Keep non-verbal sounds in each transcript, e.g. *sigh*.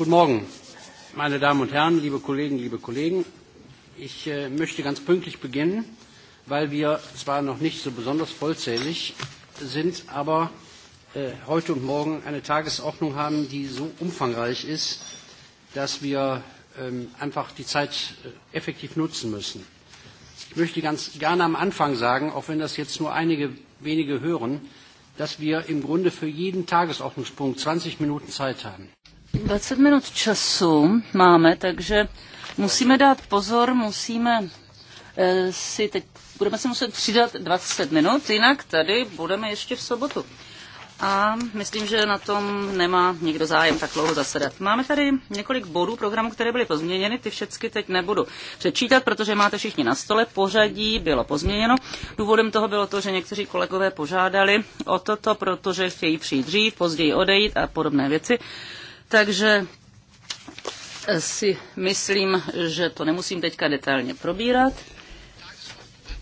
Guten Morgen, meine Damen und Herren, liebe Kolleginnen, liebe Kollegen. Ich äh, möchte ganz pünktlich beginnen, weil wir zwar noch nicht so besonders vollzählig sind, aber äh, heute und morgen eine Tagesordnung haben, die so umfangreich ist, dass wir ähm, einfach die Zeit äh, effektiv nutzen müssen. Ich möchte ganz gerne am Anfang sagen, auch wenn das jetzt nur einige wenige hören, dass wir im Grunde für jeden Tagesordnungspunkt 20 Minuten Zeit haben. 20 minut času máme, takže musíme dát pozor, musíme eh, si teď, budeme si muset přidat 20 minut, jinak tady budeme ještě v sobotu. A myslím, že na tom nemá nikdo zájem tak dlouho zasedat. Máme tady několik bodů programu, které byly pozměněny, ty všechny teď nebudu přečítat, protože máte všichni na stole. Pořadí bylo pozměněno. Důvodem toho bylo to, že někteří kolegové požádali o toto, protože chtějí přijít dřív, později odejít a podobné věci. Takže eh, si myslím, že to nemusím teďka detailně probírat.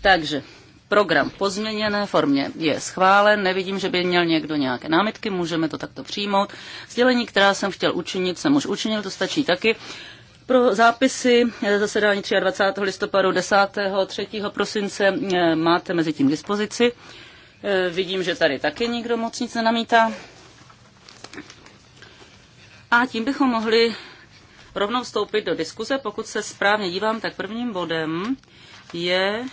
Takže program v pozměněné formě je schválen. Nevidím, že by měl někdo nějaké námitky, můžeme to takto přijmout. Sdělení, která jsem chtěl učinit, jsem už učinil, to stačí taky. Pro zápisy eh, zasedání 23. listopadu 10. 3. prosince eh, máte mezi tím dispozici. Vidím, že tady taky nikdo moc nic nenamítá. A tím bychom mohli rovnou vstoupit do diskuze. Pokud se správně dívám, tak prvním bodem je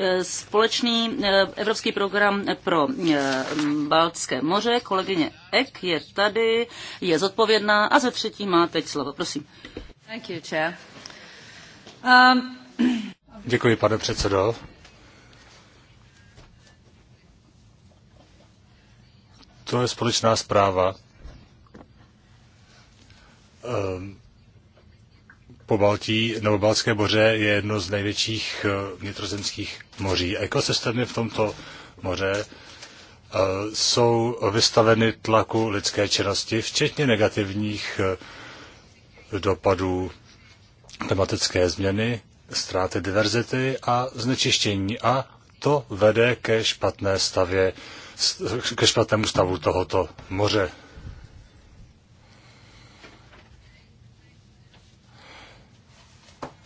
e, společný e, evropský program pro e, Baltské moře. Kolegyně Ek je tady, je zodpovědná a ze třetí má teď slovo. Prosím. Thank you, chair. Um... *clears throat* Děkuji, pane předsedo. To je společná zpráva Ehm, po Baltí nebo Balské moře je jedno z největších eh, vnitrozemských moří. Ekosystémy v tomto moře eh, jsou vystaveny tlaku lidské činnosti, včetně negativních eh, dopadů klimatické změny, ztráty diverzity a znečištění. A to vede ke špatné stavě, ke špatnému stavu tohoto moře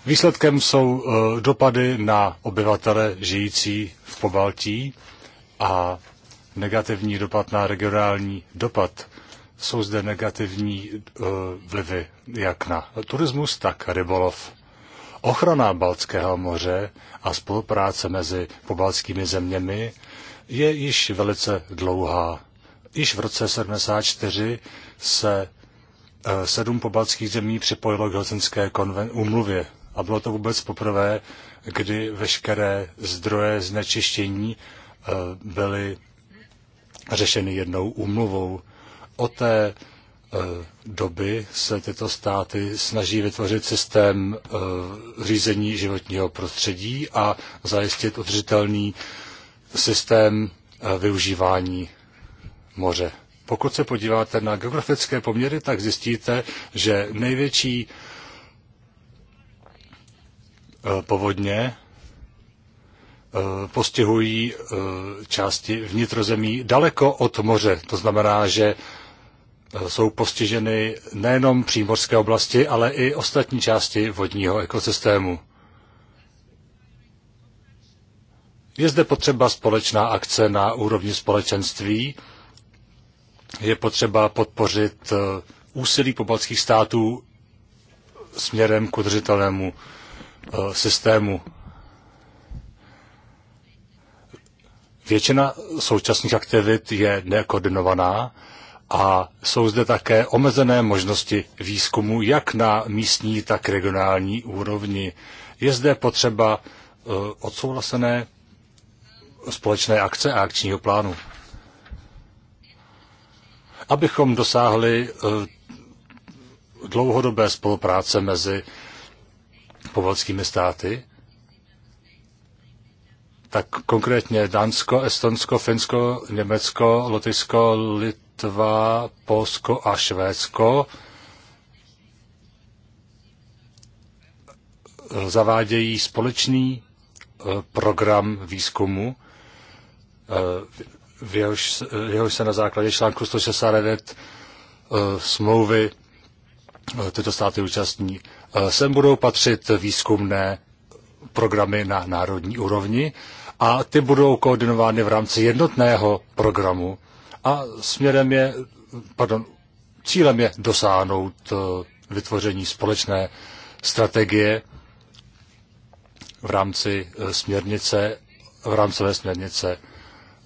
Výsledkem jsou eh, dopady na obyvatele žijící v Pobaltí a negativní dopad na regionální dopad. Jsou zde negativní eh, vlivy jak na turismus, tak rybolov. Ochrana Baltského moře a spolupráce mezi pobaltskými zeměmi je již velice dlouhá. Již v roce 74 se eh, sedm pobaltských zemí připojilo k Helsinské umluvě a bylo to vůbec poprvé, kdy veškeré zdroje znečištění eh, byly řešeny jednou úmluvou. O té eh, doby se tyto státy snaží vytvořit systém eh, řízení životního prostředí a zajistit udržitelný systém využívání moře. Pokud se podíváte na geografické poměry, tak zjistíte, že největší Eh, povodně eh, postihují eh, části vnitrozemí daleko od moře. To znamená, že jsou postiženy nejenom přímořské oblasti, ale i ostatní části vodního ekosystému. Je zde potřeba společná akce na úrovni společenství. Je potřeba podpořit úsilí pobaltských států směrem k udržitelnému Eh, systému. Většina současných aktivit je nekoordinovaná a jsou zde také omezené možnosti výzkumu jak na místní, tak regionální úrovni. Je zde potřeba eh, odsouhlasené společné akce a akčního plánu. Abychom dosáhli eh, dlouhodobé spolupráce mezi povolskými státy, tak konkrétně Dánsko, Estonsko, Finsko, Německo, Lotyšsko, Litva, Polsko a Švédsko zavádějí společný eh, program výzkumu, eh, v jehož, eh, jehož se na základě článku 169 smlouvy tyto státy účastní. Eh, sem budou patřit výzkumné programy na národní úrovni a ty budou koordinovány v rámci jednotného programu a směrem je, pardon, cílem je dosáhnout eh, vytvoření společné strategie v rámci eh, směrnice, v rámcové směrnice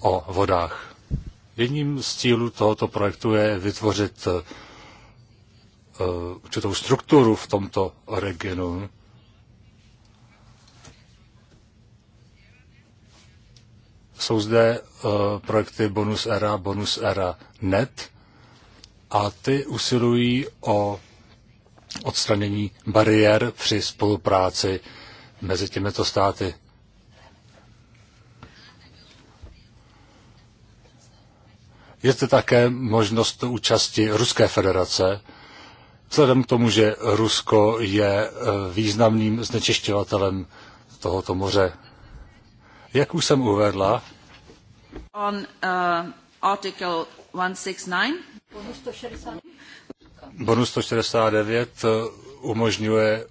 o vodách. Jedním z cílů tohoto projektu je vytvořit Eh, určitou strukturu v tomto regionu. Jsou zde eh, projekty Bonus Era, Bonus Era Net a ty usilují o odstranění bariér při spolupráci mezi těmito státy. Je zde také možnost účasti Ruské federace Vzhledem k tomu, že Rusko je e, významným znečišťovatelem tohoto moře. Jak už jsem uvedla, On, uh, article 169. Bonus 169 e, umožňuje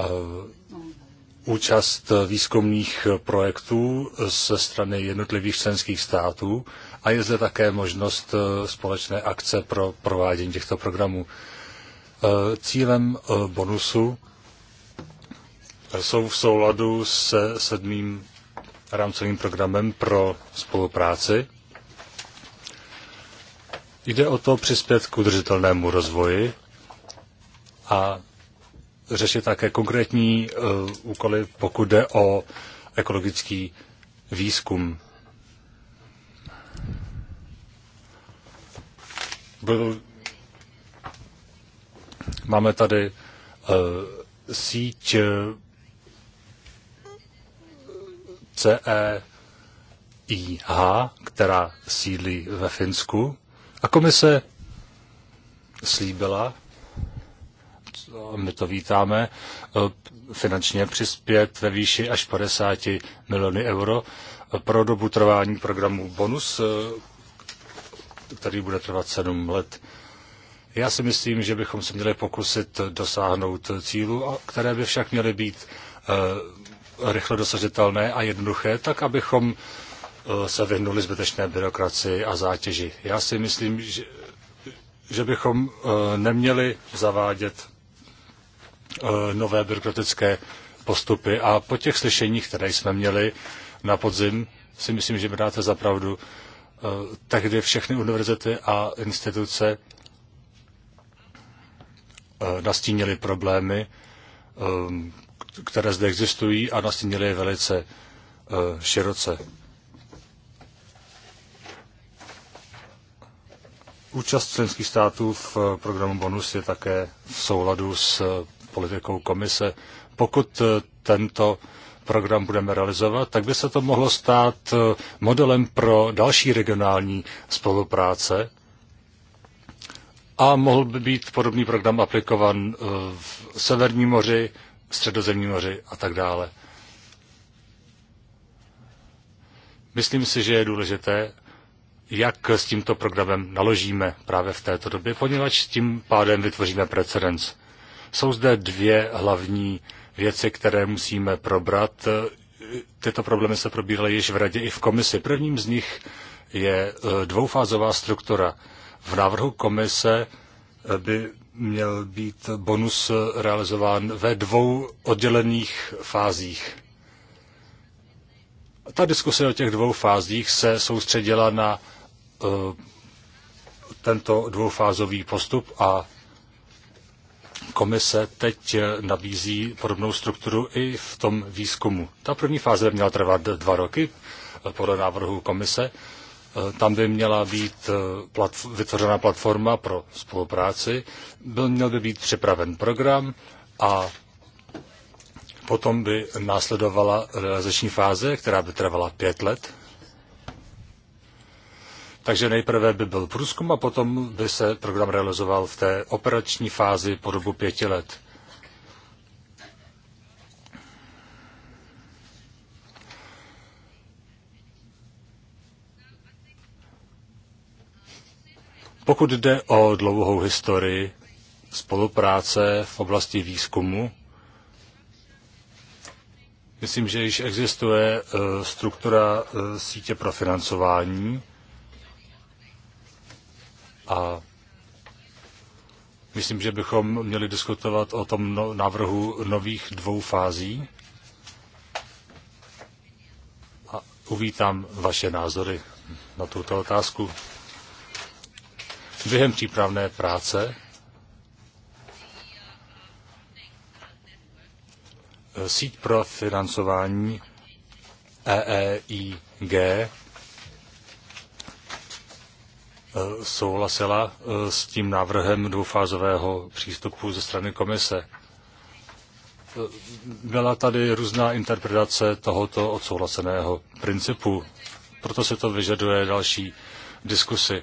uh, účast výzkumných projektů ze strany jednotlivých členských států a je zde také možnost eh, společné akce pro provádění těchto programů. Eh, cílem eh, bonusu jsou v souladu se sedmým rámcovým programem pro spolupráci. Jde o to přispět k udržitelnému rozvoji a řešit také konkrétní eh, úkoly, pokud jde o ekologický výzkum. Byl, máme tady uh, síť CEIH, e která sídlí ve Finsku. A komise slíbila, my to vítáme, e, finančně přispět ve výši až 50 miliony euro e, pro dobu trvání programu Bonus, e, který bude trvat 7 let. Já si myslím, že bychom se měli pokusit dosáhnout cílu, které by však měly být rychle dosažitelné a jednoduché, tak abychom se vyhnuli zbytečné byrokracii a zátěži. Já si myslím, že, že bychom neměli zavádět Eh, nové byrokratické postupy. A po těch slyšeních, které jsme měli na podzim, si myslím, že mi dáte za pravdu, tehdy všechny univerzity a instituce eh, nastínily problémy, eh, které zde existují a nastínily je velice široce. Účast členských států v programu Bonus je také v souladu s politikou komise. Pokud eh, tento program budeme realizovat, tak by se to mohlo stát eh, modelem pro další regionální spolupráce a mohl by být podobný program aplikovan eh, v Severním moři, Středozemní moři a tak dále. Myslím si, že je důležité, jak s tímto programem naložíme právě v této době, poněvadž tím pádem vytvoříme precedens. Jsou zde dvě hlavní věci, které musíme probrat. Tyto problémy se probíhaly již v radě i v komisi. Prvním z nich je eh, dvoufázová struktura. V návrhu komise eh, by měl být bonus realizován ve dvou oddělených fázích. Ta diskuse o těch dvou fázích se soustředila na eh, tento dvoufázový postup a komise teď nabízí podobnou strukturu i v tom výzkumu. Ta první fáze by měla trvat dva roky podle návrhu komise. Tam by měla být eh, platf- vytvořena platforma pro spolupráci, byl, měl by být připraven program a potom by následovala realizační fáze, která by trvala pět let. Takže nejprve by byl průzkum a potom by se program realizoval v té operační fázi po dobu pěti let. Pokud jde o dlouhou historii spolupráce v oblasti výzkumu, myslím, že již existuje eh, struktura eh, sítě pro financování, a myslím, že bychom měli diskutovat o tom no- návrhu nových dvou fází. A uvítám vaše názory na tuto otázku. Během přípravné práce eh, síť pro financování EEIG souhlasila eh, s tím návrhem dvoufázového přístupu ze strany komise. Eh, byla tady různá interpretace tohoto odsouhlaseného principu, proto se to vyžaduje další diskusy.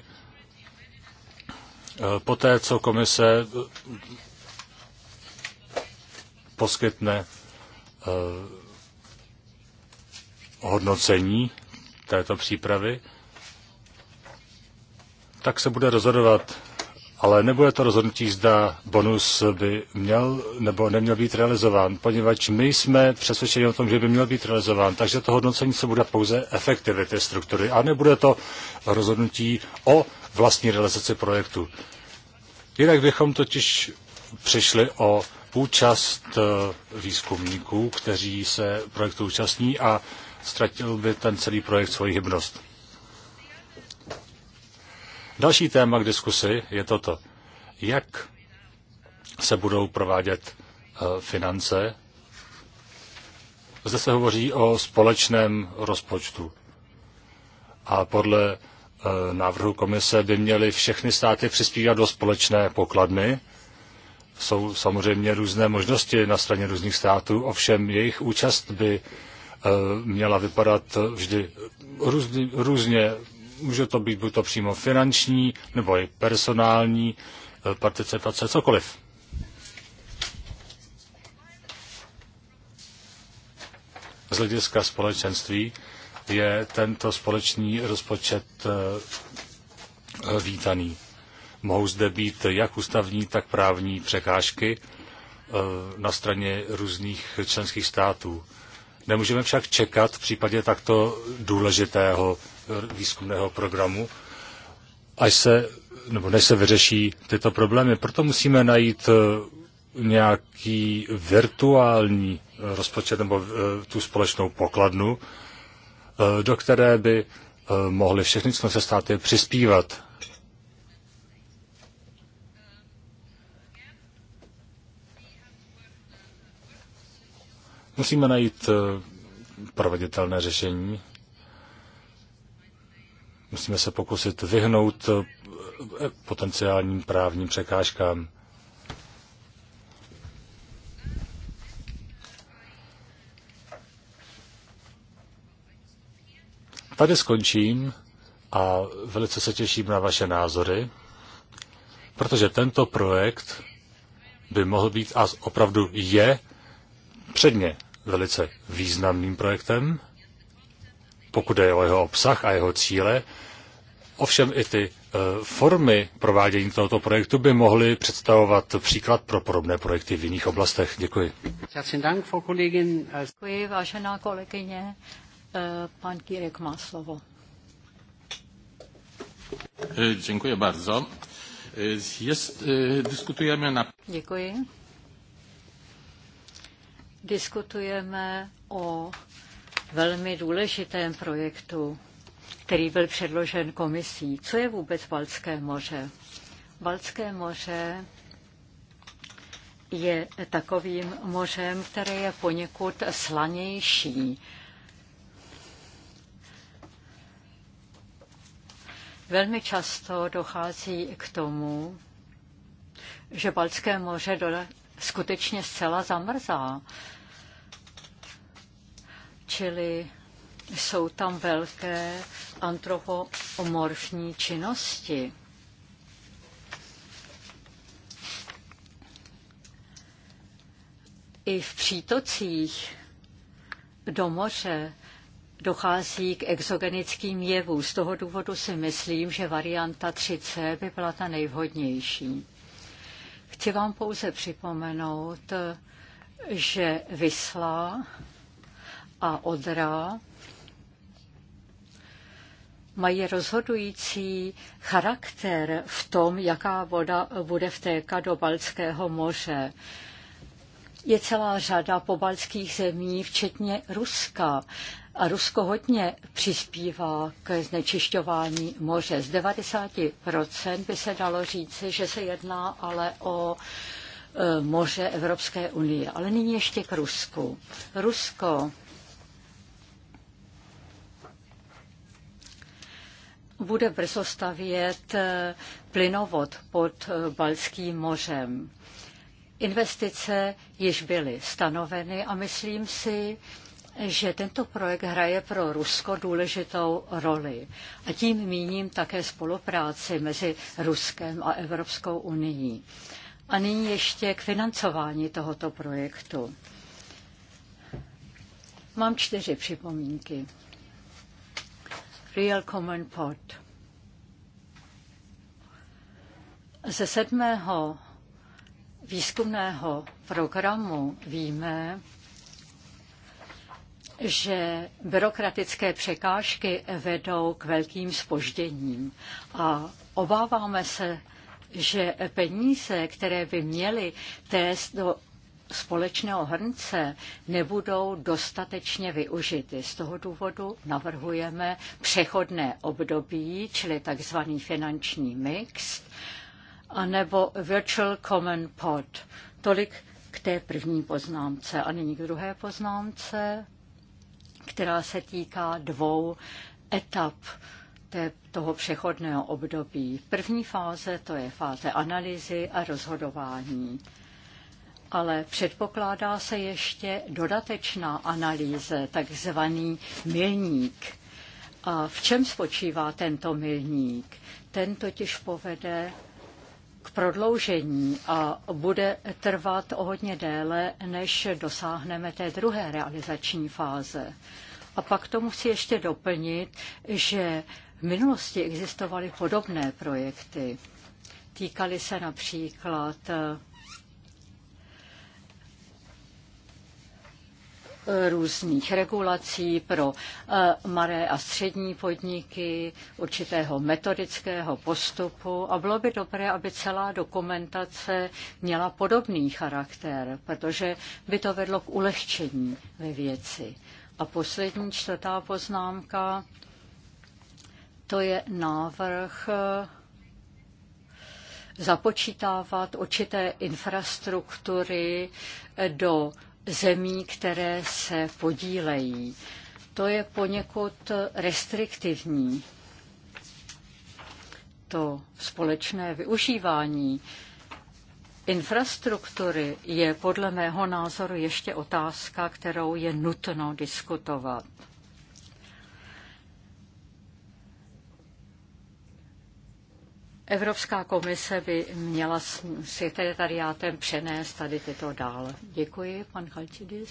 Eh, poté, co komise poskytne hodnocení této přípravy, tak se bude rozhodovat. Ale nebude to rozhodnutí, zda bonus by měl nebo neměl být realizován, poněvadž my jsme přesvědčeni o tom, že by měl být realizován. Takže to hodnocení se bude pouze efektivity struktury a nebude to rozhodnutí o vlastní realizaci projektu. Jinak bychom totiž přišli o účast eh, výzkumníků, kteří se projektu účastní a ztratil by ten celý projekt svoji hybnost. Další téma k diskusi je toto. Jak se budou provádět eh, finance? Zde se hovoří o společném rozpočtu. A podle eh, návrhu komise by měly všechny státy přispívat do společné pokladny. Jsou samozřejmě různé možnosti na straně různých států, ovšem jejich účast by eh, měla vypadat vždy různě, různě Může to být buď to přímo finanční, nebo i personální eh, participace, cokoliv. Z hlediska společenství je tento společný rozpočet eh, vítaný. Mohou zde být jak ústavní, tak právní překážky eh, na straně různých členských států. Nemůžeme však čekat v případě takto důležitého výzkumného programu, až se, nebo než se vyřeší tyto problémy. Proto musíme najít eh, nějaký virtuální eh, rozpočet nebo eh, tu společnou pokladnu, do které by mohly všechny se státy přispívat. Musíme najít proveditelné řešení Musíme se pokusit vyhnout eh, potenciálním právním překážkám. Tady skončím a velice se těším na vaše názory, protože tento projekt by mohl být a opravdu je předně velice významným projektem pokud je o jeho obsah a jeho cíle. Ovšem i ty eh, formy provádění tohoto projektu by mohly představovat příklad pro podobné projekty v jiných oblastech. Děkuji. Děkuji, vážená kolegyně. Eh, pan Kýrek má slovo. Eh, děkuji bardzo. Jest, diskutujeme na... Děkuji. Diskutujeme o velmi důležitém projektu, který byl předložen komisí. Co je vůbec Balské moře? Balské moře je takovým mořem, které je poněkud slanější. Velmi často dochází k tomu, že Balské moře skutečně zcela zamrzá čili jsou tam velké antropomorfní činnosti. I v přítocích do moře dochází k exogenickým jevům. Z toho důvodu si myslím, že varianta 3C by byla ta nejvhodnější. Chci vám pouze připomenout, že Vysla a Odra mají rozhodující charakter v tom, jaká voda bude vtékat do Balckého moře. Je celá řada pobalských zemí, včetně Ruska. A Rusko hodně přispívá k znečišťování moře. Z 90% by se dalo říci, že se jedná ale o e, moře Evropské unie. Ale nyní ještě k Rusku. Rusko bude brzo stavět eh, plynovod pod eh, Balským mořem. Investice již byly stanoveny a myslím si, že tento projekt hraje pro Rusko důležitou roli. A tím míním také spolupráci mezi Ruskem a Evropskou unii. A nyní ještě k financování tohoto projektu. Mám čtyři připomínky. Real Common Ze sedmého výzkumného programu víme, že byrokratické překážky vedou k velkým spožděním a obáváme se, že peníze, které by měly tést do společného hrnce nebudou dostatečně využity. Z toho důvodu navrhujeme přechodné období, čili takzvaný finanční mix, anebo Virtual Common Pod. Tolik k té první poznámce. A nyní k druhé poznámce, která se týká dvou etap toho přechodného období. První fáze to je fáze analýzy a rozhodování ale předpokládá se ještě dodatečná analýze, takzvaný milník. A v čem spočívá tento milník? Ten totiž povede k prodloužení a bude trvat o hodně déle, než dosáhneme té druhé realizační fáze. A pak to musí ještě doplnit, že v minulosti existovaly podobné projekty. Týkaly se například různých regulací pro eh, malé a střední podniky, určitého metodického postupu a bylo by dobré, aby celá dokumentace měla podobný charakter, protože by to vedlo k ulehčení ve věci. A poslední čtvrtá poznámka, to je návrh eh, započítávat určité infrastruktury do zemí, které se podílejí. To je poněkud restriktivní. To společné využívání infrastruktury je podle mého názoru ještě otázka, kterou je nutno diskutovat. Evropská komise by měla s sekretariátem přenést tady tyto dál. Děkuji, pan Chalčidis.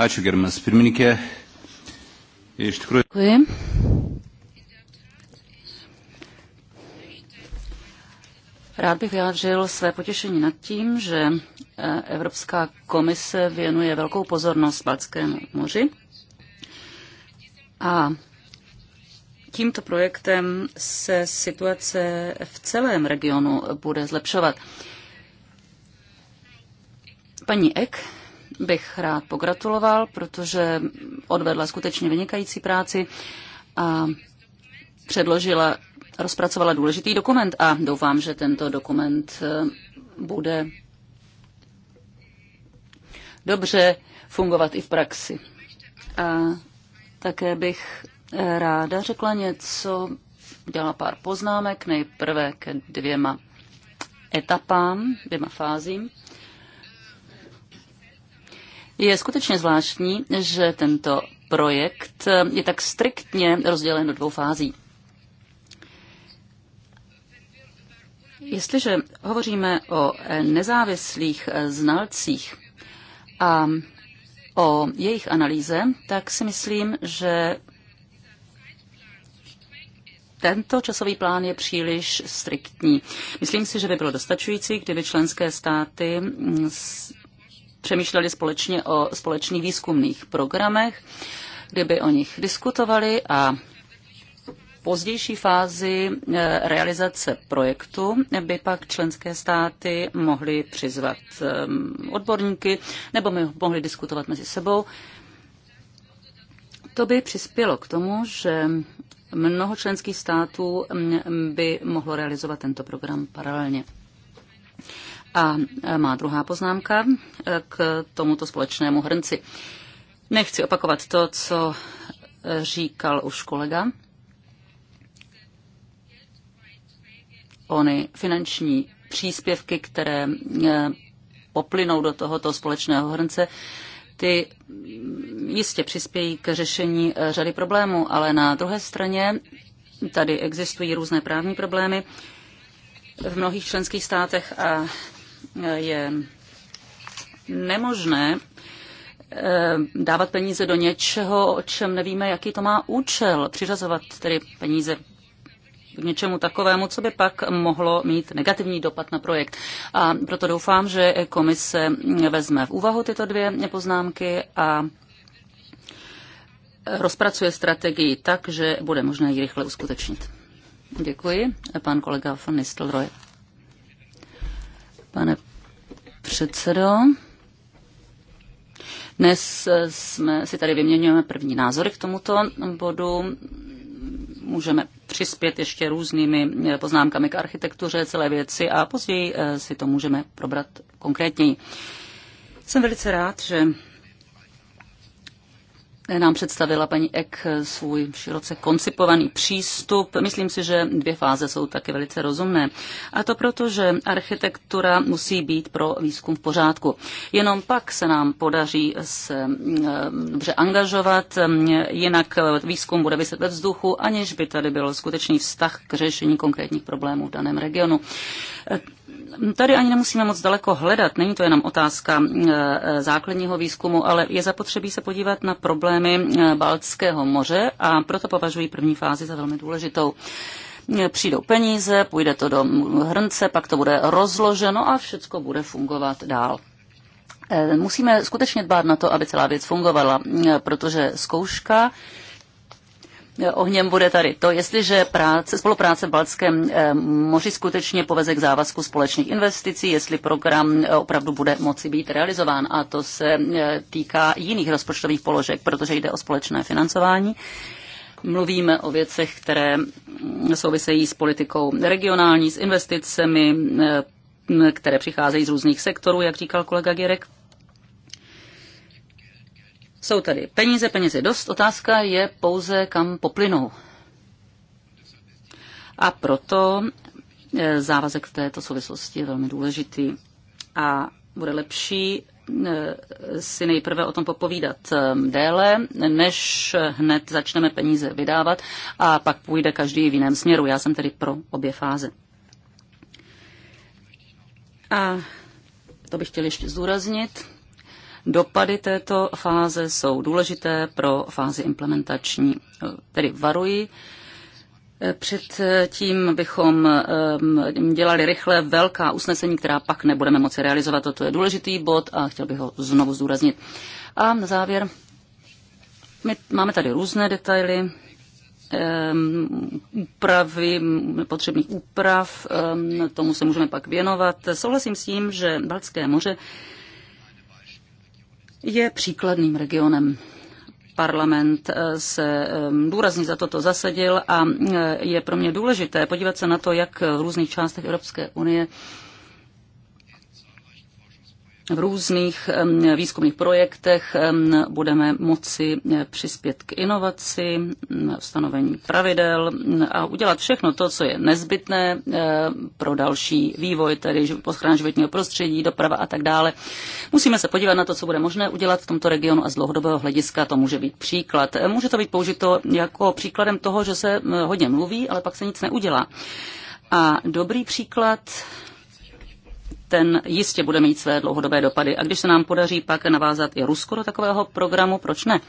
Ačiū, gerbiamas pirmininkė. Iš tikrųjų. Děkuji. Rád bych vyjádřil své potěšení nad tím, že eh, Evropská komise věnuje velkou pozornost Balckému moři a tímto projektem se situace v celém regionu bude zlepšovat. Paní Ek bych rád pogratuloval, protože odvedla skutečně vynikající práci a předložila, rozpracovala důležitý dokument a doufám, že tento dokument eh, bude dobře fungovat i v praxi. A také bych eh, ráda řekla něco, udělala pár poznámek, nejprve ke dvěma etapám, dvěma fázím. Je skutečně zvláštní, že tento projekt eh, je tak striktně rozdělen do dvou fází. Jestliže hovoříme o eh, nezávislých znalcích a o jejich analýze, tak si myslím, že tento časový plán je příliš striktní. Myslím si, že by bylo dostačující, kdyby členské státy mm, přemýšleli společně o společných výzkumných programech, kdyby o nich diskutovali a pozdější fázi eh, realizace projektu by pak členské státy mohly přizvat ehm, odborníky nebo mohly diskutovat mezi sebou. To by přispělo k tomu, že mnoho členských států ehm, by mohlo realizovat tento program paralelně. A eh, má druhá poznámka eh, k tomuto společnému hrnci. Nechci opakovat to, co říkal už kolega ony finanční příspěvky, které eh, poplynou do tohoto společného hrnce, ty jistě přispějí k řešení eh, řady problémů, ale na druhé straně tady existují různé právní problémy v mnohých členských státech a eh, je nemožné dávat peníze do něčeho, o čem nevíme, jaký to má účel, přiřazovat tedy peníze k něčemu takovému, co by pak mohlo mít negativní dopad na projekt. A proto doufám, že komise vezme v úvahu tyto dvě poznámky a rozpracuje strategii tak, že bude možné ji rychle uskutečnit. Děkuji. Pan kolega von Nistelrooy. Pane předsedo, dnes jsme si tady vyměňujeme první názory k tomuto bodu můžeme přispět ještě různými eh, poznámkami k architektuře celé věci a později eh, si to můžeme probrat konkrétněji. Jsem velice rád, že nám představila paní Ek svůj široce koncipovaný přístup. Myslím si, že dvě fáze jsou také velice rozumné. A to proto, že architektura musí být pro výzkum v pořádku. Jenom pak se nám podaří se eh, dobře angažovat, jinak výzkum bude vyset ve vzduchu, aniž by tady byl skutečný vztah k řešení konkrétních problémů v daném regionu tady ani nemusíme moc daleko hledat, není to jenom otázka e, e, základního výzkumu, ale je zapotřebí se podívat na problémy e, Baltského moře a proto považuji první fázi za velmi důležitou přijdou peníze, půjde to do hrnce, pak to bude rozloženo a všechno bude fungovat dál. Musíme skutečně dbát na to, aby celá věc fungovala, protože zkouška Eh, ohněm bude tady to, jestliže práce, spolupráce v Balckém eh, moři skutečně poveze k závazku společných investicí, jestli program eh, opravdu bude moci být realizován. A to se týká jiných rozpočtových položek, protože jde o společné financování mluvíme o věcech, které mm, souvisejí s politikou regionální, s investicemi, které přicházejí z různých sektorů, jak říkal kolega Girek. Jsou tady peníze, peníze dost, otázka je pouze, kam poplynou. A proto eh, závazek v této souvislosti je velmi důležitý a bude lepší eh, si nejprve o tom popovídat eh, déle, než hned začneme peníze vydávat a pak půjde každý v jiném směru. Já jsem tedy pro obě fáze. A to bych chtěl ještě zdůraznit. Dopady této fáze jsou důležité pro fázi implementační. Tedy varuji eh, Předtím bychom ehm, dělali rychle velká usnesení, která pak nebudeme moci realizovat. Toto je důležitý bod a chtěl bych ho znovu zdůraznit. A na závěr, my máme tady různé detaily, ehm, úpravy, potřebných úprav, ehm, tomu se můžeme pak věnovat. Souhlasím s tím, že Baltské moře je příkladným regionem parlament eh, se eh, důrazně za toto zasadil a eh, je pro mě důležité podívat se na to, jak v různých částech Evropské unie v různých výzkumných projektech budeme moci eh, přispět k inovaci, stanovení pravidel a udělat všechno to, co je nezbytné eh, pro další vývoj, tedy ochrana životního prostředí, doprava a tak dále. Musíme se podívat na to, co bude možné udělat v tomto regionu a z dlouhodobého hlediska to může být příklad. Eh, může to být použito jako příkladem toho, že se hodně mluví, ale pak se nic neudělá. A dobrý příklad ten jistě bude mít své dlouhodobé dopady. A když se nám podaří pak navázat i Rusko do takového programu, proč ne?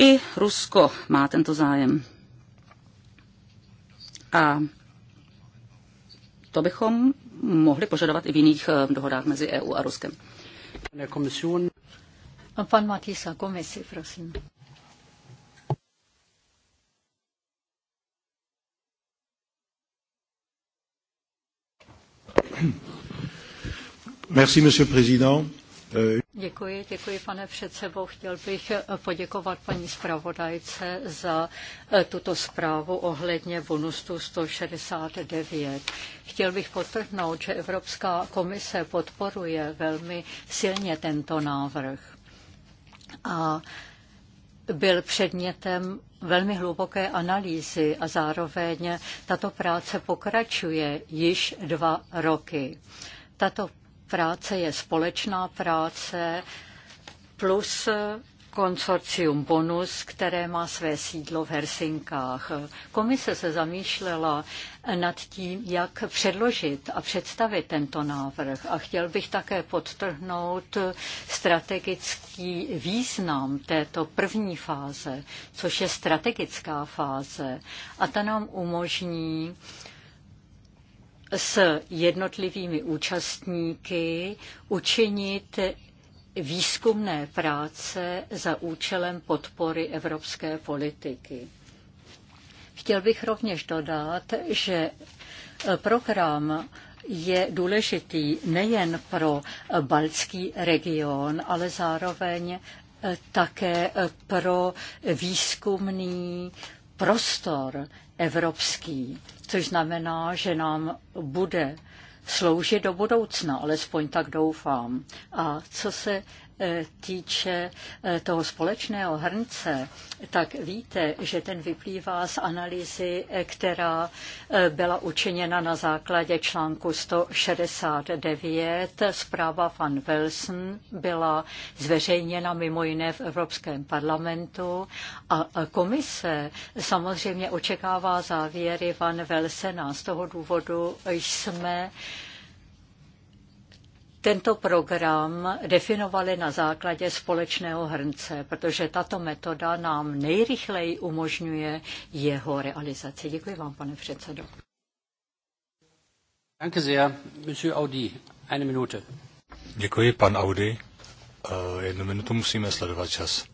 I Rusko má tento zájem. A to bychom mohli požadovat i v jiných eh, dohodách mezi EU a Ruskem. Pan Matisa, komisi, prosím. Merci, monsieur président. Euh, děkuji, děkuji pane předsedo. Chtěl bych poděkovat paní zpravodajce za eh, tuto zprávu ohledně bonustu 169. Chtěl bych potrhnout, že Evropská komise podporuje velmi silně tento návrh. A byl předmětem velmi hluboké analýzy a zároveň tato práce pokračuje již dva roky. Tato práce je společná práce plus konsorcium Bonus, které má své sídlo v Helsinkách. Komise se zamýšlela nad tím, jak předložit a představit tento návrh. A chtěl bych také podtrhnout strategický význam této první fáze, což je strategická fáze. A ta nám umožní s jednotlivými účastníky učinit výzkumné práce za účelem podpory evropské politiky. Chtěl bych rovněž dodat, že program je důležitý nejen pro baltský region, ale zároveň také pro výzkumný prostor evropský, což znamená, že nám bude sloužit do budoucna, alespoň tak doufám. A co se týče eh, toho společného hrnce, tak víte, že ten vyplývá z analýzy, eh, která eh, byla učiněna na základě článku 169. Zpráva van Velsen byla zveřejněna mimo jiné v Evropském parlamentu a komise samozřejmě očekává závěry van Velsena. Z toho důvodu jsme tento program definovali na základě společného hrnce, protože tato metoda nám nejrychleji umožňuje jeho realizaci. Děkuji vám, pane předsedo. Danke sehr, Monsieur Audi. Eine Minute. Děkuji, pan Audi. Eh, jednu minutu musíme sledovat čas.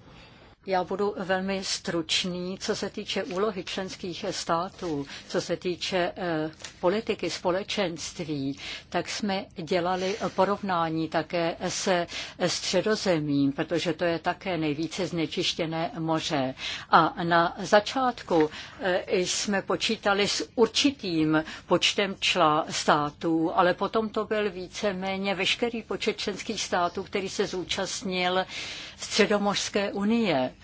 Já budu velmi stručný, co se týče úlohy členských států, co se týče eh, politiky společenství, tak jsme dělali porovnání také se středozemím, protože to je také nejvíce znečištěné moře. A na začátku eh, jsme počítali s určitým počtem čla států, ale potom to byl víceméně veškerý počet členských států, který se zúčastnil Středomořské unie.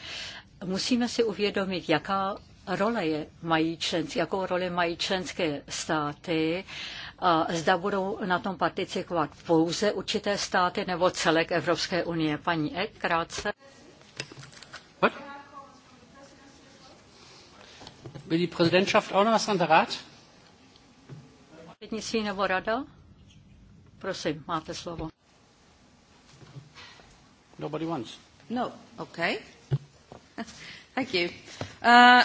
Musíme si uvědomit, jaká role je mají člen, jakou roli mají členské státy a zda budou na tom participovat pouze určité státy nebo celek Evropské unie. Paní Ek, krátce. What? Will die Präsidentschaft auch noch was an der Rat? Předsednictví nebo rada? Prosím, máte slovo. Nobody wants. No, ok. *laughs* Thank you. Uh...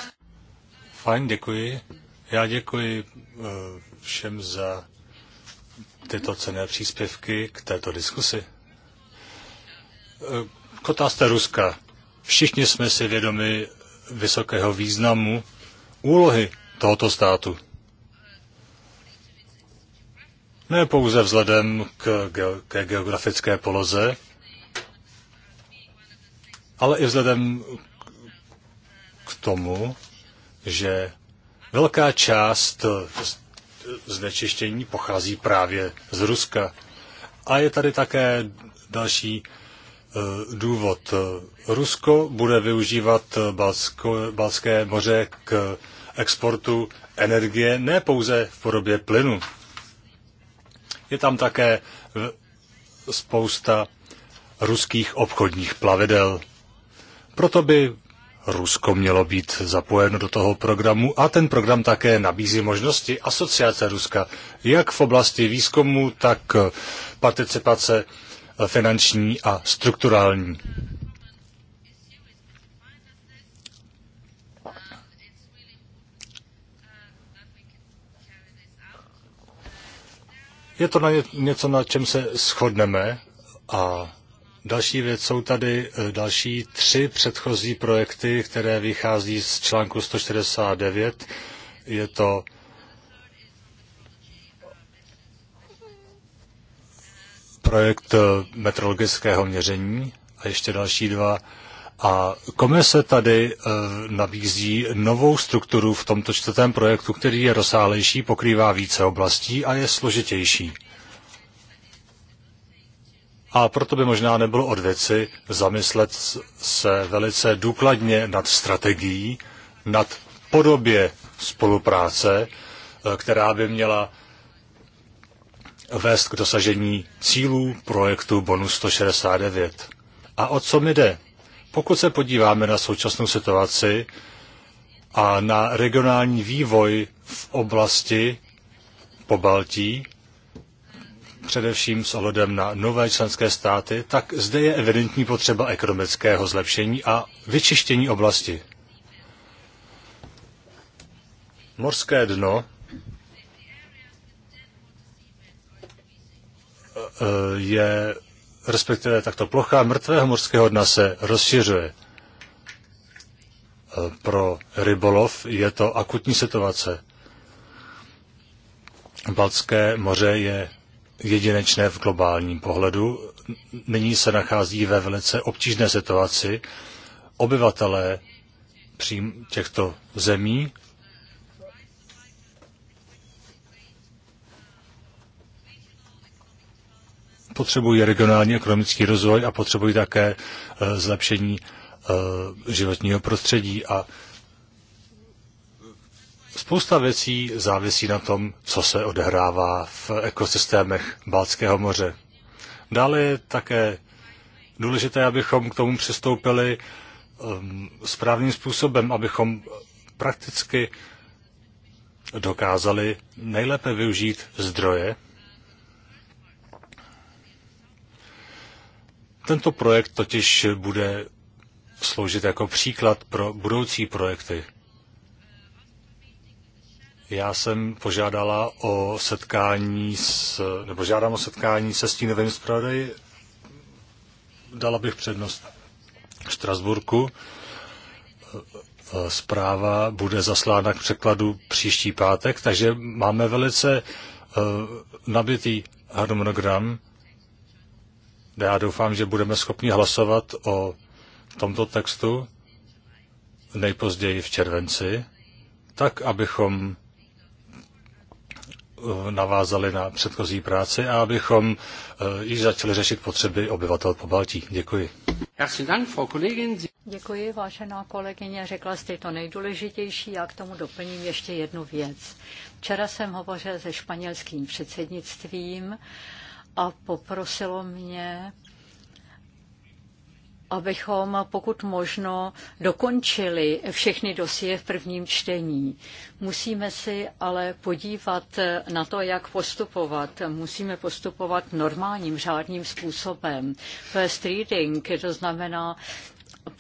Fajn, děkuji. Já děkuji uh, všem za tyto cené příspěvky k této diskusi. Uh, k otázce Ruska. Všichni jsme si vědomi vysokého významu úlohy tohoto státu. Ne pouze vzhledem k, ke geografické poloze, ale i vzhledem k tomu, že velká část znečištění pochází právě z Ruska. A je tady také další eh, důvod. Rusko bude využívat Balsko, Balské moře k exportu energie ne pouze v podobě plynu. Je tam také spousta ruských obchodních plavidel. Proto by Rusko mělo být zapojeno do toho programu a ten program také nabízí možnosti asociace Ruska, jak v oblasti výzkumu, tak participace finanční a strukturální. Je to na něco, na čem se shodneme a Další věc jsou tady e, další tři předchozí projekty, které vychází z článku 149. Je to projekt e, metrologického měření a ještě další dva. A komise tady e, nabízí novou strukturu v tomto čtvrtém projektu, který je rozsáhlejší, pokrývá více oblastí a je složitější a proto by možná nebylo od věci zamyslet se velice důkladně nad strategií, nad podobě spolupráce, eh, která by měla vést k dosažení cílů projektu Bonus 169. A o co mi jde? Pokud se podíváme na současnou situaci a na regionální vývoj v oblasti po Baltii, především s ohledem na nové členské státy, tak zde je evidentní potřeba ekonomického zlepšení a vyčištění oblasti. Morské dno e, e, je, respektive takto plocha mrtvého morského dna se rozšiřuje. E, pro rybolov je to akutní situace. Baltské moře je jedinečné v globálním pohledu. Nyní se nachází ve velice obtížné situaci. Obyvatelé přím těchto zemí potřebují regionální ekonomický rozvoj a potřebují také eh, zlepšení eh, životního prostředí a Spousta věcí závisí na tom, co se odehrává v ekosystémech Balckého moře. Dále je také důležité, abychom k tomu přistoupili um, správným způsobem, abychom prakticky dokázali nejlépe využít zdroje. Tento projekt totiž bude sloužit jako příklad pro budoucí projekty. Já jsem požádala o setkání s, nebo žádám o setkání se stínovým zpravodaji. Dala bych přednost Štrasburku. Zpráva bude zaslána k překladu příští pátek, takže máme velice eh, nabitý harmonogram. Já doufám, že budeme schopni hlasovat o tomto textu nejpozději v červenci, tak abychom Eh, navázali na předchozí práci a abychom eh, již začali řešit potřeby obyvatel po Baltí. Děkuji. Děkuji, vážená kolegyně. Řekla jste to nejdůležitější. Já k tomu doplním ještě jednu věc. Včera jsem hovořil se španělským předsednictvím a poprosilo mě, abychom pokud možno dokončili všechny dosie v prvním čtení. Musíme si ale podívat na to, jak postupovat. Musíme postupovat normálním, řádným způsobem. First reading, to znamená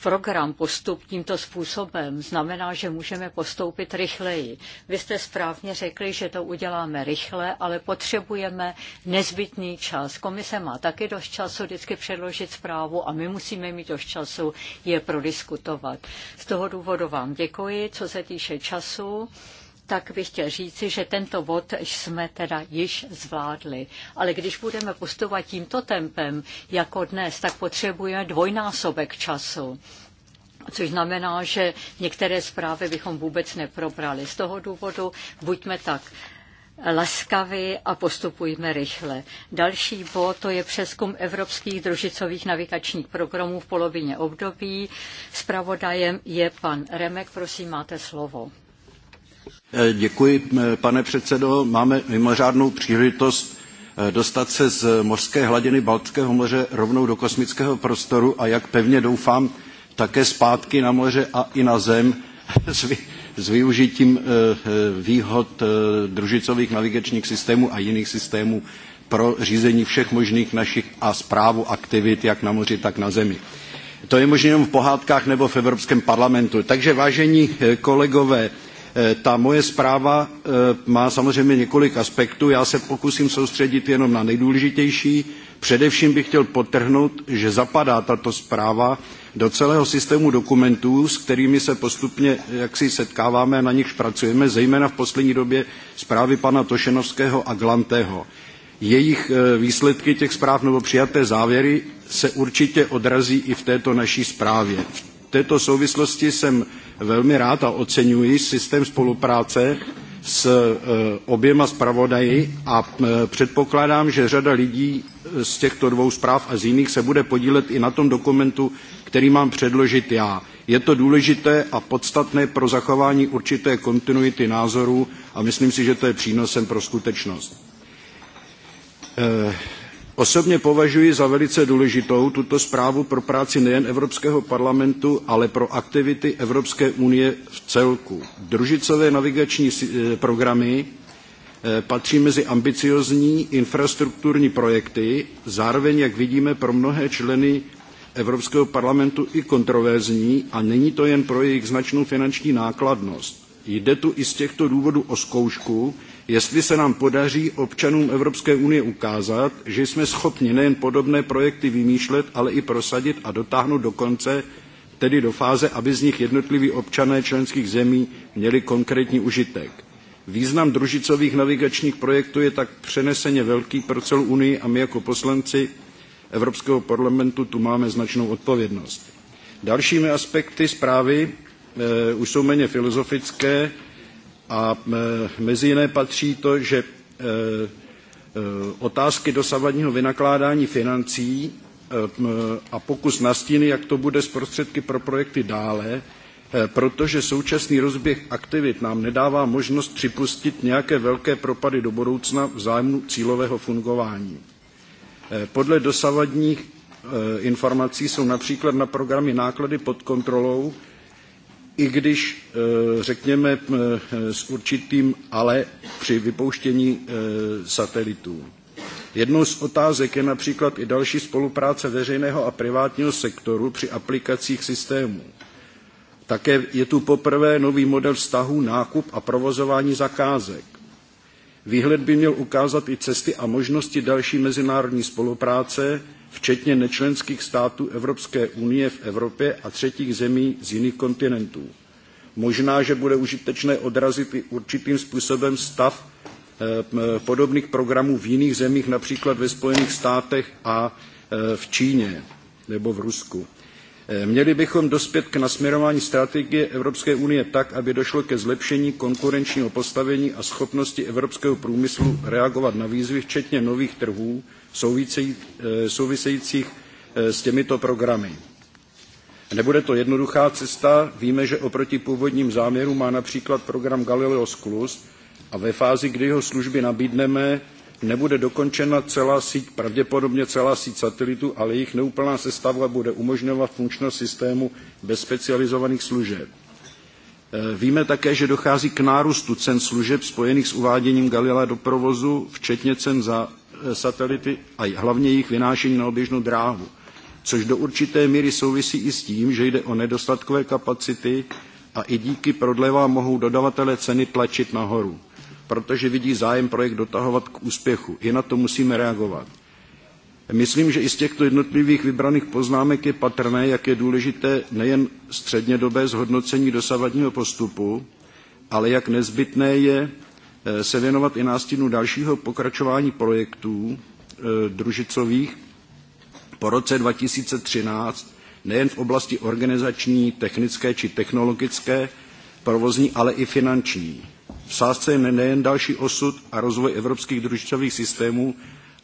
program postup tímto způsobem znamená, že můžeme postoupit rychleji. Vy jste správně řekli, že to uděláme rychle, ale potřebujeme nezbytný čas. Komise má taky dost času vždycky předložit zprávu a my musíme mít dost času je prodiskutovat. Z toho důvodu vám děkuji, co se týče času tak bych chtěl říci, že tento bod jsme teda již zvládli. Ale když budeme postupovat tímto tempem, jako dnes, tak potřebujeme dvojnásobek času což znamená, že některé zprávy bychom vůbec neprobrali. Z toho důvodu buďme tak laskaví a postupujme rychle. Další bod to je přeskum evropských družicových navigačních programů v polovině období. Spravodajem je pan Remek, prosím, máte slovo. Eh, děkuji, pane předsedo. Máme mimořádnou příležitost eh, dostat se z mořské hladiny Baltského moře rovnou do kosmického prostoru a jak pevně doufám, také zpátky na moře a i na zem *laughs* s využitím eh, výhod družicových navigačních systémů a jiných systémů pro řízení všech možných našich a zprávu aktivit jak na moři, tak na zemi. To je možné jenom v pohádkách nebo v Evropském parlamentu. Takže vážení kolegové, Eh, ta moje zpráva eh, má samozřejmě několik aspektů, já se pokusím soustředit jenom na nejdůležitější. Především bych chtěl podtrhnout, že zapadá tato zpráva do celého systému dokumentů, s kterými se postupně jaksi setkáváme a na nichž pracujeme, zejména v poslední době zprávy pana Tošenovského a Glantého. Jejich eh, výsledky těch zpráv nebo přijaté závěry se určitě odrazí i v této naší zprávě této souvislosti jsem velmi rád a oceňuji systém spolupráce s e, oběma zpravodaji a e, předpokládám, že řada lidí z těchto dvou zpráv a z jiných se bude podílet i na tom dokumentu, který mám předložit já. Je to důležité a podstatné pro zachování určité kontinuity názorů a myslím si, že to je přínosem pro skutečnost. E, Osobně považuji za velice důležitou tuto zprávu pro práci nejen Evropského parlamentu, ale pro aktivity Evropské unie v celku. Družicové navigační eh, programy eh, patří mezi ambiciózní infrastrukturní projekty, zároveň, jak vidíme, pro mnohé členy Evropského parlamentu i kontroverzní a není to jen pro jejich značnou finanční nákladnost. Jde tu i z těchto důvodů o zkoušku, jestli se nám podaří občanům Evropské unie ukázat, že jsme schopni nejen podobné projekty vymýšlet, ale i prosadit a dotáhnout do konce, tedy do fáze, aby z nich jednotliví občané členských zemí měli konkrétní užitek. Význam družicových navigačních projektů je tak přeneseně velký pro celou Unii a my jako poslanci Evropského parlamentu tu máme značnou odpovědnost. Dalšími aspekty zprávy e, už jsou méně filozofické, a mezi jiné patří to, že e, e, otázky dosavadního vynakládání financí e, a pokus nastínit, jak to bude s prostředky pro projekty dále, protože současný rozběh aktivit nám nedává možnost připustit nějaké velké propady do budoucna v zájmu cílového fungování. Podle dosavadních informací jsou například na programy náklady pod kontrolou i když, eh, řekněme, eh, s určitým ale při vypouštění eh, satelitů. Jednou z otázek je například i další spolupráce veřejného a privátního sektoru při aplikacích systémů. Také je tu poprvé nový model vztahů, nákup a provozování zakázek. Výhled by měl ukázat i cesty a možnosti další mezinárodní spolupráce, včetně nečlenských států Evropské unie v Evropě a třetích zemí z jiných kontinentů. Možná, že bude užitečné odrazit i určitým způsobem stav eh, podobných programů v jiných zemích, například ve Spojených státech a eh, v Číně nebo v Rusku. Eh, měli bychom dospět k nasměrování strategie Evropské unie tak, aby došlo ke zlepšení konkurenčního postavení a schopnosti evropského průmyslu reagovat na výzvy, včetně nových trhů eh, souvisejících eh, s těmito programy. Nebude to jednoduchá cesta, víme, že oproti původním záměrům má například program Galileo Sklus a ve fázi, kdy jeho služby nabídneme, nebude dokončena celá síť, pravděpodobně celá síť satelitů, ale jejich neúplná sestava bude umožňovat funkčnost systému bez specializovaných služeb. E, víme také, že dochází k nárůstu cen služeb spojených s uváděním Galilea do provozu, včetně cen za e, satelity a hlavně jejich vynášení na oběžnou dráhu, což do určité míry souvisí i s tím, že jde o nedostatkové kapacity a i díky prodlevám mohou dodavatele ceny tlačit nahoru protože vidí zájem projekt dotahovat k úspěchu. I na to musíme reagovat. Myslím, že i z těchto jednotlivých vybraných poznámek je patrné, jak je důležité nejen střednědobé zhodnocení dosavadního postupu, ale jak nezbytné je eh, se věnovat i nástinu dalšího pokračování projektů eh, družicových po roce 2013, nejen v oblasti organizační, technické či technologické, provozní, ale i finanční. V sázce je nejen další osud a rozvoj evropských družicových systémů,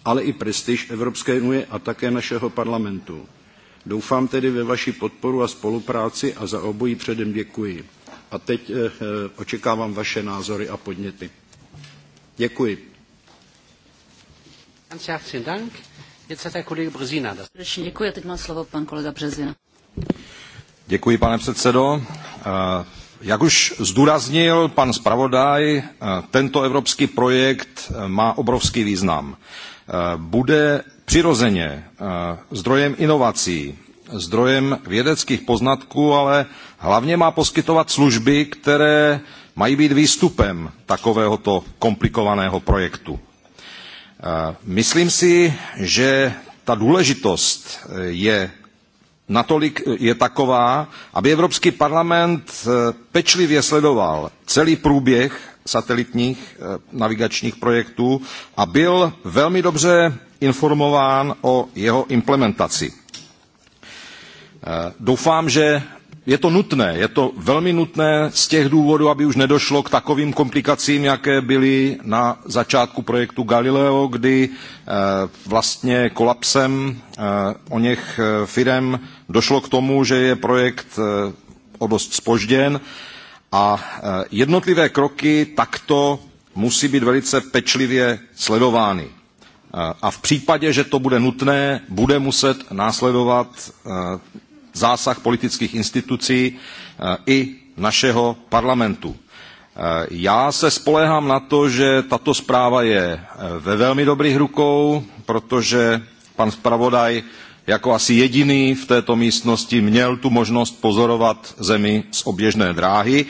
ale i prestiž Evropské unie a také našeho parlamentu. Doufám tedy ve vaši podporu a spolupráci a za obojí předem děkuji. A teď eh, eh, očekávám vaše názory a podněty. Děkuji. Děkuji, teď slovo Děkuji, pane předsedo. Eh, jak už zdůraznil pan zpravodaj, eh, tento evropský projekt eh, má obrovský význam. Eh, bude přirozeně zdrojem inovací, zdrojem vědeckých poznatků, ale hlavně má poskytovat služby, které mají být výstupem takovéhoto komplikovaného projektu. Myslím si, že ta důležitost je natolik eh, je taková, aby Evropský parlament eh, pečlivě sledoval celý průběh satelitních eh, navigačních projektů a byl velmi dobře informován o jeho implementaci. Doufám, že je to nutné, je to velmi nutné z těch důvodů, aby už nedošlo k takovým komplikacím, jaké byly na začátku projektu Galileo, kdy vlastně kolapsem o něch firem Došlo k tomu, že je projekt eh, o dost spožděn a eh, jednotlivé kroky takto musí být velice pečlivě sledovány. Eh, a v případě, že to bude nutné, bude muset následovat zásah politických institucí i našeho parlamentu. Já se spoléhám na to, že tato zpráva je ve velmi dobrých rukou, protože pan zpravodaj jako asi jediný v této místnosti měl tu možnost pozorovat Zemi z oběžné dráhy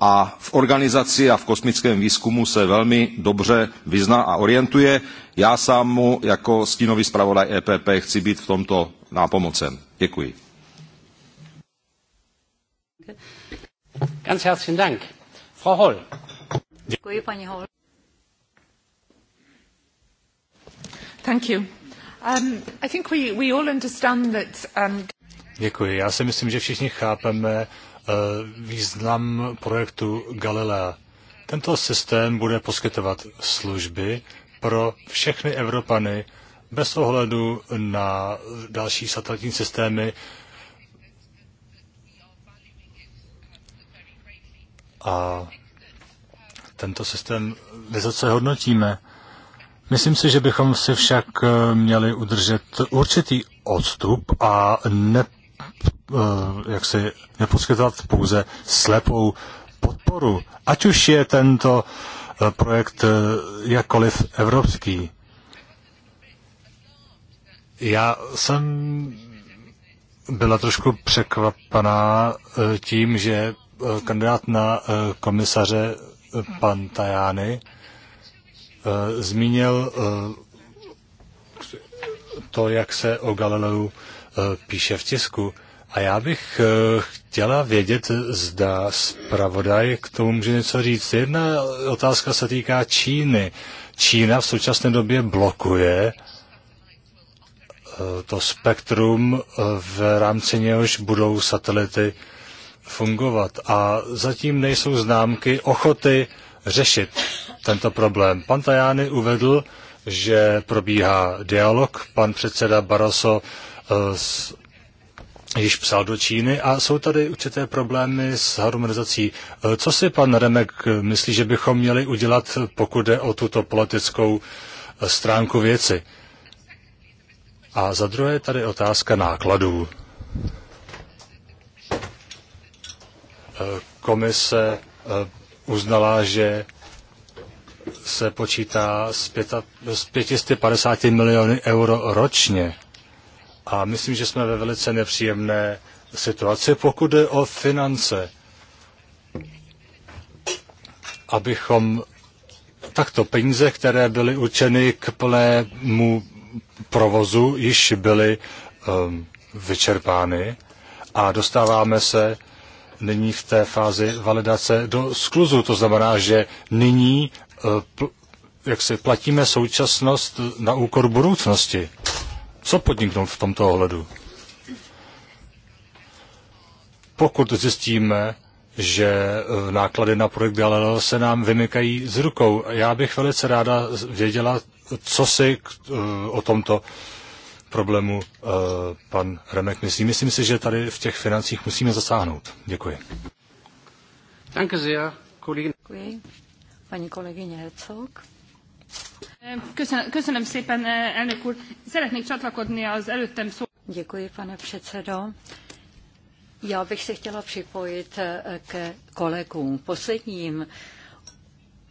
a v organizaci a v kosmickém výzkumu se velmi dobře vyzná a orientuje. Já sám mu jako stínový zpravodaj EPP chci být v tomto nápomocen. Děkuji. Ganz herzlichen Dank. Frau Holl. Děkuji, paní Holl. Thank you. Um, um, Děkuji. Já si myslím, že všichni chápeme uh, význam projektu Galilea. Tento systém bude poskytovat služby pro všechny Evropany bez ohledu na další satelitní systémy. A tento systém vysoce hodnotíme. Myslím si, že bychom si však eh, měli udržet určitý odstup a ne, eh, jak si, neposkytovat pouze slepou podporu, ať už je tento eh, projekt jakkoliv evropský. Já jsem byla trošku překvapená tím, že kandidát na komisaře pan Tajány Eh, zmínil eh, to, jak se o Galileu eh, píše v tisku. A já bych chtěla vědět, zda zpravodaj k tomu může něco říct. Jedna otázka se týká Číny. Čína v současné době blokuje to spektrum, v rámci něhož budou satelity fungovat. A zatím nejsou známky ochoty řešit tento problém. Pan Tajány uvedl, že probíhá dialog. Pan předseda Baroso eh, s, již psal do Číny a jsou tady určité problémy s harmonizací. Eh, co si pan Remek myslí, že bychom měli udělat, pokud jde o tuto politickou eh, stránku věci? A za druhé je tady otázka nákladů. Komise uznala, že se počítá z, pěta, z 550 miliony euro ročně. A myslím, že jsme ve velice nepříjemné situaci, pokud jde o finance. Abychom takto peníze, které byly určeny k plnému provozu, již byly um, vyčerpány a dostáváme se nyní v té fázi validace do skluzu. To znamená, že nyní Eh, jak si platíme současnost na úkor budoucnosti. Co podniknout v tomto ohledu? Pokud zjistíme, že eh, náklady na projekt Galileo se nám vymykají z rukou. Já bych velice ráda věděla, co si k, eh, o tomto problému pan Remek myslí. Myslím si, že tady v těch financích musíme zasáhnout. Děkuji. Děkuji. Paní kolegyně Hercog. Köszönöm szépen, elnök úr. Szeretnék csatlakozni az előttem szó. Děkuji, pane předsedo. Já bych se chtěla připojit eh, k kolegům. Posledním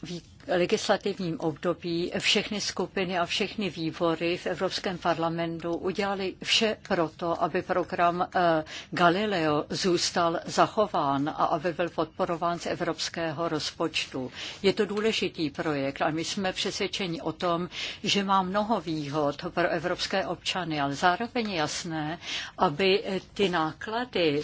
vík legislativním období všechny skupiny a všechny výbory v Evropském parlamentu udělali vše proto, aby program eh, Galileo zůstal zachován a aby byl podporován z evropského rozpočtu. Je to důležitý projekt a my jsme přesvědčeni o tom, že má mnoho výhod pro evropské občany, ale zároveň jasné, aby ty náklady,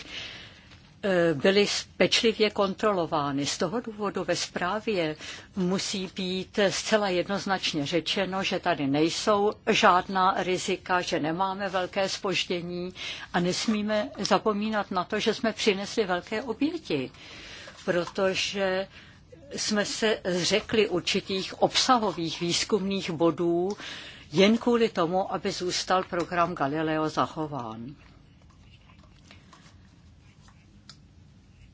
byly pečlivě kontrolovány. Z toho důvodu ve zprávě musí být zcela jednoznačně řečeno, že tady nejsou žádná rizika, že nemáme velké spoždění a nesmíme zapomínat na to, že jsme přinesli velké oběti, protože jsme se zřekli určitých obsahových výzkumných bodů jen kvůli tomu, aby zůstal program Galileo zachován.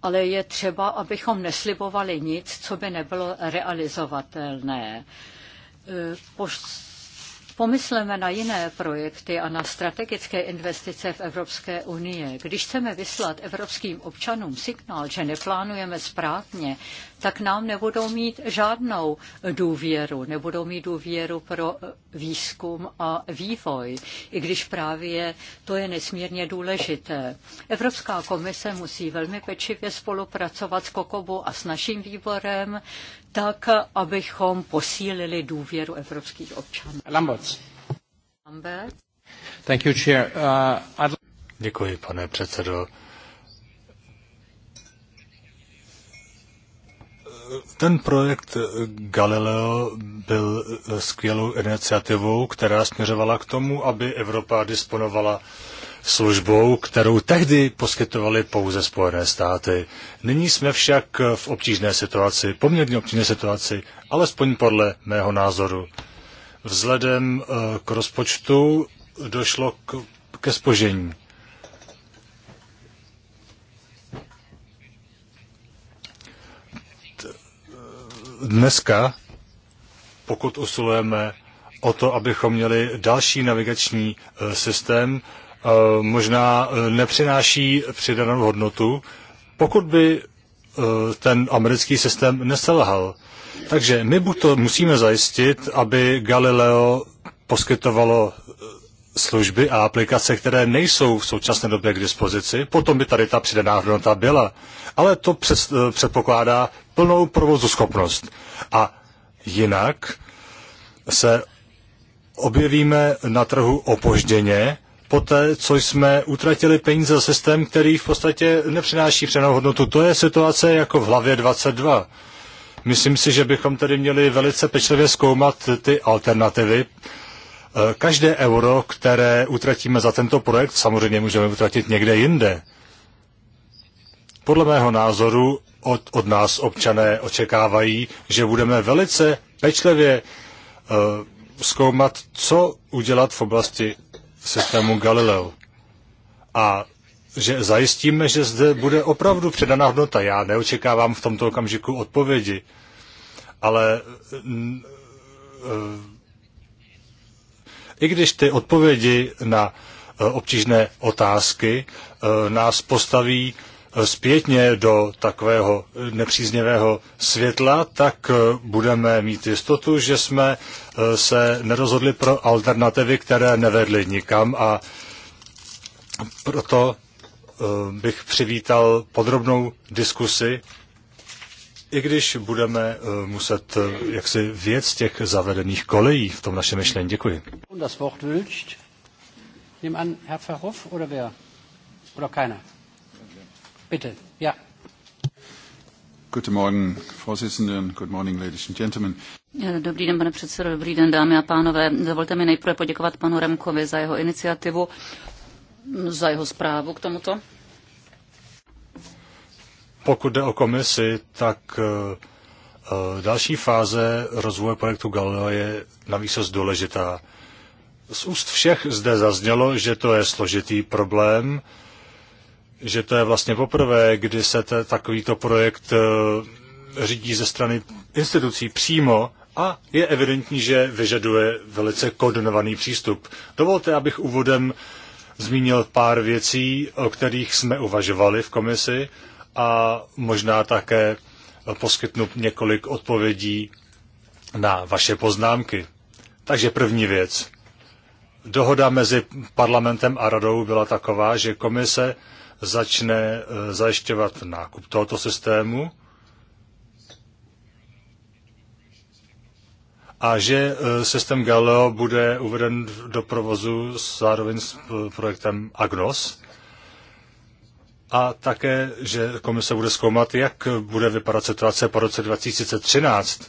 ale je třeba, abychom neslibovali nic, co by nebylo realizovatelné. E, pomysleme na jiné projekty a na strategické investice v Evropské unie. Když chceme vyslat evropským občanům signál, že neplánujeme správně, tak nám nebudou mít žádnou důvěru. Nebudou mít důvěru pro výzkum a vývoj, i když právě to je nesmírně důležité. Evropská komise musí velmi pečlivě spolupracovat s Kokobu a s naším výborem, tak, abychom posílili důvěru evropských občanů. Lambert. Lambert. Thank you, chair. Uh, I'd... Děkuji, pane předsedo. ten projekt Galileo byl skvělou iniciativou, která směřovala k tomu, aby Evropa disponovala službou, kterou tehdy poskytovaly pouze Spojené státy. Nyní jsme však v obtížné situaci, poměrně obtížné situaci, alespoň podle mého názoru. Vzhledem eh, k rozpočtu došlo k, ke spožení. dneska, pokud usilujeme o to, abychom měli další navigační eh, systém, eh, možná eh, nepřináší přidanou hodnotu, pokud by ten americký systém neselhal. Takže my buď to musíme zajistit, aby Galileo poskytovalo služby a aplikace, které nejsou v současné době k dispozici, potom by tady ta přidaná hodnota byla. Ale to přes, eh, předpokládá plnou provozuschopnost. A jinak se objevíme na trhu opožděně, poté, co jsme utratili peníze za systém, který v podstatě nepřináší přenou hodnotu. To je situace jako v hlavě 22. Myslím si, že bychom tedy měli velice pečlivě zkoumat ty alternativy, Každé euro, které utratíme za tento projekt, samozřejmě můžeme utratit někde jinde. Podle mého názoru od, od nás občané očekávají, že budeme velice pečlivě uh, zkoumat, co udělat v oblasti systému Galileo. A že zajistíme, že zde bude opravdu předaná hodnota. Já neočekávám v tomto okamžiku odpovědi, ale uh, i když ty odpovědi na eh, obtížné otázky eh, nás postaví eh, zpětně do takového nepříznivého světla, tak budeme mít jistotu, že jsme se nerozhodli pro alternativy, které nevedly nikam a proto bych přivítal podrobnou diskusi i když budeme eh, muset eh, jaksi věc těch zavedených kolejí v tom našem myšlení. Děkuji. Bitte, ja. Guten Morgen, ladies and gentlemen. Eh, dobrý den, pane předsedo, dobrý den, dámy a pánové. Dovolte mi nejprve poděkovat panu Remkovi za jeho iniciativu, za jeho zprávu k tomuto pokud jde o komisi, tak eh, eh, další fáze rozvoje projektu Galileo je navíc důležitá. Z úst všech zde zaznělo, že to je složitý problém, že to je vlastně poprvé, kdy se te, takovýto projekt eh, řídí ze strany institucí přímo a je evidentní, že vyžaduje velice koordinovaný přístup. Dovolte, abych úvodem zmínil pár věcí, o kterých jsme uvažovali v komisi a možná také poskytnu několik odpovědí na vaše poznámky. Takže první věc. Dohoda mezi parlamentem a radou byla taková, že komise začne eh, zajišťovat nákup tohoto systému a že eh, systém Galileo bude uveden do provozu zároveň s eh, projektem Agnos a také, že komise bude zkoumat, jak bude vypadat situace po roce 2013.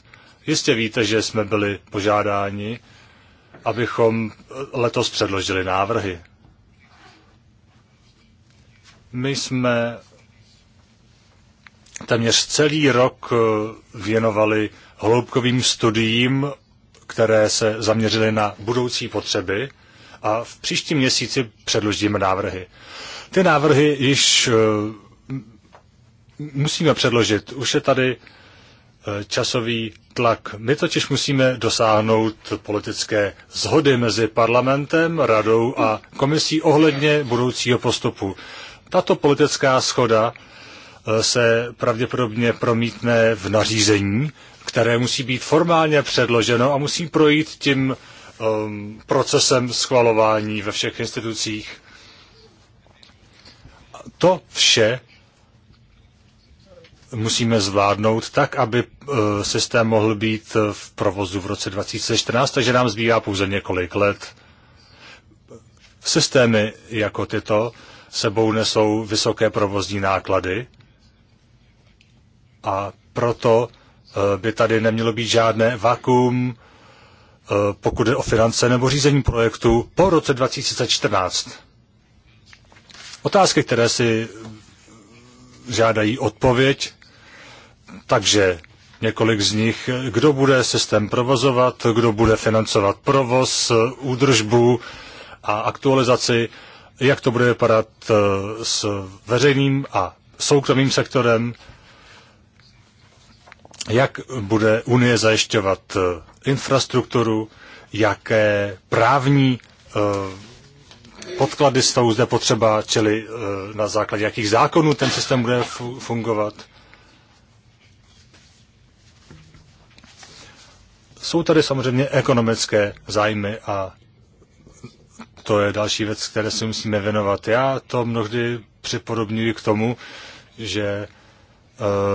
Jistě víte, že jsme byli požádáni, abychom letos předložili návrhy. My jsme téměř celý rok věnovali hloubkovým studiím, které se zaměřily na budoucí potřeby a v příštím měsíci předložíme návrhy. Ty návrhy již eh, musíme předložit. Už je tady eh, časový tlak. My totiž musíme dosáhnout politické zhody mezi parlamentem, radou a komisí ohledně budoucího postupu. Tato politická schoda eh, se pravděpodobně promítne v nařízení, které musí být formálně předloženo a musí projít tím um, procesem schvalování ve všech institucích to vše musíme zvládnout tak, aby eh, systém mohl být eh, v provozu v roce 2014, takže nám zbývá pouze několik let. Systémy jako tyto sebou nesou vysoké provozní náklady a proto eh, by tady nemělo být žádné vakuum, pokud je o finance nebo řízení projektu po roce 2014. Otázky, které si žádají odpověď, takže několik z nich, kdo bude systém provozovat, kdo bude financovat provoz, údržbu a aktualizaci, jak to bude vypadat eh, s veřejným a soukromým sektorem, jak bude Unie zajišťovat eh, infrastrukturu, jaké právní eh, podklady jsou zde potřeba, čili eh, na základě jakých zákonů ten systém bude fungovat. Jsou tady samozřejmě ekonomické zájmy a to je další věc, které si musíme věnovat. Já to mnohdy připodobňuji k tomu, že eh,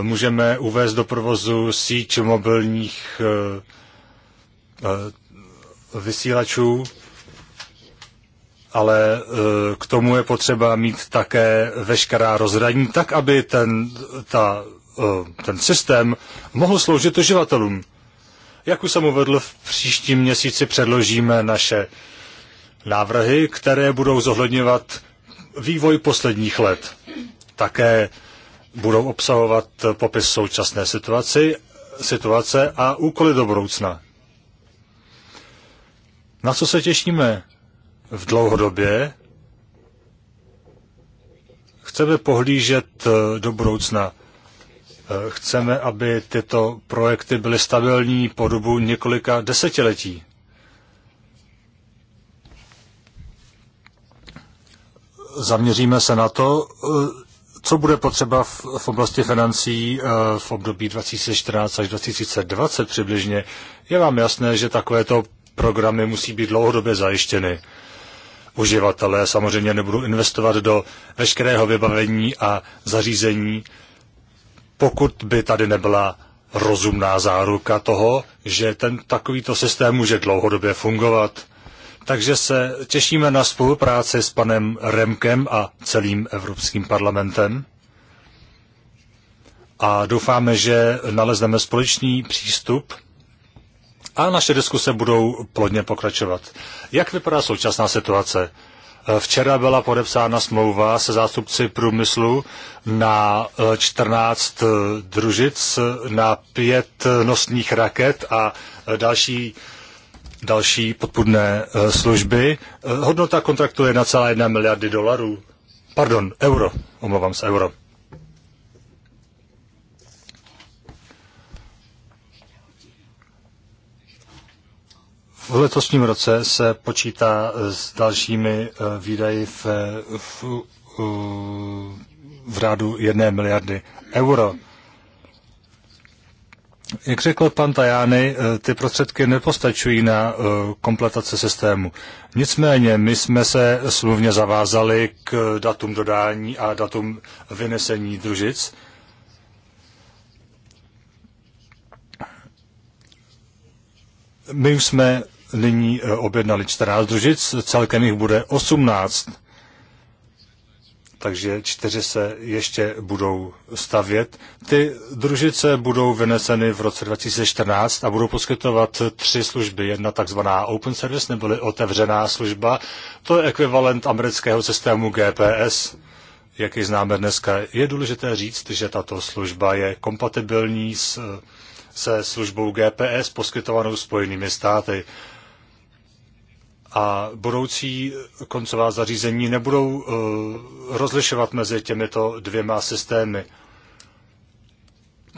můžeme uvést do provozu síť mobilních eh, vysílačů ale e, k tomu je potřeba mít také veškerá rozhraní, tak aby ten, ta, e, ten systém mohl sloužit uživatelům. Jak už jsem uvedl, v příštím měsíci předložíme naše návrhy, které budou zohledňovat vývoj posledních let. Také budou obsahovat popis současné situaci, situace a úkoly do budoucna. Na co se těšíme? v dlouhodobě chceme pohlížet eh, do budoucna. Eh, chceme, aby tyto projekty byly stabilní po dobu několika desetiletí. Zaměříme se na to, eh, co bude potřeba v, v oblasti financí v období 2014 až 2020 přibližně. Je vám jasné, že takovéto programy musí být dlouhodobě zajištěny uživatelé samozřejmě nebudou investovat do veškerého vybavení a zařízení, pokud by tady nebyla rozumná záruka toho, že ten takovýto systém může dlouhodobě fungovat. Takže se těšíme na spolupráci s panem Remkem a celým Evropským parlamentem a doufáme, že nalezneme společný přístup a naše diskuse budou plodně pokračovat. Jak vypadá současná situace? Eh, včera byla podepsána smlouva se zástupci průmyslu na 14 eh, eh, družic, na pět nosních raket a další další podpůrné služby. Hodnota kontraktu je na celá jedna miliardy dolarů. Pardon, euro. Omlouvám se, euro. V letošním roce se počítá eh, s dalšími eh, výdaji v, eh, v, v rádu jedné miliardy euro. Jak řekl pan Tajány, ty prostředky nepostačují na kompletace systému. Nicméně my jsme se smluvně zavázali k datum dodání a datum vynesení družic. My už jsme nyní eh, objednali 14 družic, celkem jich bude 18. Takže čtyři se ještě budou stavět. Ty družice budou vyneseny v roce 2014 a budou poskytovat tři služby. Jedna takzvaná open service, neboli otevřená služba. To je ekvivalent amerického systému GPS jak ji známe dneska, je důležité říct, že tato služba je kompatibilní s, se službou GPS poskytovanou Spojenými státy a budoucí koncová zařízení nebudou eh, rozlišovat mezi těmito dvěma systémy.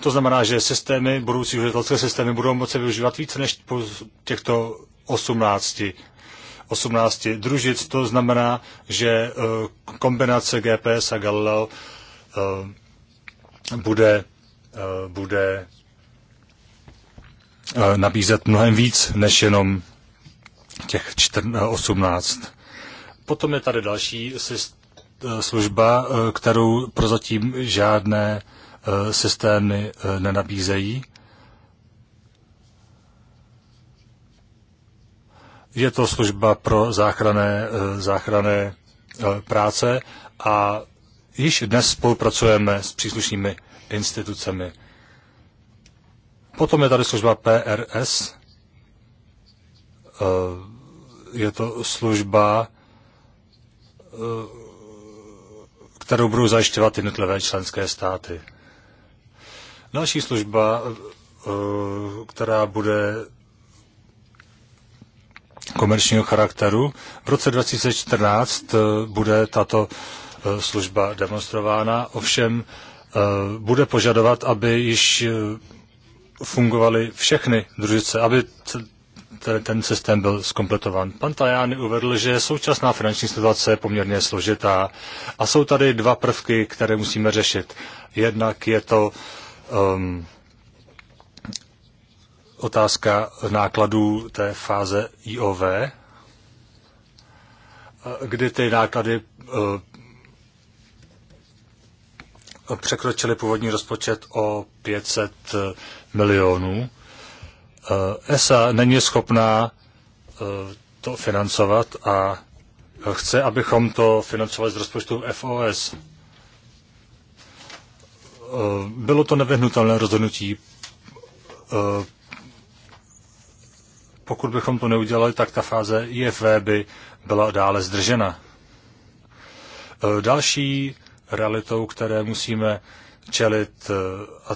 To znamená, že systémy, budoucí uživatelské systémy budou moci využívat více než těchto 18, 18 družic. To znamená, že eh, kombinace GPS a Galileo eh, bude, bude nabízet mnohem víc než jenom těch 14, 18. Eh, Potom je tady další eh, služba, eh, kterou prozatím žádné systémy nenabízejí. Je to služba pro záchrané, záchrané práce a již dnes spolupracujeme s příslušnými institucemi. Potom je tady služba PRS, Eh, je to služba, eh, kterou budou zajišťovat jednotlivé členské státy. Další služba, eh, která bude komerčního charakteru. V roce 2014 bude tato služba demonstrována, ovšem bude požadovat, aby již fungovaly všechny družice, aby ten systém byl zkompletován. Pan Tajány uvedl, že současná finanční situace je poměrně složitá a jsou tady dva prvky, které musíme řešit. Jednak je to um, otázka nákladů té fáze IOV, kdy ty náklady uh, překročily původní rozpočet o 500 milionů. ESA eh, není schopná eh, to financovat a chce, abychom to financovali z rozpočtu FOS. Eh, bylo to nevyhnutelné rozhodnutí. Pokud bychom to neudělali, tak ta fáze IFV by byla dále zdržena. Další realitou, které musíme čelit, a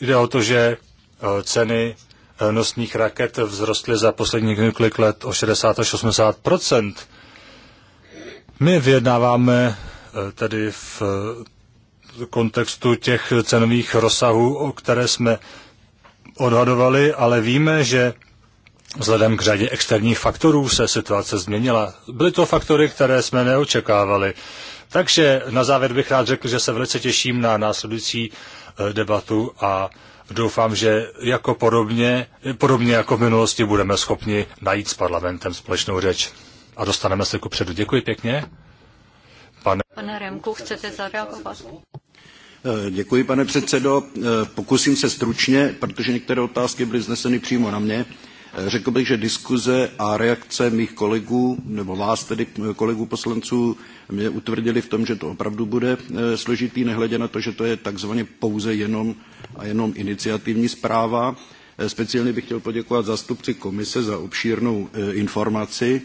Jde o to, že eh, ceny eh, nosných raket vzrostly za posledních několik let o 60 až 80 My vyjednáváme eh, tedy v kontextu těch cenových rozsahů, o které jsme odhadovali, ale víme, že vzhledem k řadě externích faktorů se situace změnila. Byly to faktory, které jsme neočekávali. Takže na závěr bych rád řekl, že se velice těším na následující Eh, debatu a doufám, že jako podobně, podobně jako v minulosti budeme schopni najít s parlamentem společnou řeč a dostaneme se ku předu. Děkuji pěkně. Pane, pane Remku, chcete zareagovat? Eh, děkuji, pane předsedo. Eh, pokusím se stručně, protože některé otázky byly zneseny přímo na mě. Řekl bych, že diskuze a reakce mých kolegů, nebo vás tedy kolegů poslanců, mě utvrdili v tom, že to opravdu bude eh, složitý, nehledě na to, že to je takzvaně pouze jenom a jenom iniciativní zpráva. Eh, speciálně bych chtěl poděkovat zástupci komise za obšírnou eh, informaci.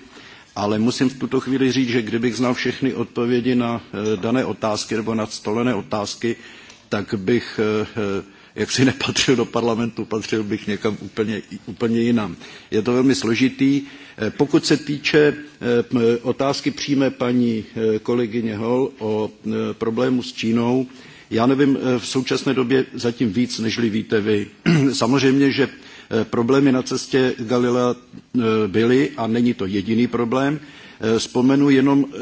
Ale musím v tuto chvíli říct, že kdybych znal všechny odpovědi na dané otázky nebo na stolené otázky, tak bych jak si nepatřil do parlamentu, patřil bych někam úplně, úplně jinam. Je to velmi složitý. Eh, pokud se týče eh, otázky přímé paní eh, kolegyně Hol o problému s Čínou, já nevím v současné době zatím víc, nežli víte vy. *clears throat* Samozřejmě, že problémy na cestě Galilea byly a není to jediný problém. Eh, vzpomenu jenom, eh,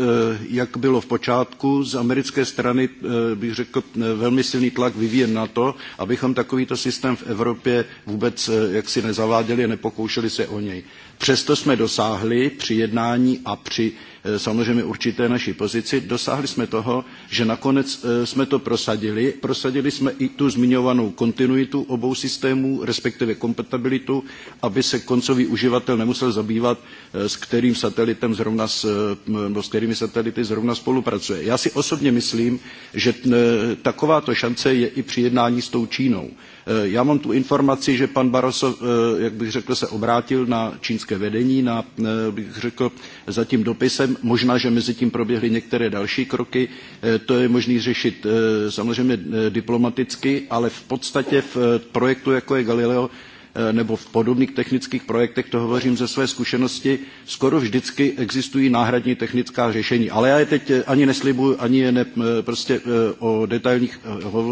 jak bylo v počátku, z americké strany eh, bych řekl velmi silný tlak vyvíjen na to, abychom takovýto systém v Evropě vůbec jaksi nezaváděli a nepokoušeli se o něj. Přesto jsme dosáhli při jednání a při Eh, samozřejmě určité naší pozici. Dosáhli jsme toho, že nakonec eh, jsme to prosadili. Prosadili jsme i tu zmiňovanou kontinuitu obou systémů, respektive kompatibilitu, aby se koncový uživatel nemusel zabývat, eh, s kterým satelitem zrovna, s, s kterými satelity zrovna spolupracuje. Já si osobně myslím, že takováto šance je i při jednání s tou Čínou. Já mám tu informaci, že pan Barroso, jak bych řekl, se obrátil na čínské vedení, na, bych řekl, zatím dopisem, Možná, že mezi tím proběhly některé další kroky. Eh, to je možné řešit eh, samozřejmě eh, diplomaticky, ale v podstatě v projektu, jako je Galileo, nebo v podobných technických projektech, to hovořím ze své zkušenosti, skoro vždycky existují náhradní technická řešení. Ale já je teď ani neslibuju, ani je ne, prostě o detailních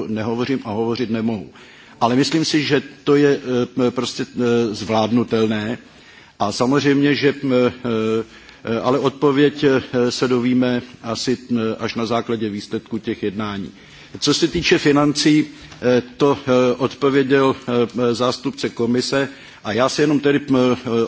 nehovořím a hovořit nemohu. Ale myslím si, že to je prostě zvládnutelné. A samozřejmě, že Eh, ale odpověď eh, se dovíme asi eh, až na základě výsledku těch jednání. Co se týče financí, Eh, to eh, odpověděl eh, zástupce komise a já si jenom tedy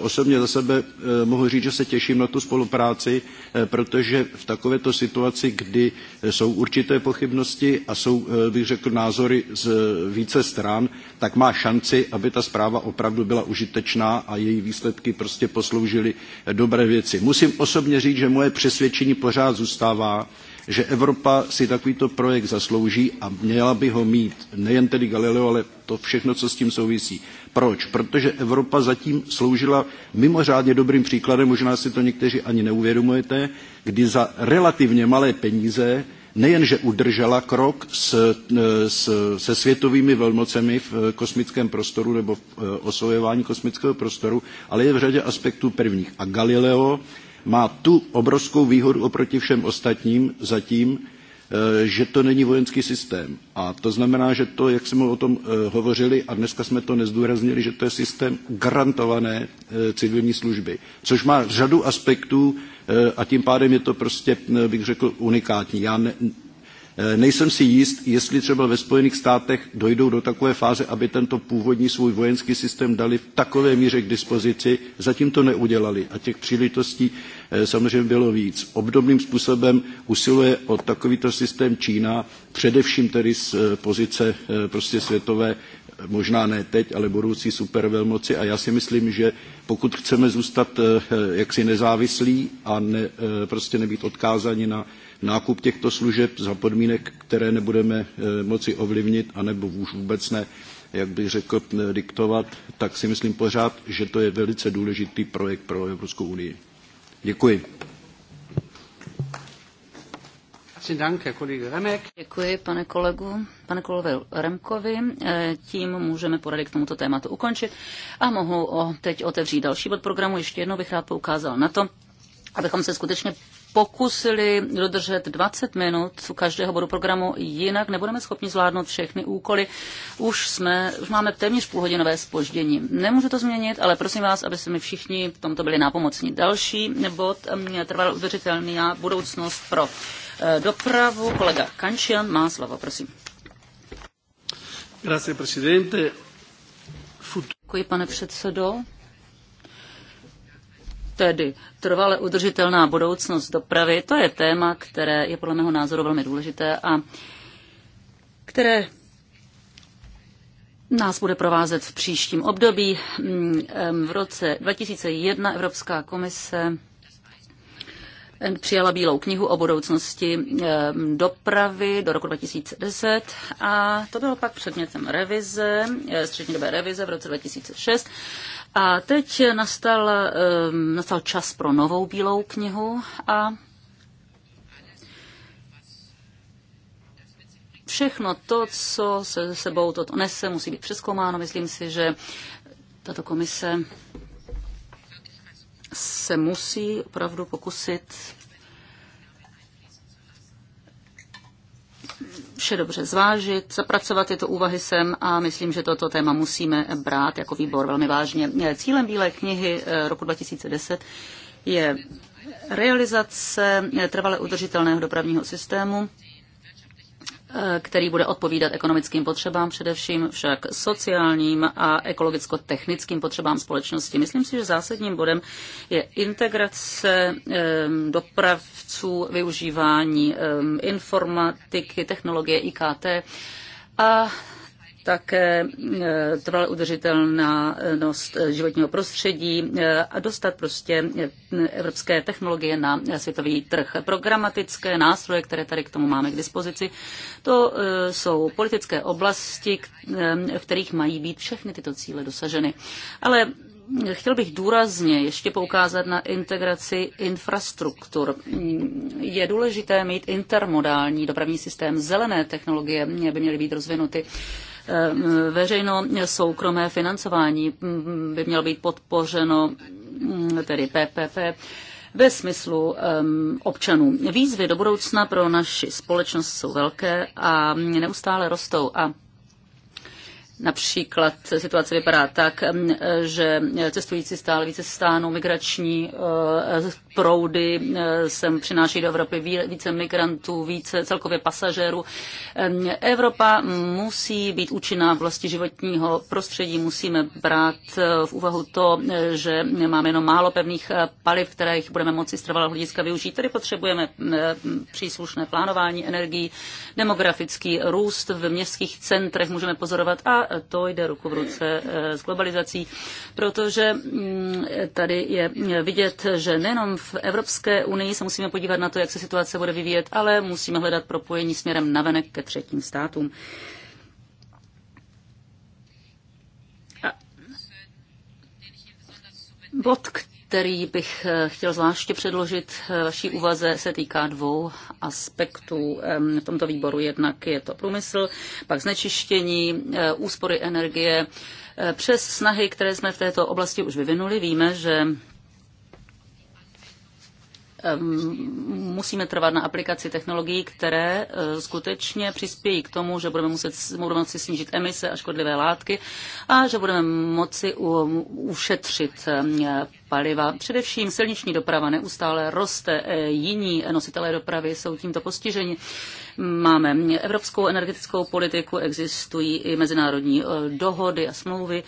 osobně za sebe mohu říct, že se těším na tu spolupráci, protože v takovéto situaci, kdy jsou určité pochybnosti a jsou, bych řekl, názory z více stran, tak má šanci, aby ta zpráva opravdu byla užitečná a její výsledky prostě posloužily dobré věci. Musím osobně říct, že moje přesvědčení pořád zůstává, že Evropa si takovýto projekt zaslouží a měla by ho mít nejen tedy Galileo, ale to všechno, co s tím souvisí. Proč? Protože Evropa zatím sloužila mimořádně dobrým příkladem, možná si to někteří ani neuvědomujete, kdy za relativně malé peníze nejenže udržela krok s, s, se světovými velmocemi v kosmickém prostoru nebo v e, osvojování kosmického prostoru, ale je v řadě aspektů prvních. A Galileo má tu obrovskou výhodu oproti všem ostatním zatím, eh, že to není vojenský systém. A to znamená, že to, jak jsme o tom eh, hovořili, a dneska jsme to nezdůraznili, že to je systém garantované eh, civilní služby, což má řadu aspektů a tím pádem je to prostě, bych řekl, unikátní. Já ne, Eh, nejsem si jist, jestli třeba ve Spojených státech dojdou do takové fáze, aby tento původní svůj vojenský systém dali v takové míře k dispozici. Zatím to neudělali a těch příležitostí eh, samozřejmě bylo víc. Obdobným způsobem usiluje o takovýto systém Čína, především tedy z eh, pozice prostě světové možná ne teď, ale budoucí supervelmoci. A já si myslím, že pokud chceme zůstat jaksi nezávislí a ne, prostě nebýt odkázáni na nákup těchto služeb za podmínek, které nebudeme eh, moci ovlivnit, anebo už vůbec ne, jak bych řekl, eh, diktovat, tak si myslím pořád, že to je velice důležitý projekt pro Evropskou unii. Děkuji. Děkuji, pane kolegu, pane kolegovi Remkovi. Eh, tím můžeme poradit k tomuto tématu ukončit a mohu teď otevřít další bod programu. Ještě jednou bych rád poukázal na to, abychom se skutečně pokusili dodržet 20 minut u každého bodu programu, jinak nebudeme schopni zvládnout všechny úkoly. Už, jsme, už máme téměř půlhodinové spoždění. Nemůžu to změnit, ale prosím vás, aby se mi všichni v tomto byli nápomocní. Další bod trval udržitelný a budoucnost pro eh, dopravu. Kolega Kančian má slovo, prosím. Grazie, presidente. Děkuji, pane předsedo. Tedy trvale udržitelná budoucnost dopravy, to je téma, které je podle mého názoru velmi důležité a které nás bude provázet v příštím období. Mm, v roce 2001 Evropská komise eh, přijala Bílou knihu o budoucnosti eh, dopravy do roku 2010 a to bylo pak předmětem revize, eh, střednědobé revize v roce 2006 a teď nastal, ehm, nastal čas pro novou bílou knihu a všechno to, co se sebou to nese, musí být přeskoumáno. Myslím si, že tato komise se musí opravdu pokusit vše dobře zvážit, zapracovat tyto úvahy sem a myslím, že toto téma musíme brát jako výbor velmi vážně. Cílem Bílé knihy eh, roku 2010 je realizace trvale udržitelného dopravního systému Eh, který bude odpovídat ekonomickým potřebám, především však sociálním a ekologicko-technickým potřebám společnosti. Myslím si, že zásadním bodem je integrace dopravců, využívání informatiky, technologie IKT a také eh, trvalé udržitelnost eh, životního prostředí eh, a dostat prostě evropské technologie na světový trh. Programatické nástroje, které tady k tomu máme k dispozici, to jsou politické oblasti, v kterých mají být všechny tyto cíle dosaženy. Ale chtěl bych důrazně ještě poukázat na integraci infrastruktur. Mm, je důležité mít intermodální dopravní systém. Zelené technologie by měly být rozvinuty Eh, Veřejno soukromé financování by mělo být podpořeno, mm, tedy PPP, ve smyslu um, občanů. Výzvy do budoucna pro naši společnost jsou velké a neustále rostou a Například situace vypadá tak, mm, že cestující stále více stánou migrační eh, proudy, eh, sem přináší do Evropy více migrantů, více celkově pasažérů. Ehm, Evropa musí být účinná v vlasti životního prostředí, musíme brát eh, v úvahu to, že máme jenom málo pevných paliv, které jich budeme moci z trvalého hlediska využít. Tady potřebujeme příslušné plánování energií, demografický růst v městských centrech můžeme pozorovat a to jde ruku v ruce eh, s globalizací, protože mm, tady je vidět, že nejenom v Evropské unii se musíme podívat na to, jak se situace bude vyvíjet, ale musíme hledat propojení směrem navenek ke třetím státům. bod, který bych eh, chtěl zvláště předložit eh, vaší úvaze, se týká dvou aspektů v tomto výboru. Jednak je to průmysl, pak znečištění, eh, úspory energie. Přes snahy, které jsme v této oblasti už vyvinuli, víme, že musíme trvat na aplikaci technologií, které eh, skutečně přispějí k tomu, že budeme, muset, budeme moci snížit emise a škodlivé látky a že budeme moci ušetřit paliva. Především silniční doprava neustále roste, eh, jiní nositelé dopravy jsou tímto postiženi. Máme evropskou energetickou politiku, existují i mezinárodní eh, dohody a smlouvy.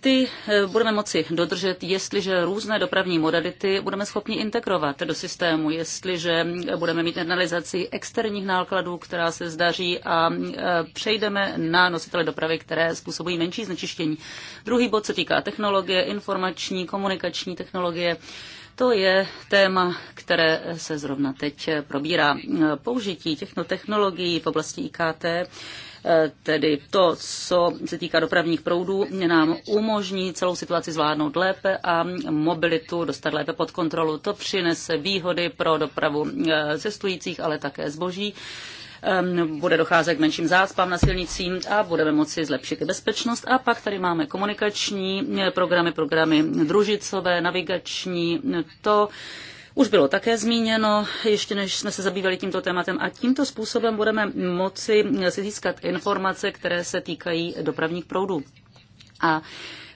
Ty eh, budeme moci dodržet, jestliže různé dopravní modality budeme schopni integrovat do systému, jestliže budeme mít internalizaci externích nákladů, která se zdaří a eh, přejdeme na nositele dopravy, které způsobují menší znečištění. Druhý bod se týká technologie, informační, komunikační technologie. To je téma, které se zrovna teď probírá. Použití těchto technologií v oblasti IKT Eh, tedy to, co se týká dopravních proudů, nám umožní celou situaci zvládnout lépe a mobilitu dostat lépe pod kontrolu. To přinese výhody pro dopravu eh, cestujících, ale také zboží bude docházet k menším zácpám na silnicích a budeme moci zlepšit i bezpečnost. A pak tady máme komunikační eh, programy, programy družicové, navigační. To už bylo také zmíněno, ještě než jsme se zabývali tímto tématem a tímto způsobem budeme moci si získat informace, které se týkají dopravních proudů. A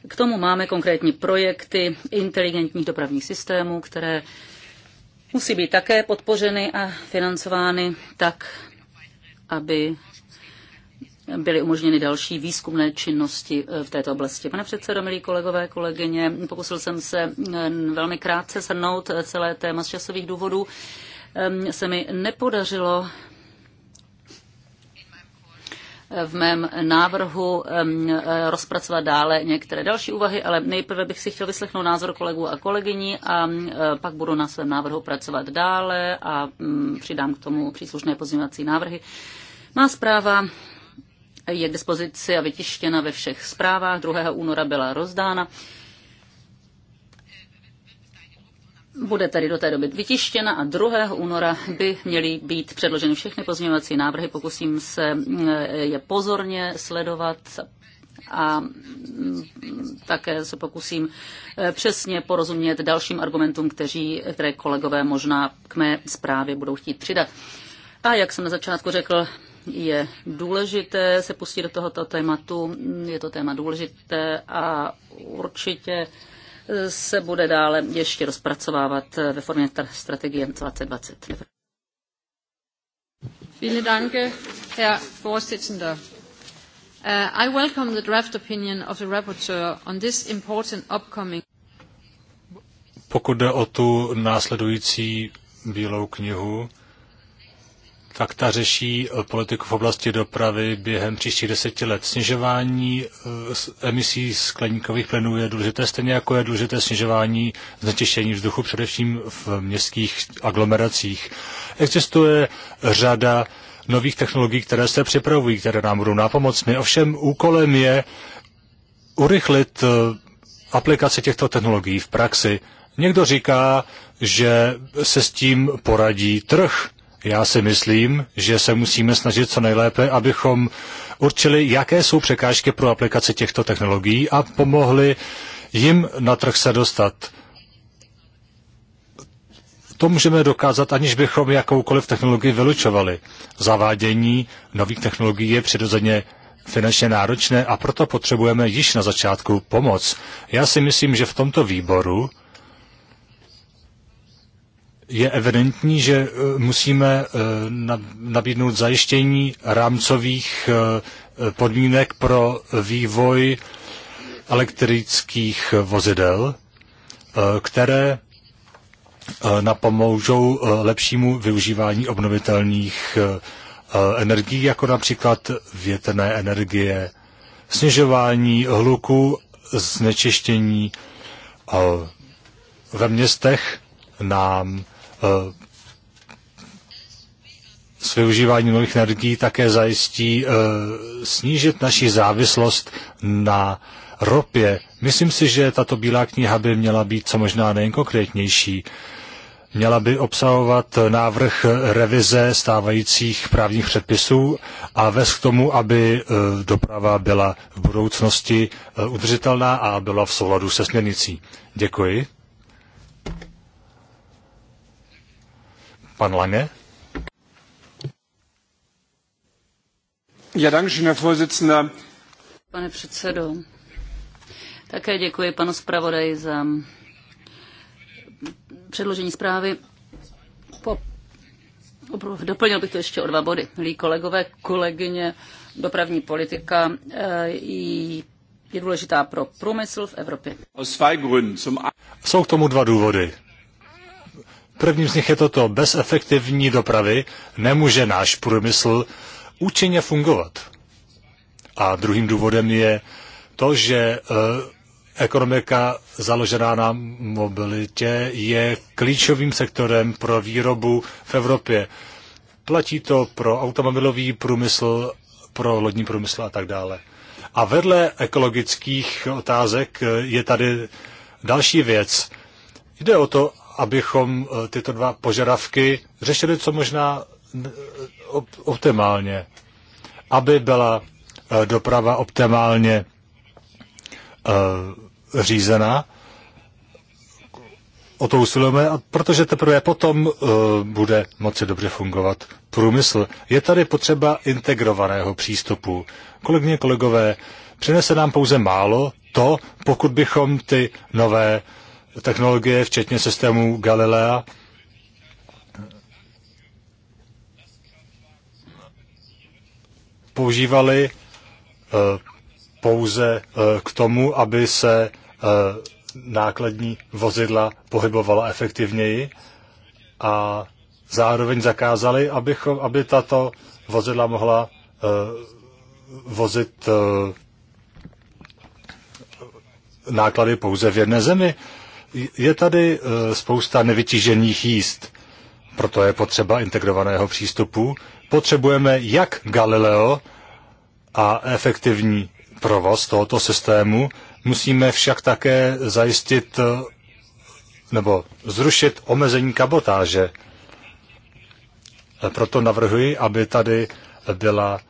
k tomu máme konkrétní projekty inteligentních dopravních systémů, které musí být také podpořeny a financovány tak, aby byly umožněny další výzkumné činnosti eh, v této oblasti. Pane předsedo, milí kolegové, kolegyně, pokusil jsem se eh, velmi krátce shrnout eh, celé téma z časových důvodů. Se mi nepodařilo v mém návrhu rozpracovat dále některé další úvahy, ale nejprve bych si chtěl vyslechnout názor kolegů a kolegyní a pak budu na svém návrhu pracovat dále a mm, přidám k tomu příslušné pozměňovací návrhy. Má zpráva je k dispozici a vytištěna ve všech zprávách. 2. února byla rozdána. Bude tedy do té doby vytištěna a 2. února by měly být předloženy všechny pozměňovací návrhy. Pokusím se eh, je pozorně sledovat a mm, také se pokusím eh, přesně porozumět dalším argumentům, kteří, které kolegové možná k mé zprávě budou chtít přidat. A jak jsem na začátku řekl, je důležité se pustit do tohoto tématu. Je to téma důležité a určitě se bude dále ještě rozpracovávat ve formě strategie 2020. Vielen danke, Herr Vorsitzender. Uh, I welcome the draft opinion of the rapporteur on this important upcoming pokud jde o tu následující bílou knihu, fakta řeší eh, politiku v oblasti dopravy během příštích deseti let. Snižování eh, emisí skleníkových plynů je důležité, stejně jako je důležité snižování znečištění vzduchu, především v městských aglomeracích. Existuje řada nových technologií, které se připravují, které nám budou nápomocny. Ovšem úkolem je urychlit eh, aplikaci těchto technologií v praxi. Někdo říká, že se s tím poradí trh. Já si myslím, že se musíme snažit co nejlépe, abychom určili, jaké jsou překážky pro aplikaci těchto technologií a pomohli jim na trh se dostat. To můžeme dokázat, aniž bychom jakoukoliv technologii vylučovali. Zavádění nových technologií je přirozeně finančně náročné a proto potřebujeme již na začátku pomoc. Já si myslím, že v tomto výboru je evidentní, že eh, musíme eh, nabídnout zajištění rámcových eh, podmínek pro vývoj elektrických vozidel, které napomůžou lepšímu využívání obnovitelných energií, jako například větrné energie, snižování hluku, znečištění ve městech nám Eh, s využíváním nových energií také zajistí eh, snížit naši závislost na ropě. Myslím si, že tato bílá kniha by měla být co možná nejkonkrétnější. Měla by obsahovat návrh revize stávajících právních předpisů a vést k tomu, aby eh, doprava byla v budoucnosti udržitelná a byla v souladu se směrnicí. Děkuji. Pan Lange? Ja, Pane předsedo, také děkuji panu zpravodaji za předložení zprávy. Po, doplnil bych to ještě o dva body. Milí kolegové, kolegyně, dopravní politika eh, je důležitá pro průmysl v Evropě. Jsou k tomu dva důvody. Prvním z nich je toto. Bez efektivní dopravy nemůže náš průmysl účinně fungovat. A druhým důvodem je to, že e, ekonomika založená na mobilitě je klíčovým sektorem pro výrobu v Evropě. Platí to pro automobilový průmysl, pro lodní průmysl a tak dále. A vedle ekologických otázek e, je tady další věc. Jde o to, abychom eh, tyto dva požadavky řešili co možná eh, optimálně. Aby byla eh, doprava optimálně řízena, o to usilujeme, a protože teprve potom bude moci dobře fungovat průmysl. Je tady potřeba integrovaného přístupu. Kolegyně, kolegové, přinese nám pouze málo to, pokud bychom ty nové technologie, včetně systému Galilea. Používali eh, pouze eh, k tomu, aby se eh, nákladní vozidla pohybovala efektivněji a zároveň zakázali, abychom, aby tato vozidla mohla vozit náklady pouze v jedné zemi. Je tady eh, spousta nevytížených jíst, proto je potřeba integrovaného přístupu. Potřebujeme jak Galileo a efektivní provoz tohoto systému, musíme však také zajistit eh, nebo zrušit omezení kabotáže. Eh, proto navrhuji, aby tady byla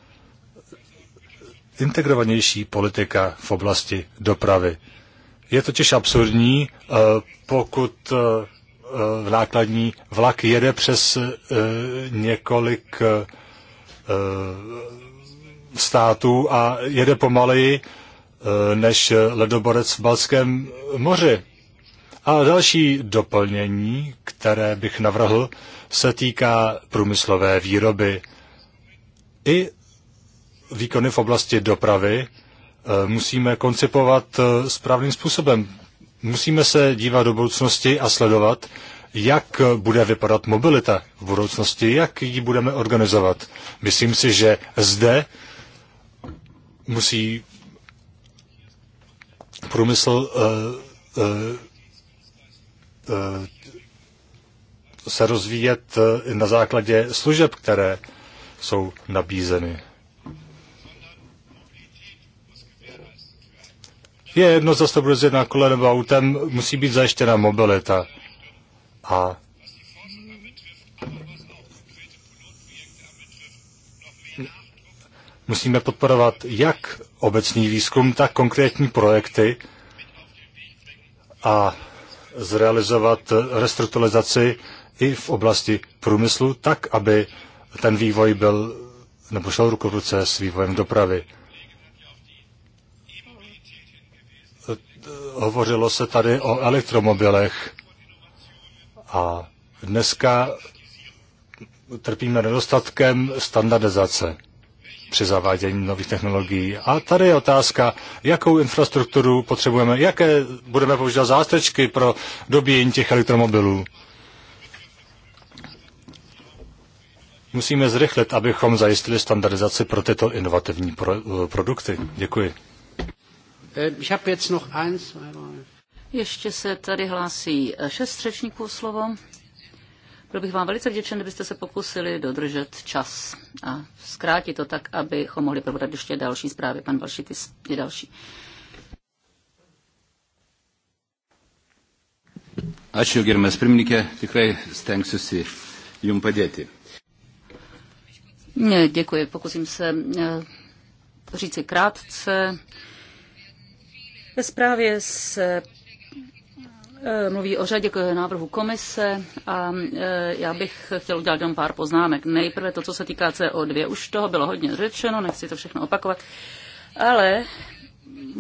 integrovanější politika v oblasti dopravy. Je totiž absurdní, eh, pokud eh, eh, v nákladní vlak jede přes několik států a jede pomaleji než ledoborec v Balském moři. A další doplnění, které bych navrhl, se týká průmyslové výroby i výkony v oblasti dopravy, Eh, musíme koncipovat eh, správným způsobem. Musíme se dívat do budoucnosti a sledovat, jak bude vypadat mobilita v budoucnosti, jak ji budeme organizovat. Myslím si, že zde musí průmysl uh, uh, uh, se rozvíjet na základě služeb, které jsou nabízeny. Je jedno, zda to bude na kole nebo autem, musí být zajištěna mobilita. A musíme podporovat jak obecný výzkum, tak konkrétní projekty a zrealizovat restrukturalizaci i v oblasti průmyslu, tak, aby ten vývoj byl nebo šel ruku v ruce s vývojem dopravy. hovořilo se tady o elektromobilech. A dneska trpíme nedostatkem standardizace při zavádění nových technologií. A tady je otázka, jakou infrastrukturu potřebujeme, jaké budeme používat zástečky pro dobíjení těch elektromobilů. Musíme zrychlit, abychom zajistili standardizaci pro tyto inovativní pro, eh, produkty. Děkuji. Äh, ještě se tady hlásí eh, šest řečníků slovo. Byl bych vám velice vděčen, kdybyste se pokusili dodržet čas a zkrátit to tak, abychom mohli probrat ještě další zprávy. Pan Balšitis je další. Ačiū, gerbiamas pirmininkė, tikrai stengsiuosi jum padėti. Děkuji, pokusím se eh, říci krátce. Ve zprávě se e, mluví o řadě návrhu komise a e, já bych chtěl udělat jenom pár poznámek. Nejprve to, co se týká CO2, už toho bylo hodně řečeno, nechci to všechno opakovat, ale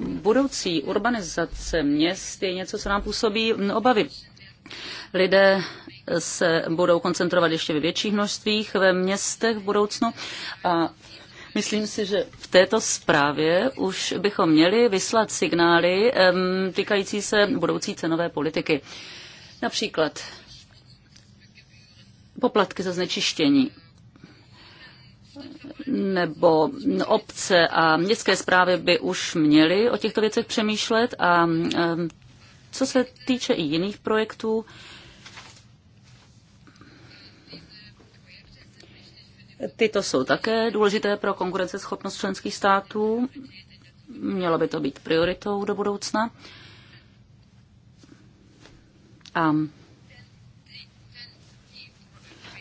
budoucí urbanizace měst je něco, co nám působí obavy. Lidé se budou koncentrovat ještě ve větších množstvích ve městech v budoucnu a Myslím si, že v této zprávě už bychom měli vyslat signály týkající se budoucí cenové politiky. Například poplatky za znečištění nebo obce a městské zprávy by už měly o těchto věcech přemýšlet a co se týče i jiných projektů, Tyto jsou také důležité pro konkurenceschopnost členských států. Mělo by to být prioritou do budoucna. A,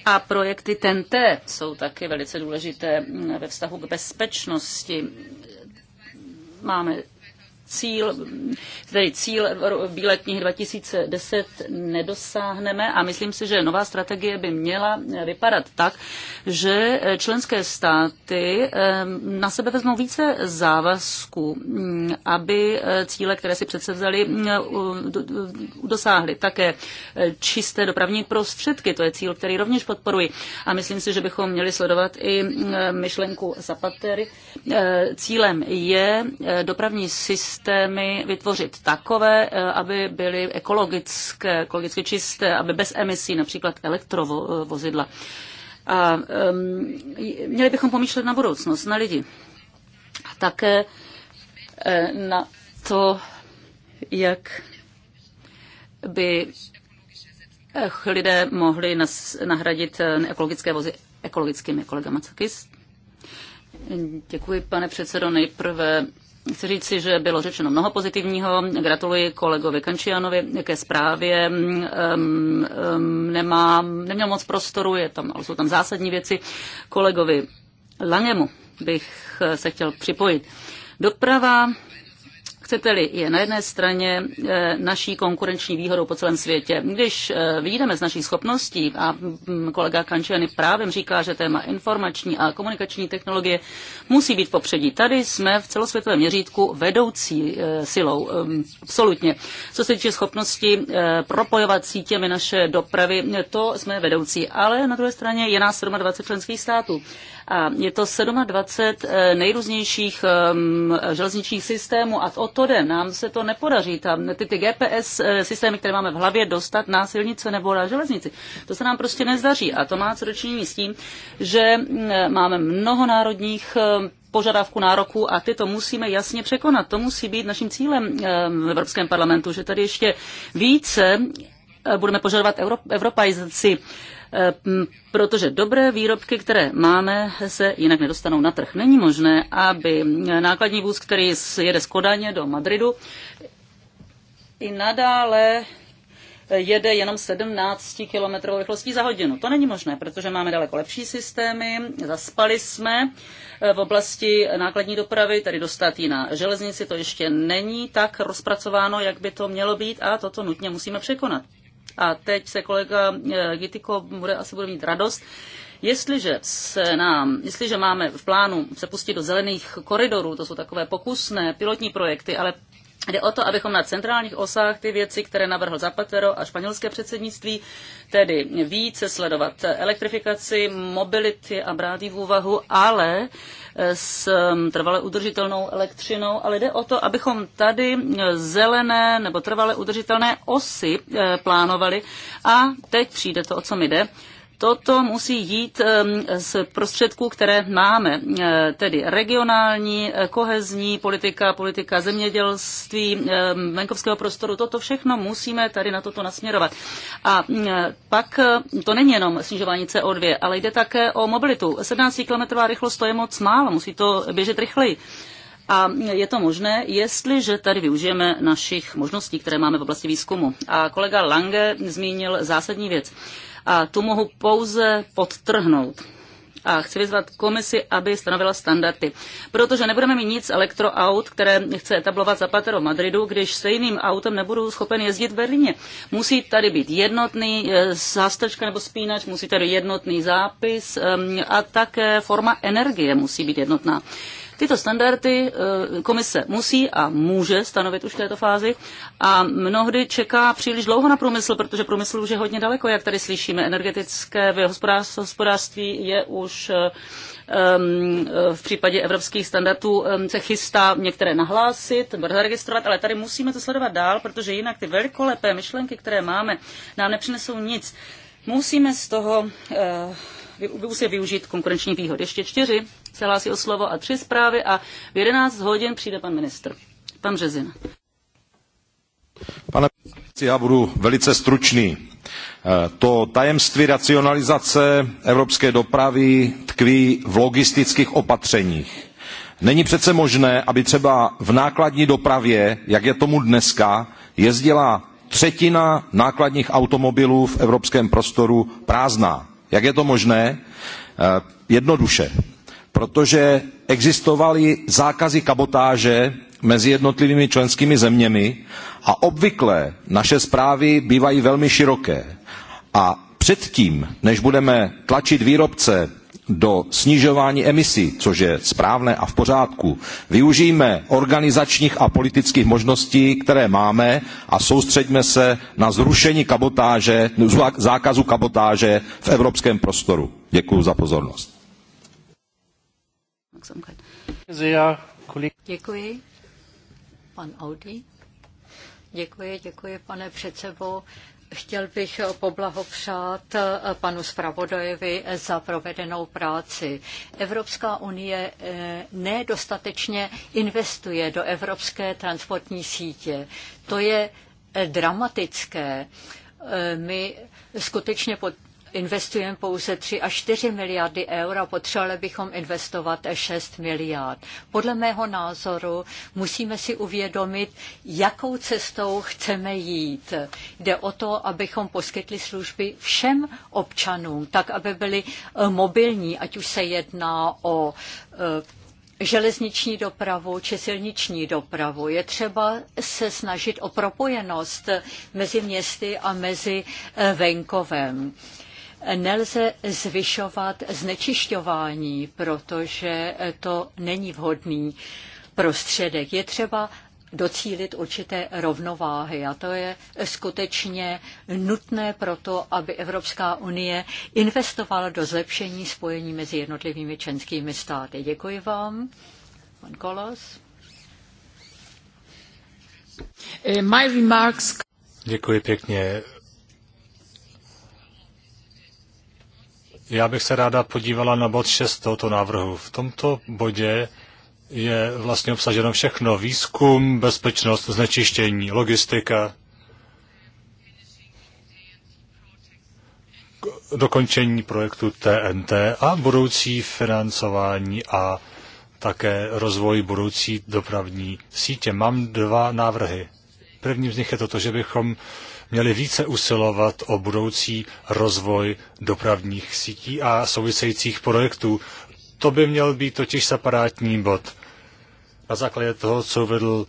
a projekty TNT jsou taky velice důležité ve vztahu k bezpečnosti. Máme cíl, tedy cíl Bílé knihy 2010 nedosáhneme a myslím si, že nová strategie by měla vypadat tak, že členské státy na sebe vezmou více závazků, mm, aby e, cíle, které si předsevzali, dosáhly. Také e, čisté dopravní prostředky, to je cíl, který rovněž podporuji. A myslím si, že bychom měli sledovat i myšlenku Zapatery. E, cílem je dopravní systém systémy vytvořit takové, eh, aby byly ekologické, ekologicky čisté, aby bez emisí například elektrovozidla. A um, měli bychom pomýšlet na budoucnost, na lidi. A také eh, na to, jak by eh, lidé mohli nas, nahradit ekologické vozy ekologickými kolegama. Děkuji, pane předsedo. Nejprve Chci říci, že bylo řečeno mnoho pozitivního. Gratuluji kolegovi Kančianovi ke zprávě. Um, um, nemá, neměl moc prostoru, je tam, ale jsou tam zásadní věci. Kolegovi Langemu bych se chtěl připojit. Doprava Chcete-li, je na jedné straně eh, naší konkurenční výhodou po celém světě. Když eh, vyjdeme z našich schopností, a mm, kolega Kančeny právě říká, že téma informační a komunikační technologie musí být popředí. Tady jsme v celosvětovém měřítku vedoucí eh, silou, absolutně. Co se týče schopnosti propojovat sítěmi naše dopravy, to jsme vedoucí, ale na druhé straně je nás 27 členských států. A je to 27 eh, nejrůznějších ehm, železničních systémů a o to jde. Nám se to nepodaří. Tam ty, ty GPS eh, systémy, které máme v hlavě, dostat na silnice nebo na železnici. To se nám prostě nezdaří. A to má co dočinění s tím, že mm, eh, máme mnoho národních ehm, požadavku nároku a ty to musíme jasně překonat. To musí být naším cílem ehm, v Evropském parlamentu, že tady ještě více budeme požadovat evropaizaci Ehm, protože dobré výrobky, které máme, se jinak nedostanou na trh. Není možné, aby nákladní vůz, který jede z Kodaně do Madridu, i nadále jede jenom 17 km rychlostí za hodinu. To není možné, protože máme daleko lepší systémy. Zaspali jsme eh, v oblasti nákladní dopravy, tedy dostat ji na železnici, to ještě není tak rozpracováno, jak by to mělo být a toto nutně musíme překonat a teď se kolega eh, Gitiko bude, asi bude mít radost, Jestliže, se nám, jestliže máme v plánu se pustit do zelených koridorů, to jsou takové pokusné pilotní projekty, ale Jde o to, abychom na centrálních osách ty věci, které navrhl Zapatero a španělské předsednictví, tedy více sledovat elektrifikaci, mobility a brát v úvahu, ale eh, s mm, trvale udržitelnou elektřinou, ale jde o to, abychom tady eh, zelené nebo trvale udržitelné osy eh, plánovali a teď přijde to, o co mi jde, Toto musí jít z prostředků, které máme, eh, tedy regionální, eh, kohezní politika, politika zemědělství, venkovského prostoru. Toto všechno musíme tady na toto nasměrovat. A mm, eh, pak to není jenom snižování CO2, ale jde také o mobilitu. 17 kilometrová rychlost to je moc málo, musí to běžet rychleji. A mm, je to možné, jestliže tady využijeme našich možností, které máme v oblasti výzkumu. A kolega Lange zmínil zásadní věc. A tu mohu pouze podtrhnout a chci vyzvat komisi, aby stanovila standardy. Protože nebudeme mít nic elektroaut, které chce etablovat Zapatero v Madridu, když stejným autem nebudu schopen jezdit v Berlíně. Musí tady být jednotný eh, zástrčka nebo spínač, musí tady jednotný zápis ehm, a také forma energie musí být jednotná. Tyto standardy eh, komise musí a může stanovit už v této fázi a mnohdy čeká příliš dlouho na průmysl, protože průmysl už je hodně daleko, jak tady slyšíme. Energetické hospodářství je už ehm, eh, v případě evropských standardů ehm, se chystá některé nahlásit, zaregistrovat, ale tady musíme to sledovat dál, protože jinak ty velkolepé myšlenky, které máme, nám nepřinesou nic. Musíme z toho uh, využít konkurenční výhod. Ještě čtyři se hlásí o slovo a tři zprávy a v 11 hodin přijde pan ministr. Pan Březina. Pane já budu velice stručný. E, to tajemství racionalizace evropské dopravy tkví v logistických opatřeních. Není přece možné, aby třeba v nákladní dopravě, jak je tomu dneska, jezdila třetina nákladních automobilů v evropském prostoru prázdná. Jak je to možné? E, jednoduše protože existovaly zákazy kabotáže mezi jednotlivými členskými zeměmi a obvykle naše zprávy bývají velmi široké. A předtím, než budeme tlačit výrobce do snižování emisí, což je správné a v pořádku, využijme organizačních a politických možností, které máme a soustřeďme se na zrušení kabotáže, zákazu kabotáže v evropském prostoru. Děkuji za pozornost. Aufmerksamkeit. Děkuji. Pan Audi. Děkuji, děkuji, pane předsedo. Chtěl bych poblahopřát eh, panu zpravodajovi za provedenou práci. Evropská unie eh, nedostatečně investuje do evropské transportní sítě. To je eh, dramatické. My skutečně pod, investujeme pouze 3 až 4 miliardy eur a potřebovali bychom investovat 6 miliard. Podle mého názoru musíme si uvědomit, jakou cestou chceme jít. Jde o to, abychom poskytli služby všem občanům, tak aby byli eh, mobilní, ať už se jedná o eh, železniční dopravu či silniční dopravu. Je třeba se snažit o propojenost mezi městy a mezi eh, venkovem. Nelze zvyšovat znečišťování, protože to není vhodný prostředek. Je třeba docílit určité rovnováhy a to je skutečně nutné proto, aby Evropská unie investovala do zlepšení spojení mezi jednotlivými členskými státy. Děkuji vám. Pan Kolos. Eh, my remarks... Děkuji pěkně. Já bych se ráda podívala na bod 6 tohoto návrhu. V tomto bodě je vlastně obsaženo všechno. Výzkum, bezpečnost, znečištění, logistika, dokončení projektu TNT a budoucí financování a také rozvoj budoucí dopravní sítě. Mám dva návrhy. Prvním z nich je toto, že bychom měli více usilovat o budoucí rozvoj dopravních sítí a souvisejících projektů. To by měl být totiž separátní bod. Na základě toho, co vedl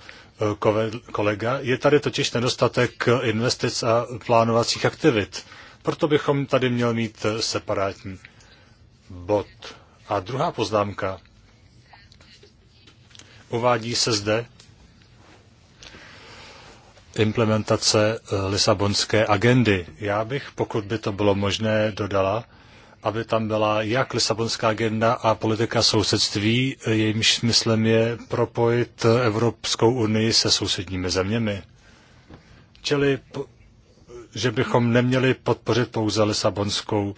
eh, kolega, je tady totiž nedostatek investic a plánovacích aktivit. Proto bychom tady měl mít eh, separátní bod. A druhá poznámka. Uvádí se zde, implementace eh, Lisabonské agendy. Já bych, pokud by to bylo možné, dodala, aby tam byla jak Lisabonská agenda a politika sousedství, eh, jejímž smyslem je propojit eh, Evropskou unii se sousedními zeměmi. Čili, že bychom neměli podpořit pouze Lisabonskou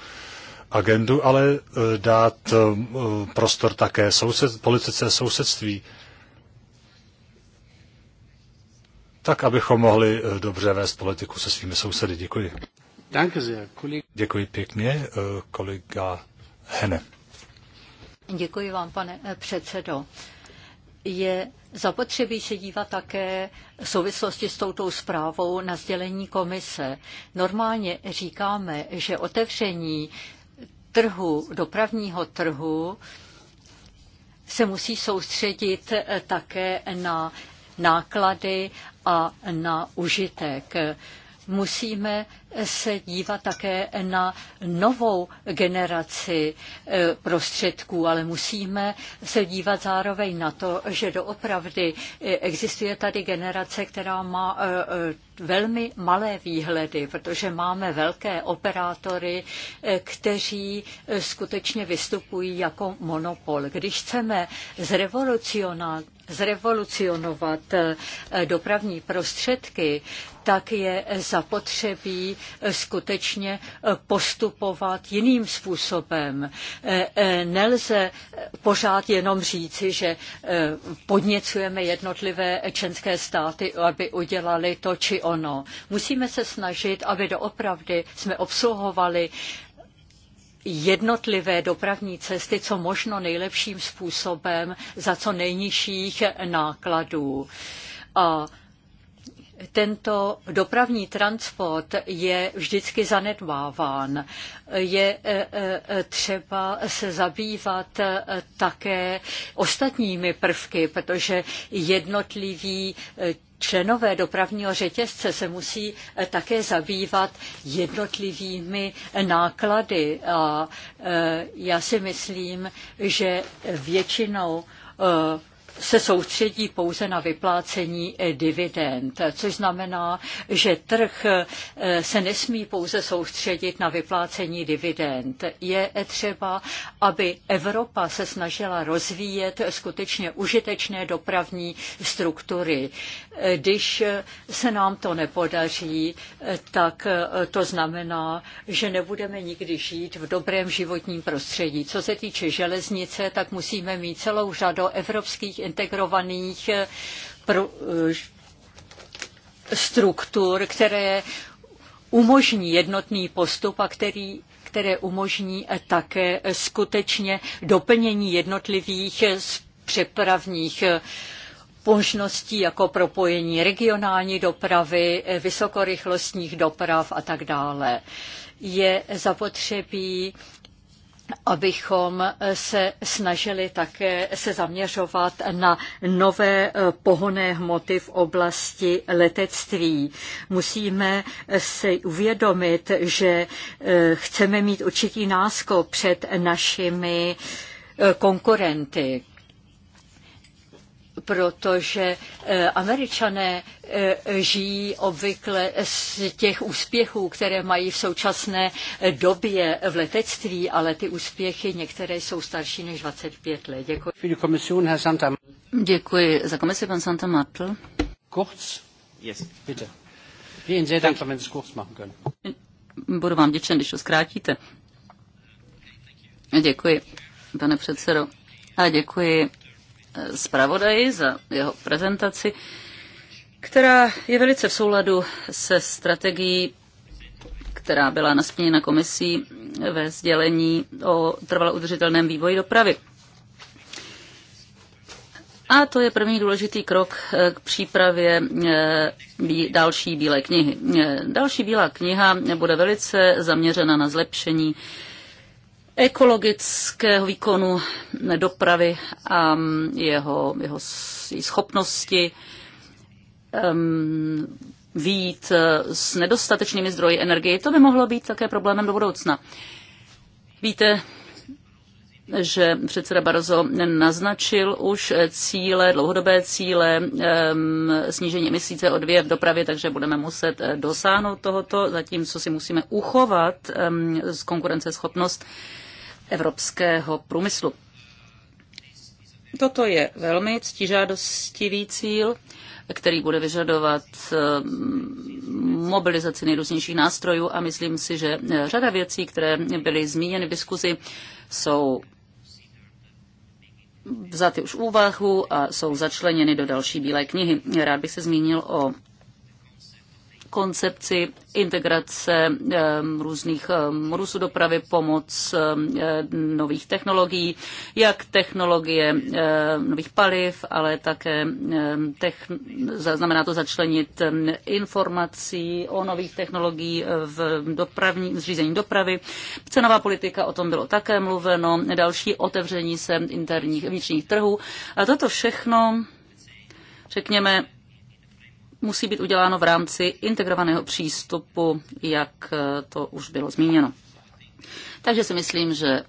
agendu, ale dát prostor také soused, politice sousedství. tak abychom mohli eh, dobře vést politiku se svými sousedy. Děkuji. Děkuji pěkně, eh, kolega Hene. Děkuji vám, pane eh, předsedo. Je zapotřebí se dívat také v souvislosti s touto zprávou na sdělení komise. Normálně říkáme, že otevření trhu, dopravního trhu, se musí soustředit také na náklady a na užitek musíme se dívat také na novou generaci eh, prostředků, ale musíme se dívat zároveň na to, že doopravdy eh, existuje tady generace, která má eh, velmi malé výhledy, protože máme velké operátory, kteří skutečně vystupují jako monopol. Když chceme zrevolucionovat zrevolucionovat dopravní prostředky, tak je zapotřebí eh, skutečně eh, postupovat jiným způsobem. Eh, nelze pořád jenom říci, že podněcujeme jednotlivé členské státy, aby udělali to či ono. Musíme se snažit, aby doopravdy jsme obsluhovali jednotlivé dopravní cesty co možno nejlepším způsobem za co nejnižších nákladů. A tento dopravní transport je vždycky zanedbáván. Je e, e, třeba se zabývat e, také ostatními prvky, protože jednotliví členové dopravního řetězce se musí také zabývat jednotlivými náklady. A já si myslím, že většinou se soustředí pouze na vyplácení eh, dividend, což znamená, že trh eh, se nesmí pouze soustředit na vyplácení dividend. Je eh, třeba, aby Evropa se snažila rozvíjet skutečně užitečné dopravní struktury. Když se nám to nepodaří, tak to znamená, že nebudeme nikdy žít v dobrém životním prostředí. Co se týče železnice, tak musíme mít celou řadu evropských integrovaných eh, eh, struktur, které umožní jednotný postup a který které umožní eh, také skutečně doplnění jednotlivých přepravních možností jako propojení regionální dopravy, vysokorychlostních doprav a tak dále. Je zapotřebí abychom se snažili také se zaměřovat na nové eh, pohonné hmoty v oblasti letectví. Musíme si uvědomit, že eh, chceme mít určitý náskok před našimi eh, konkurenty protože eh, američané eh, žijí obvykle z těch úspěchů, které mají v současné eh, době v letectví, ale ty úspěchy některé jsou starší než 25 let. Děkuji. Děkuji za komisi, pan Santa Martl. Kurz? Yes. Bitte. Wir Ihnen sehr dankbar, wenn Sie es kurz machen können. Budu vám děčen, když to zkrátíte. Děkuji, pane předsedo. A děkuji zpravodaji za jeho prezentaci, která je velice v souladu se strategií, která byla nastíněna komisí ve sdělení o trvalo udržitelném vývoji dopravy. A to je první důležitý krok k přípravě eh, další bílé knihy. Eh, další bílá kniha bude velice zaměřena na zlepšení ekologického výkonu dopravy a mm, jeho, jeho schopnosti um, výjít e, s nedostatečnými zdroji energie. To by mohlo být také problémem do budoucna. Víte, že předseda Barzo naznačil už cíle, dlouhodobé cíle ehm, snížení emisí CO2 v dopravě, takže budeme muset e, dosáhnout tohoto, zatímco si musíme uchovat ehm, konkurenceschopnost evropského průmyslu. Toto je velmi ctižádostivý cíl, který bude vyžadovat eh, mobilizaci nejrůznějších nástrojů a myslím si, že eh, řada věcí, které byly zmíněny v diskuzi, jsou vzaty už úvahu a jsou začleněny do další bílé knihy. Rád bych se zmínil o koncepci integrace různých modusů dopravy, pomoc e, nových technologií, jak technologie nových paliv, ale také znamená to začlenit informací o nových technologií v dopravní, zřízení dopravy. Cenová politika, o tom bylo také mluveno, další otevření se interních vnitřních trhů. A toto všechno, řekněme, musí být uděláno v rámci integrovaného přístupu, jak eh, to už bylo zmíněno. Takže si myslím, že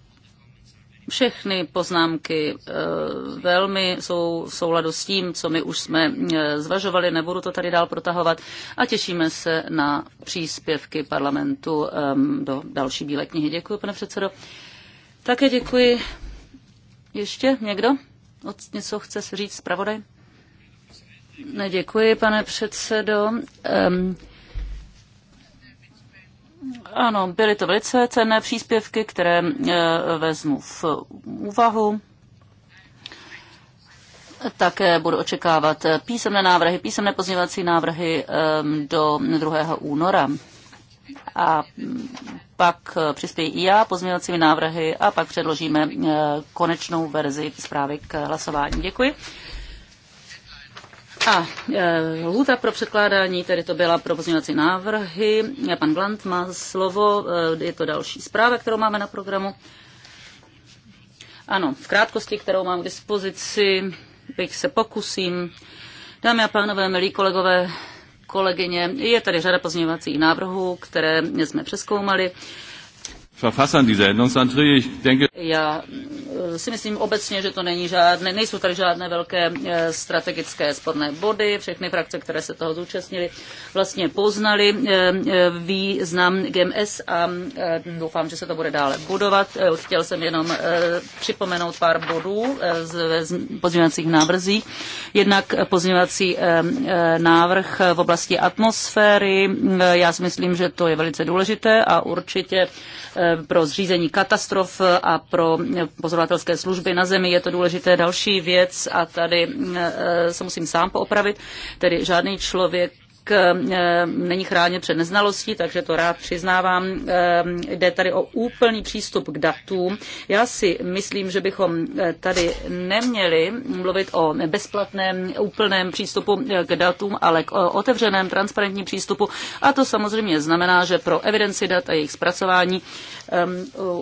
všechny poznámky eh, velmi jsou v souladu s tím, co my už jsme eh, zvažovali, nebudu to tady dál protahovat a těšíme se na příspěvky parlamentu ehm, do další Bílé knihy. Děkuji, pane předsedo. Také děkuji. Ještě někdo? Něco chce říct zpravodaj? No, děkuji, pane předsedo. Ano, byly to velice cenné příspěvky, které eh, vezmu v úvahu. Také budu očekávat písemné návrhy, písemné pozměňovací návrhy do 2. února. A mm, pak eh, přispěji i já pozměňovacími návrhy a pak předložíme eh, konečnou verzi zprávy k hlasování. Děkuji. A e, lhůta pro předkládání, tedy to byla pro pozměňovací návrhy. E, pan Glant má slovo, e, je to další zpráva, kterou máme na programu. Ano, v krátkosti, kterou mám k dispozici, bych se pokusím. Dámy a pánové, milí kolegové, kolegyně, je tady řada pozměňovacích návrhů, které jsme přeskoumali. Verfassern dieser Änderungsanträge. Ich denke, Já eh, si myslím obecně, že to není žádné, nejsou tady žádné velké eh, strategické sporné body. Všechny frakce, které se toho zúčastnili, vlastně poznali eh, význam GMS a doufám, že se to bude dále budovat. Chtěl jsem jenom připomenout pár bodů z pozměňovacích návrzích. Jednak pozměňovací návrh v oblasti atmosféry. Já si myslím, že to je velice důležité a určitě pro zřízení katastrof a pro pozorovatelské služby na zemi. Je to důležité další věc a tady eh, se musím sám poopravit. Tedy žádný člověk Eh, není chráněn před neznalostí, takže to rád přiznávám. Eh, jde tady o úplný přístup k datům. Já si myslím, že bychom eh, tady neměli mluvit o bezplatném úplném přístupu k datům, ale k otevřeném transparentním přístupu. A to samozřejmě znamená, že pro evidenci dat a jejich zpracování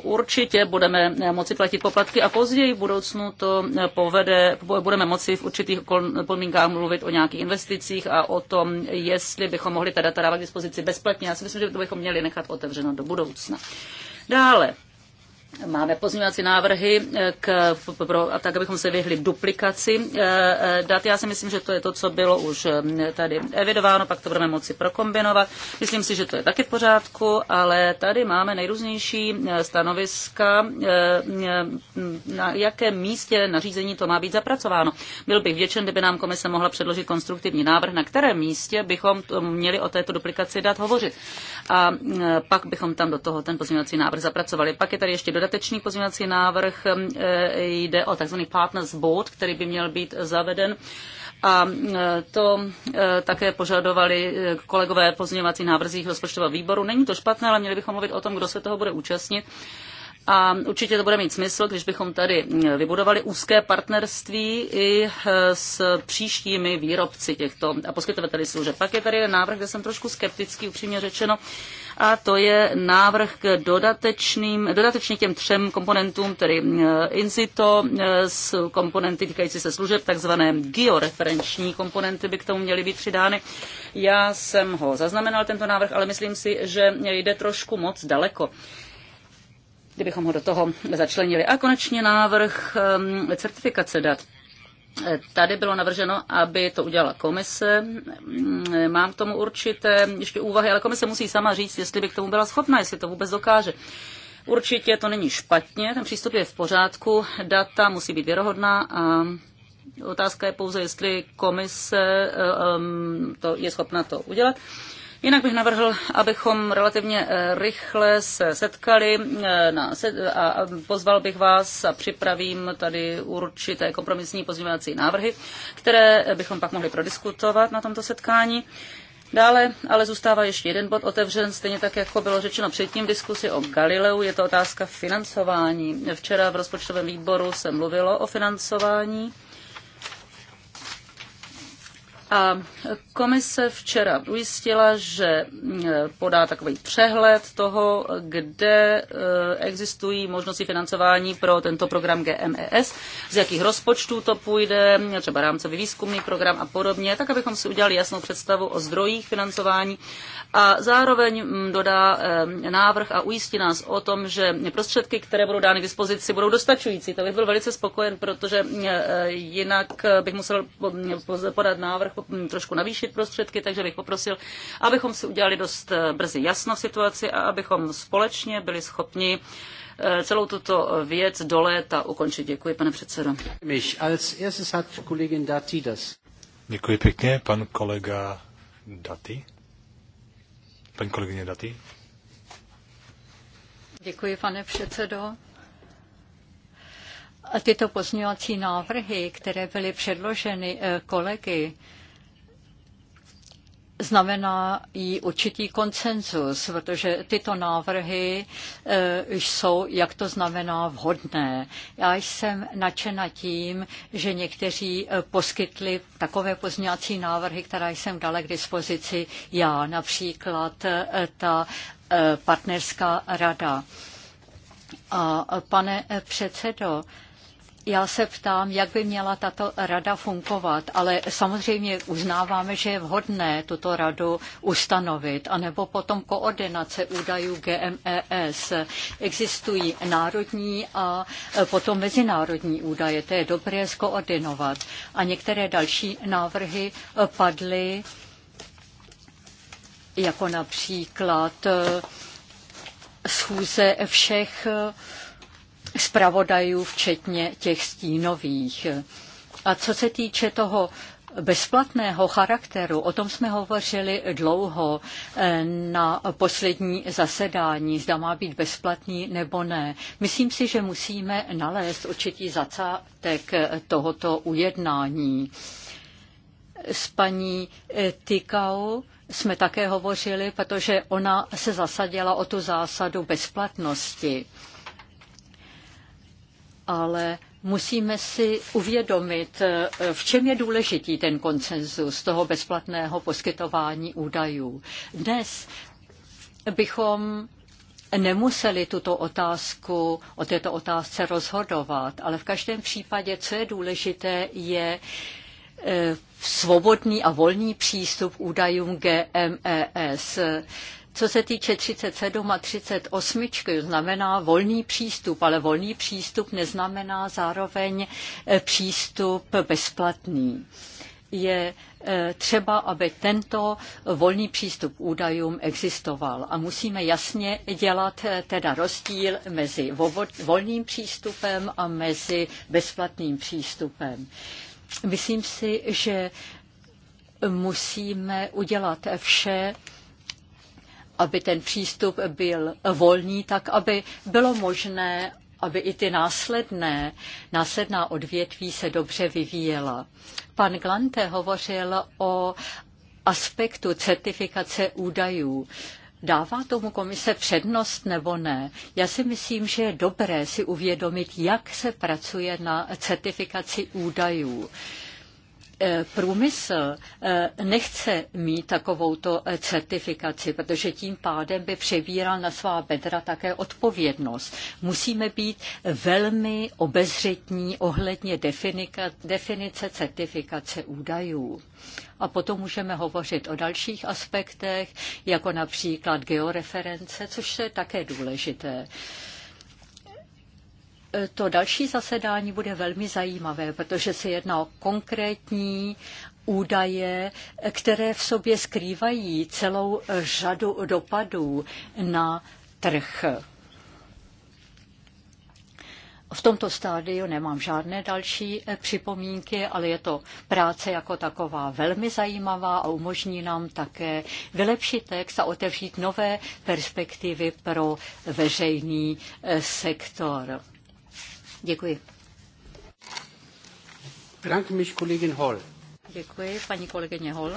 určitě budeme moci platit poplatky a později v budoucnu to povede, budeme moci v určitých podmínkách mluvit o nějakých investicích a o tom, jestli bychom mohli ta data dávat k dispozici bezplatně. Já si myslím, že to bychom měli nechat otevřeno do budoucna. Dále, Máme pozměňovací návrhy, eh, k, pro, a tak abychom se vyhli duplikaci eh, eh, dat. Já si myslím, že to je to, co bylo už tady evidováno, pak to budeme moci prokombinovat. Myslím si, že to je taky v pořádku, ale tady máme nejrůznější stanoviska, na jakém místě nařízení to má být zapracováno. Byl bych vděčen, kdyby nám komise mohla předložit konstruktivní návrh, na kterém místě bychom měli o této duplikaci dat hovořit. A pak bychom tam do toho ten pozměňovací návrh zapracovali. Pak je tady ještě dodatečný pozměňovací návrh, um, eh, jde o tzv. partners board, který by měl být zaveden. A eh, to eh, také požadovali kolegové pozměňovací návrzích rozpočtového výboru. Není to špatné, ale měli bychom mluvit o tom, kdo se toho bude účastnit. A určitě to bude mít smysl, když bychom tady vybudovali úzké partnerství i s příštími výrobci těchto a poskytovateli služeb. Pak je tady jeden návrh, kde jsem trošku skeptický, upřímně řečeno a to je návrh k dodatečným, dodatečně těm třem komponentům, tedy eh, incito eh, s komponenty týkající se služeb, takzvané georeferenční komponenty by k tomu měly být přidány. Já jsem ho zaznamenal, tento návrh, ale myslím si, že jde trošku moc daleko kdybychom ho do toho začlenili. A konečně návrh ehm, certifikace dat. Tady bylo navrženo, aby to udělala komise. Mm, Mám k tomu určité ještě úvahy, ale komise musí sama říct, jestli by k tomu byla schopna, jestli to vůbec dokáže. Určitě to není špatně, ten přístup je v pořádku, data musí být věrohodná a otázka je pouze, jestli komise eh, to je schopna to udělat. Jinak bych navrhl, abychom relativně eh, rychle se setkali eh, na, a pozval bych vás a připravím tady určité kompromisní pozměňovací návrhy, které bychom pak mohli prodiskutovat na tomto setkání. Dále ale zůstává ještě jeden bod otevřen, stejně tak, jako bylo řečeno předtím v diskusi o Galileu, je to otázka financování. Včera v rozpočtovém výboru se mluvilo o financování a komise včera ujistila, že e, podá takový přehled toho, kde e, existují možnosti financování pro tento program GMES, z jakých rozpočtů to půjde, třeba rámcový výzkumný program a podobně, tak abychom si udělali jasnou představu o zdrojích financování a zároveň mm, dodá návrh a ujistí nás o tom, že prostředky, které budou dány k dispozici, budou dostačující. To bych byl velice spokojen, protože e, jinak e, bych musel mm, podat návrh mm, trošku navýšit prostředky, takže bych poprosil, abychom si udělali dost e, brzy jasno v situaci a abychom společně byli schopni celou tuto věc do léta ukončit. Děkuji, pane předsedo. Děkuji pěkně, pan kolega Dati. Paní kolegyně Daty. Děkuji, pane předsedo. A tyto pozměňovací návrhy, které byly předloženy eh, kolegy, znamená i určitý koncenzus, protože tyto návrhy eh, jsou, jak to znamená, vhodné. Já jsem nadšena tím, že někteří eh, poskytli takové pozměňovací návrhy, které jsem dala k dispozici já, například eh, ta partnerská rada. A pane předsedo, já se ptám, jak by měla tato rada fungovat, ale samozřejmě uznáváme, že je vhodné tuto radu ustanovit, anebo potom koordinace údajů GMES. Existují národní a potom mezinárodní údaje, to je dobré skoordinovat. A některé další návrhy padly, jako například schůze všech zpravodajů, včetně těch stínových. A co se týče toho bezplatného charakteru, o tom jsme hovořili dlouho eh, na poslední zasedání, zda má být bezplatný nebo ne. Myslím si, že musíme nalézt určitý začátek tohoto ujednání. S paní eh, Tykau jsme také hovořili, protože ona se zasadila o tu zásadu bezplatnosti ale musíme si uvědomit, eh, v čem je důležitý ten koncenzus toho bezplatného poskytování údajů. Dnes bychom nemuseli tuto otázku, o této otázce rozhodovat, ale v každém případě, co je důležité, je eh, svobodný a volný přístup k údajům GMES. Co se týče 37 a 38, znamená volný přístup, ale volný přístup neznamená zároveň eh, přístup bezplatný. Je eh, třeba, aby tento volný přístup k údajům existoval. A musíme jasně dělat eh, teda rozdíl mezi volným přístupem a mezi bezplatným přístupem. Myslím si, že musíme udělat vše, aby ten přístup byl volný, tak aby bylo možné, aby i ty následné, následná odvětví se dobře vyvíjela. Pan Glante hovořil o aspektu certifikace údajů. Dává tomu komise přednost nebo ne? Já si myslím, že je dobré si uvědomit, jak se pracuje na certifikaci údajů průmysl eh, nechce mít takovouto eh, certifikaci, protože tím pádem by přebíral na svá bedra také odpovědnost. Musíme být velmi obezřetní ohledně definice certifikace údajů. A potom můžeme hovořit o dalších aspektech, jako například georeference, což je také důležité. Uh, to další zasedání bude velmi zajímavé, protože se jedná o konkrétní údaje, které v sobě skrývají celou řadu dopadů na trh. V tomto stádiu nemám žádné další připomínky, ale je to práce jako taková velmi zajímavá a umožní nám také vylepšit text a otevřít nové perspektivy pro veřejný sektor. Děkuji. mich, Kollegin Hall. Děkuji, paní kolegyně Hall.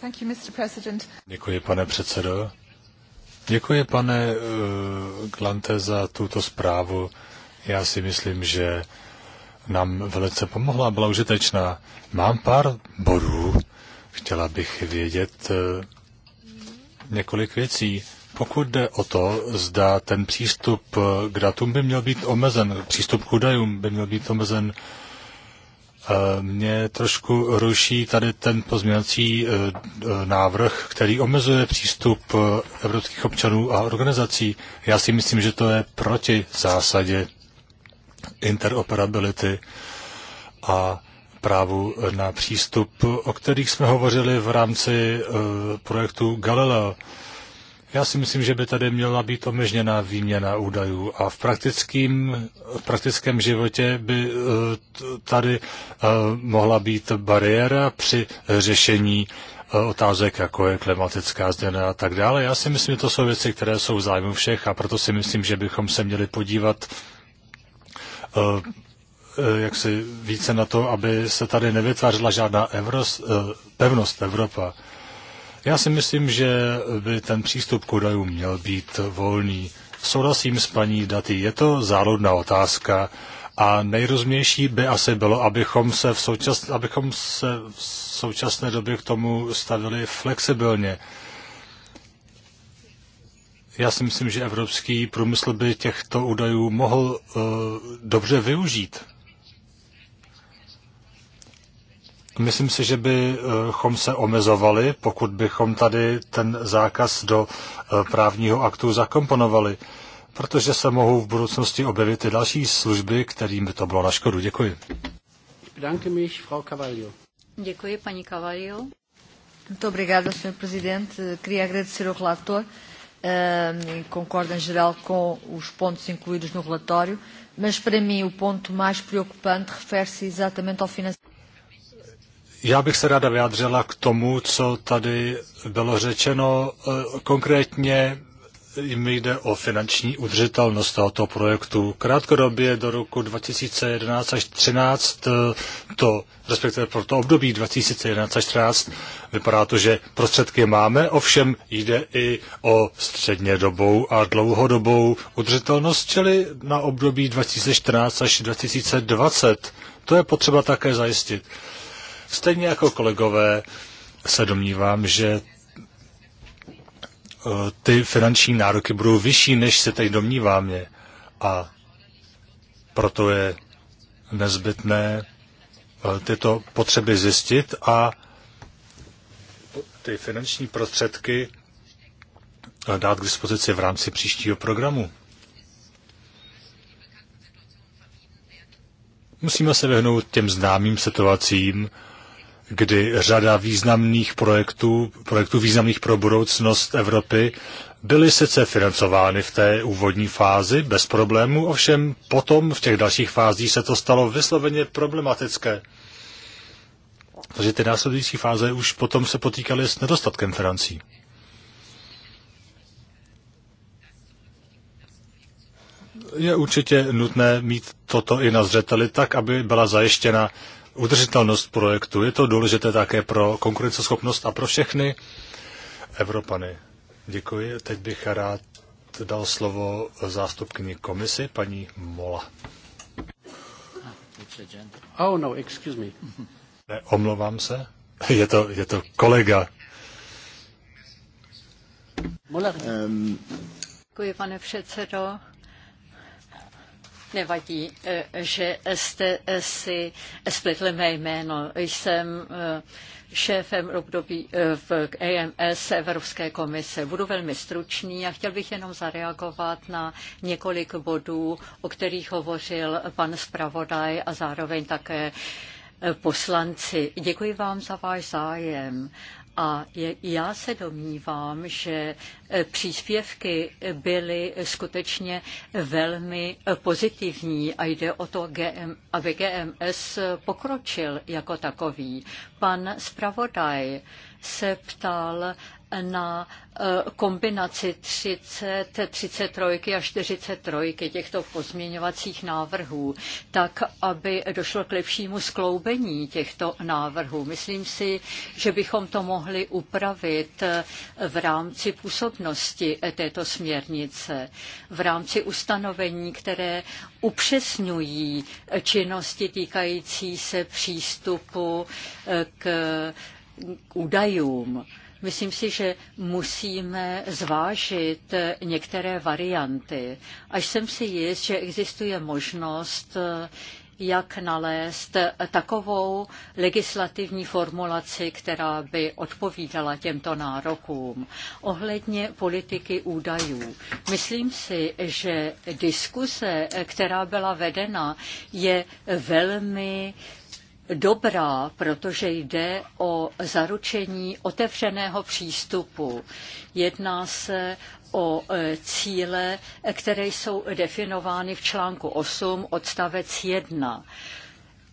Thank you, Mr. President. Děkuji, pane předsedo. Děkuji, pane uh, Glante, za tuto zprávu. Já si myslím, že nám velice pomohla, byla užitečná. Mám pár bodů, chtěla bych vědět uh, několik věcí. Pokud jde o to, zda ten přístup k datům by měl být omezen, přístup k údajům by měl být omezen, eh, mě trošku ruší tady ten pozměňovací eh, eh, návrh, který omezuje přístup evropských občanů a organizací. Já si myslím, že to je proti zásadě interoperability a právu na přístup, o kterých jsme hovořili v rámci projektu Galileo. Já si myslím, že by tady měla být omežněná výměna údajů a v, praktickým, v praktickém životě by eh, tady eh, mohla být bariéra při řešení eh, otázek, jako je klimatická změna a tak dále. Já si myslím, že to jsou věci, které jsou v zájmu všech a proto si myslím, že bychom se měli podívat jak si více na to, aby se tady nevytvářela žádná evros, pevnost Evropa. Já si myslím, že by ten přístup k údajům měl být volný. Souhlasím s paní Daty, je to záludná otázka a nejrozumější by asi bylo, abychom se v, součas, abychom se v současné době k tomu stavili flexibilně. Já si myslím, že evropský průmysl by těchto údajů mohl uh, dobře využít. Myslím si, že bychom se omezovali, pokud bychom tady ten zákaz do eh, právního aktu zakomponovali, protože se mohou v budoucnosti objevit i další služby, kterým by to bylo na škodu. Děkuji. Děkuji, paní Cavalio. Muito obrigada, Sr. Presidente. Eh, queria agradecer ao relator. Uh, concordo em geral com os pontos incluídos no relatório, mas para mim o ponto mais preocupante refere-se exatamente ao financiamento. Já bych se ráda vyjádřila k tomu, co tady bylo řečeno. E, konkrétně mi jde o finanční udržitelnost tohoto projektu. Krátkodobě do roku 2011 až 2013, e, to, respektive pro to období 2011 až 2013, vypadá to, že prostředky máme, ovšem jde i o střednědobou a dlouhodobou udržitelnost, čili na období 2014 až 2020. To je potřeba také zajistit. Stejně jako kolegové se domnívám, že e, ty finanční nároky budou vyšší, než se teď domnívám je. A proto je nezbytné e, tyto potřeby zjistit a ty finanční prostředky e, dát k dispozici v rámci příštího programu. Musíme se vyhnout těm známým situacím, kdy řada významných projektů, projektů významných pro budoucnost Evropy, byly sice financovány v té úvodní fázi bez problémů, ovšem potom v těch dalších fázích se to stalo vysloveně problematické. Takže ty následující fáze už potom se potýkaly s nedostatkem financí. Je určitě nutné mít toto i na zřeteli tak, aby byla zajištěna udržitelnost projektu. Je to důležité také pro konkurenceschopnost a pro všechny Evropany. Děkuji. Teď bych rád dal slovo zástupkyni komisy, paní Mola. Oh, no, excuse me. Ne, omlouvám se. Je to, je to kolega. Děkuji, pane předsedo. Nevadí, e, že jste e, si e, splitli mé jméno. Jsem šéfem období v AMS Evropské komise. Budu velmi stručný a chtěl bych jenom zareagovat na několik bodů, o kterých hovořil pan zpravodaj a zároveň také poslanci. Děkuji vám za váš zájem a já se domnívám, že eh, příspěvky byly skutečně velmi eh, pozitivní a jde o to, aby GMS pokročil jako takový. Pan zpravodaj se ptal na e, kombinaci 30, 33 a 43 těchto pozměňovacích návrhů, tak aby došlo k lepšímu skloubení těchto návrhů. Myslím si, že bychom to mohli upravit e, v rámci působnosti e, této směrnice, v rámci ustanovení, které upřesňují činnosti týkající se přístupu k k údajům. Myslím si, že musíme zvážit některé varianty. Až jsem si jist, že existuje možnost, jak nalézt takovou legislativní formulaci, která by odpovídala těmto nárokům. Ohledně politiky údajů. Myslím si, že diskuse, která byla vedena, je velmi dobrá, protože jde o zaručení otevřeného přístupu. Jedná se o e, cíle, které jsou definovány v článku 8 odstavec 1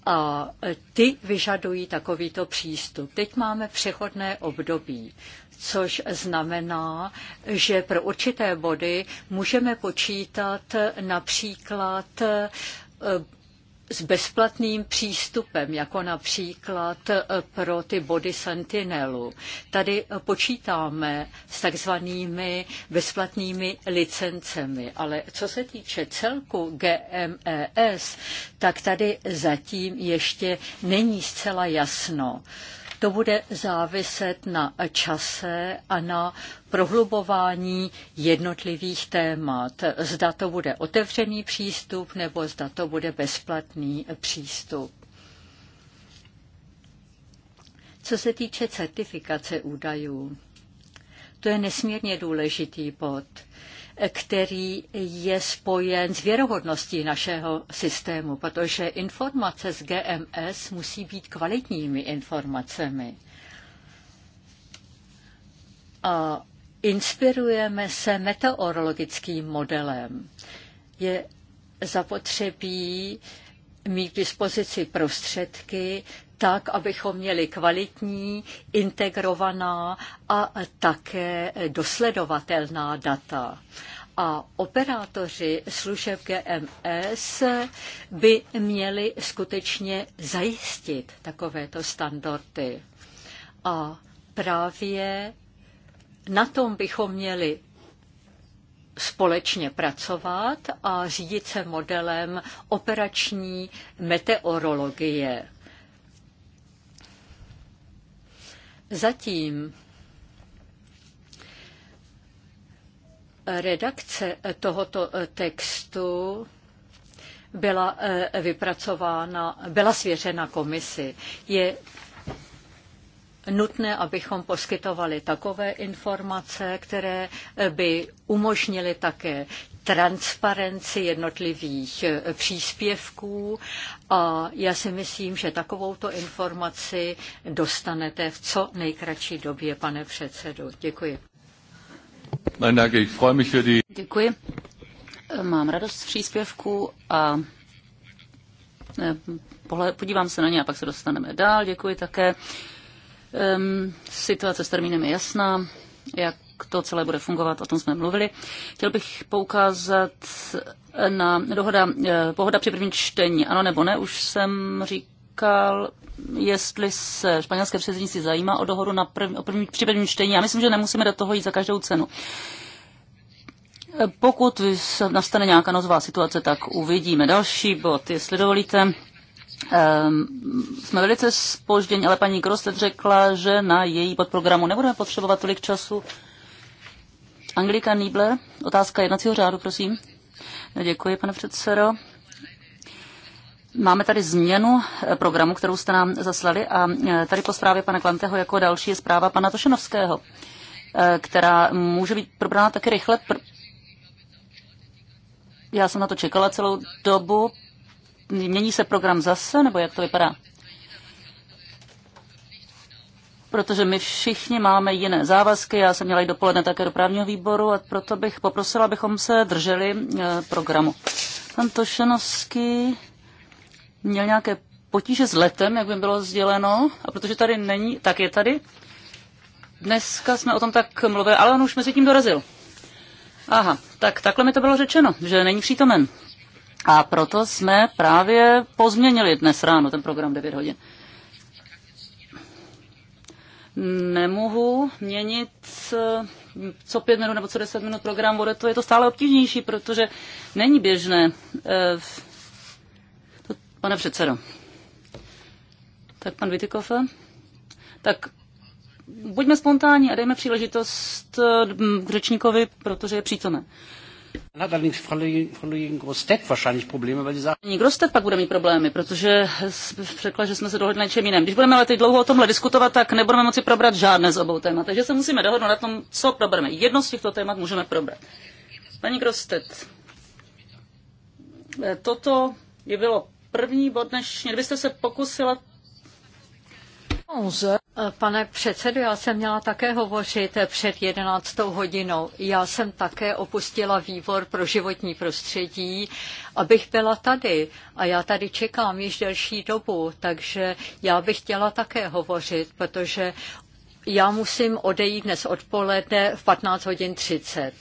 a e, ty vyžadují takovýto přístup. Teď máme přechodné období, což znamená, že pro určité body můžeme počítat například e, s bezplatným přístupem, jako například e, pro ty body Sentinelu. Tady e, počítáme s takzvanými bezplatnými licencemi, ale co se týče celku GMES, tak tady zatím ještě není zcela jasno. Uh, to bude záviset na čase a na prohlubování jednotlivých témat. Zda to bude otevřený přístup nebo zda to bude bezplatný přístup. Co se týče certifikace údajů, to je nesmírně důležitý bod který je spojen s věrohodností našeho systému, protože informace z GMS musí být kvalitními informacemi. A inspirujeme se meteorologickým modelem. Je zapotřebí mít k dispozici prostředky, tak, abychom měli kvalitní, integrovaná a také dosledovatelná data. A operátoři služeb GMS by měli skutečně zajistit takovéto standardy. A právě na tom bychom měli společně pracovat a řídit se modelem operační meteorologie. Zatím redakce tohoto textu byla eh, vypracována, byla svěřena komisi. Je nutné, abychom poskytovali takové informace, které by umožnily také transparenci jednotlivých eh, příspěvků a já si myslím, že takovouto informaci dostanete v co nejkratší době, pane předsedo. Děkuji. Děkuji. Eh, mám radost z příspěvku a eh, podívám se na ně a pak se dostaneme dál. Děkuji také Situace s termínem je jasná, jak to celé bude fungovat, o tom jsme mluvili. Chtěl bych poukázat na dohoda, eh, pohoda při prvním čtení. Ano nebo ne, už jsem říkal, jestli se španělské předsednictví zajímá o dohodu na prv, o první, při prvním čtení. Já myslím, že nemusíme do toho jít za každou cenu. Pokud nastane nějaká nozová situace, tak uvidíme. Další bod, jestli dovolíte, Ehm, jsme velice spožděni, ale paní Grosset řekla, že na její podprogramu nebudeme potřebovat tolik času. Anglika Niebler, otázka jednacího řádu, prosím. Děkuji, pane předsedo. Máme tady změnu eh, programu, kterou jste nám zaslali a eh, tady po zprávě pana Klanteho jako další je zpráva pana Tošenovského, eh, která může být probrána taky rychle. Já jsem na to čekala celou dobu, mění se program zase, nebo jak to vypadá? protože my všichni máme jiné závazky. Já jsem měla i dopoledne také do právního výboru a proto bych poprosila, abychom se drželi eh, programu. Pan Tošenovský měl nějaké potíže s letem, jak by bylo sděleno, a protože tady není, tak je tady. Dneska jsme o tom tak mluvili, ale on už mezi tím dorazil. Aha, tak takhle mi to bylo řečeno, že není přítomen. A proto jsme právě pozměnili dnes ráno ten program 9 hodin. Nemohu měnit co pět minut nebo co deset minut program, bude to, je to stále obtížnější, protože není běžné. Eh, pane předsedo, tak pan Vitikofe, tak buďme spontánní a dejme příležitost eh, k řečníkovi, protože je přítomen. Grostet pak bude mít problémy, protože řekla, že jsme se dohodli na něčem jiném. Když budeme ale teď dlouho o tomhle diskutovat, tak nebudeme moci probrat žádné z obou témat. Takže se musíme dohodnout na tom, co probereme. Jedno z těchto témat můžeme probrat. Paní Grostet, eh, toto je bylo první bod dnešní. Kdybyste se pokusila Pane předsedo, já jsem měla také hovořit před 11. hodinou. Já jsem také opustila výbor pro životní prostředí, abych byla tady. A já tady čekám již delší dobu, takže já bych chtěla také hovořit, protože já musím odejít dnes odpoledne v 15 hodin 30.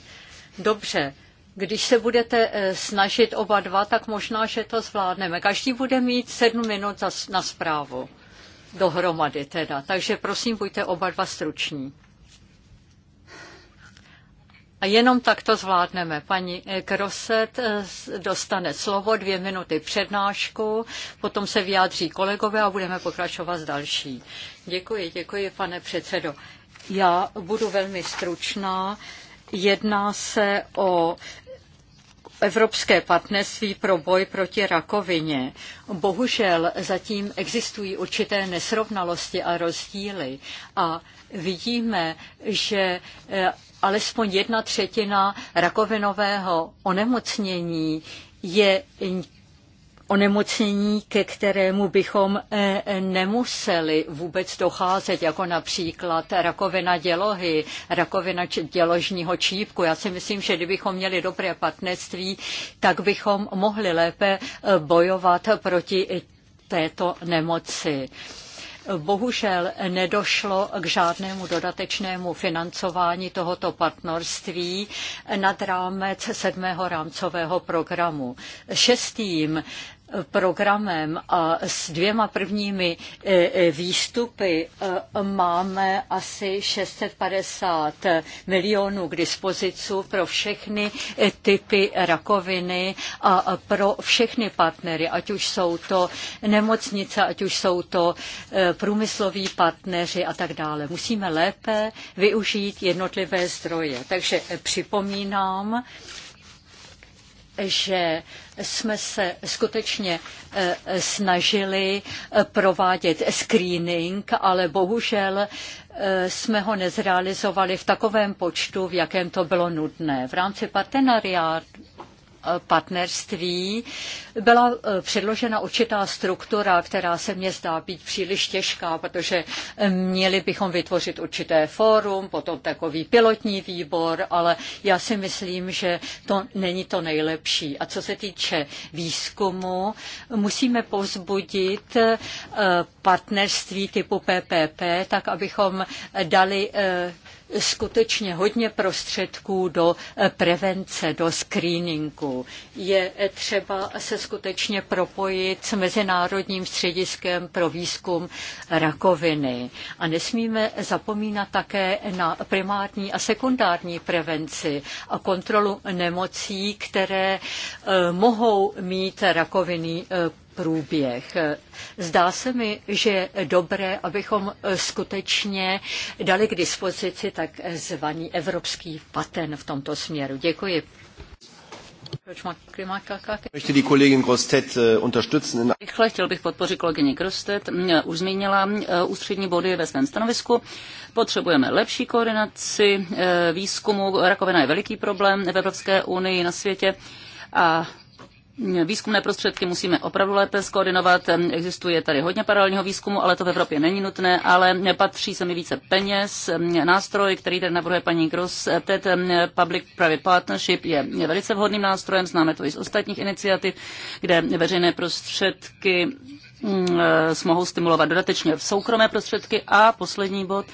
Dobře, když se budete eh, snažit oba dva, tak možná, že to zvládneme. Každý bude mít sedm minut na zprávu dohromady teda. Takže prosím, buďte oba dva struční. A jenom tak to zvládneme. Paní Kroset eh, dostane slovo, dvě minuty přednášku, potom se vyjádří kolegové a budeme pokračovat s další. Děkuji, děkuji, pane předsedo. Já budu velmi stručná. Jedná se o Evropské partnerství pro boj proti rakovině. Bohužel zatím existují určité nesrovnalosti a rozdíly a vidíme, že e, alespoň jedna třetina rakovinového onemocnění je onemocnění, ke kterému bychom eh, nemuseli vůbec docházet, jako například rakovina dělohy, rakovina děložního čípku. Já si myslím, že kdybychom měli dobré partnerství, tak bychom mohli lépe eh, bojovat proti eh, této nemoci. Bohužel nedošlo k žádnému dodatečnému financování tohoto partnerství nad rámec sedmého rámcového programu. Šestým programem a s dvěma prvními e, e, výstupy e, máme asi 650 milionů k dispozici pro všechny typy rakoviny a pro všechny partnery, ať už jsou to nemocnice, ať už jsou to průmysloví partneři a tak dále. Musíme lépe využít jednotlivé zdroje. Takže připomínám, že jsme se skutečně e, e, snažili e, provádět screening, ale bohužel jsme ho nezrealizovali v takovém počtu, v jakém to bylo nutné. V rámci partenariátu partnerství byla eh, předložena určitá struktura, která se mně zdá být příliš těžká, protože eh, měli bychom vytvořit určité fórum, potom takový pilotní výbor, ale já si myslím, že to není to nejlepší. A co se týče výzkumu, musíme povzbudit eh, partnerství typu PPP, tak abychom dali skutečně hodně prostředků do eh, prevence, do screeningu. Je eh, třeba se skutečně propojit s Mezinárodním střediskem pro výzkum rakoviny. A nesmíme zapomínat také na primární a sekundární prevenci a kontrolu nemocí, které eh, mohou mít rakoviny průběh. Zdá se mi, že je dobré, abychom skutečně dali k dispozici takzvaný evropský patent v tomto směru. Děkuji. Äh, Rychle chtěl bych podpořit kolegyni Grostet. Už zmínila e, ústřední body ve svém stanovisku. Potřebujeme lepší koordinaci e, výzkumu. Rakovina je veliký problém v Evropské unii na světě. A Výzkumné prostředky musíme opravdu lépe skoordinovat. Existuje tady hodně paralelního výzkumu, ale to v Evropě není nutné, ale patří se mi více peněz. Nástroj, který tady navrhuje paní Gross, TED Public Private Partnership je velice vhodným nástrojem, známe to i z ostatních iniciativ, kde veřejné prostředky mm, eh, mohou stimulovat dodatečně v soukromé prostředky. A poslední bod,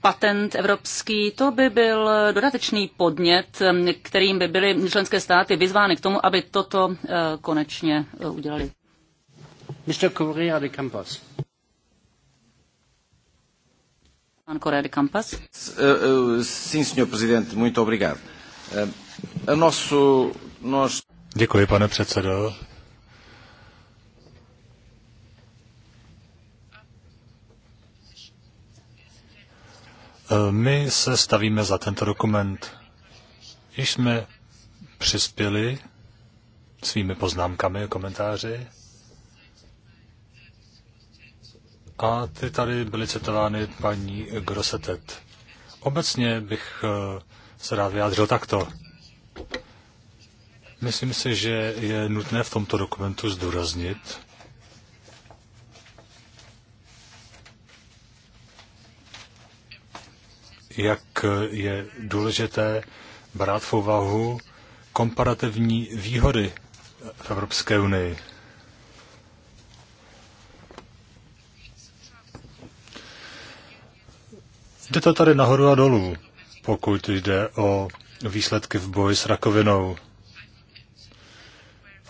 patent evropský, to by byl dodatečný podnět, kterým by byly členské státy vyzvány k tomu, aby toto eh, konečně eh, udělali. Mr. Correa de Campos. Pan Correa de Campos. Eh, sim, senhor presidente, muito obrigado. Nosso, nós... Děkuji, pane předsedo. My se stavíme za tento dokument. Již jsme přispěli svými poznámkami a komentáři a ty tady byly citovány paní Grosetet. Obecně bych eh, se rád vyjádřil takto. Myslím si, že je nutné v tomto dokumentu zdůraznit, jak je důležité brát v úvahu komparativní výhody v Evropské unii. Jde to tady nahoru a dolů, pokud jde o výsledky v boji s rakovinou.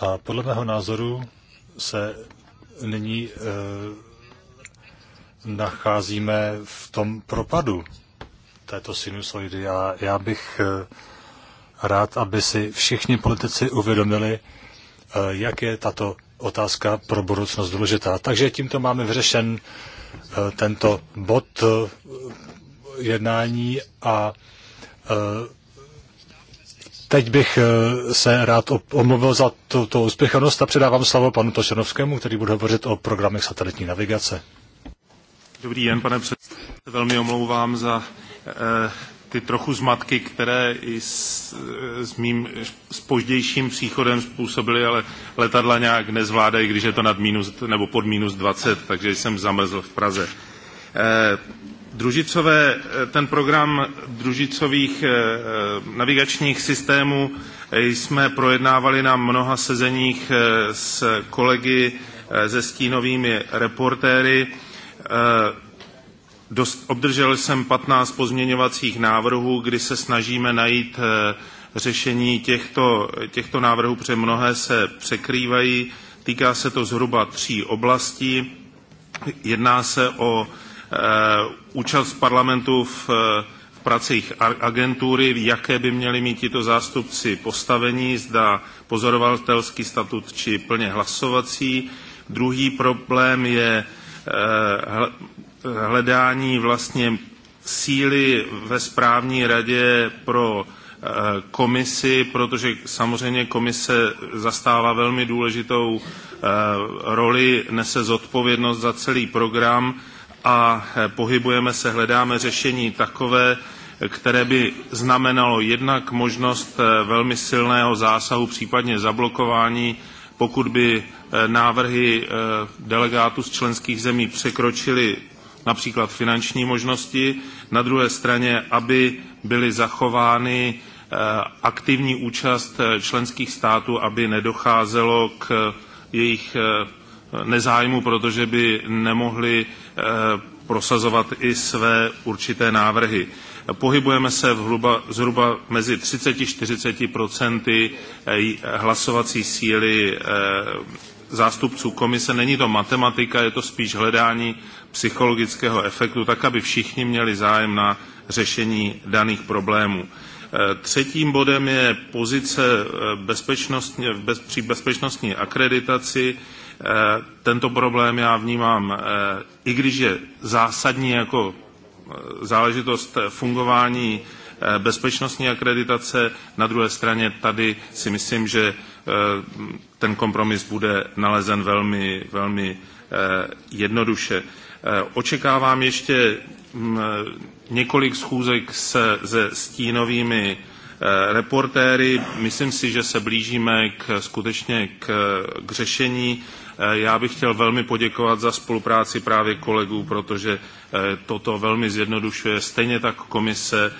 A podle mého názoru se nyní e, nacházíme v tom propadu této sinusoidy. Já, já bych eh, rád, aby si všichni politici uvědomili, eh, jak je tato otázka pro budoucnost důležitá. Takže tímto máme vyřešen eh, tento bod jednání a teď bych se rád omluvil za tuto úspěchanost a předávám slovo panu Tošenovskému, který bude hovořit o programech satelitní navigace. Dobrý den, pane předsedo. Velmi omlouvám za Eh, ty trochu zmatky, které i s, eh, s mým spoždějším příchodem způsobily, ale letadla nějak nezvládají, když je to nad minus, nebo pod minus 20, takže jsem zamrzl v Praze. Eh, Družicové, ten program družicových navigačních systémů jsme projednávali na mnoha sezeních s kolegy ze stínovými reportéry. Dost, obdržel jsem 15 pozměňovacích návrhů, kdy se snažíme najít eh, řešení těchto, těchto návrhů, protože mnohé se překrývají. Týká se to zhruba tří oblastí. Jedná se o e, účast parlamentu v, v pracích agentury, jaké by měli mít tito zástupci postavení, zda pozorovatelský statut či plně hlasovací. Druhý problém je eh, hledání vlastně síly ve správní radě pro eh, komisi, protože samozřejmě komise zastává velmi důležitou eh, roli, nese zodpovědnost za celý program a eh, pohybujeme se, hledáme řešení takové, které by znamenalo jednak možnost velmi silného zásahu, případně zablokování, pokud by návrhy delegátů z členských zemí překročily například finanční možnosti, na druhé straně, aby byly zachovány eh, aktivní účast eh, členských států, aby nedocházelo k eh, jejich nezájmu, protože by nemohli prosazovat i své určité návrhy. Pohybujeme se v zhruba mezi 30-40 hlasovací síly zástupců komise. Není to matematika, je to spíš hledání psychologického efektu, tak aby všichni měli zájem na řešení daných problémů. E, třetím bodem je pozice e, bezpečnostní, bez, při bezpečnostní akreditaci. E, tento problém já vnímám, i když je zásadní jako záležitost fungování bezpečnostní akreditace. Na druhé straně tady si myslím, že ten kompromis bude nalezen velmi, velmi jednoduše. Eh, očekávám ještě mm, eh, několik schůzek se, se stínovými eh, reportéry. Myslím si, že se blížíme k, skutečně k, k řešení. Já bych chtěl velmi poděkovat za spolupráci právě kolegů, protože toto velmi zjednodušuje. Stejně tak komise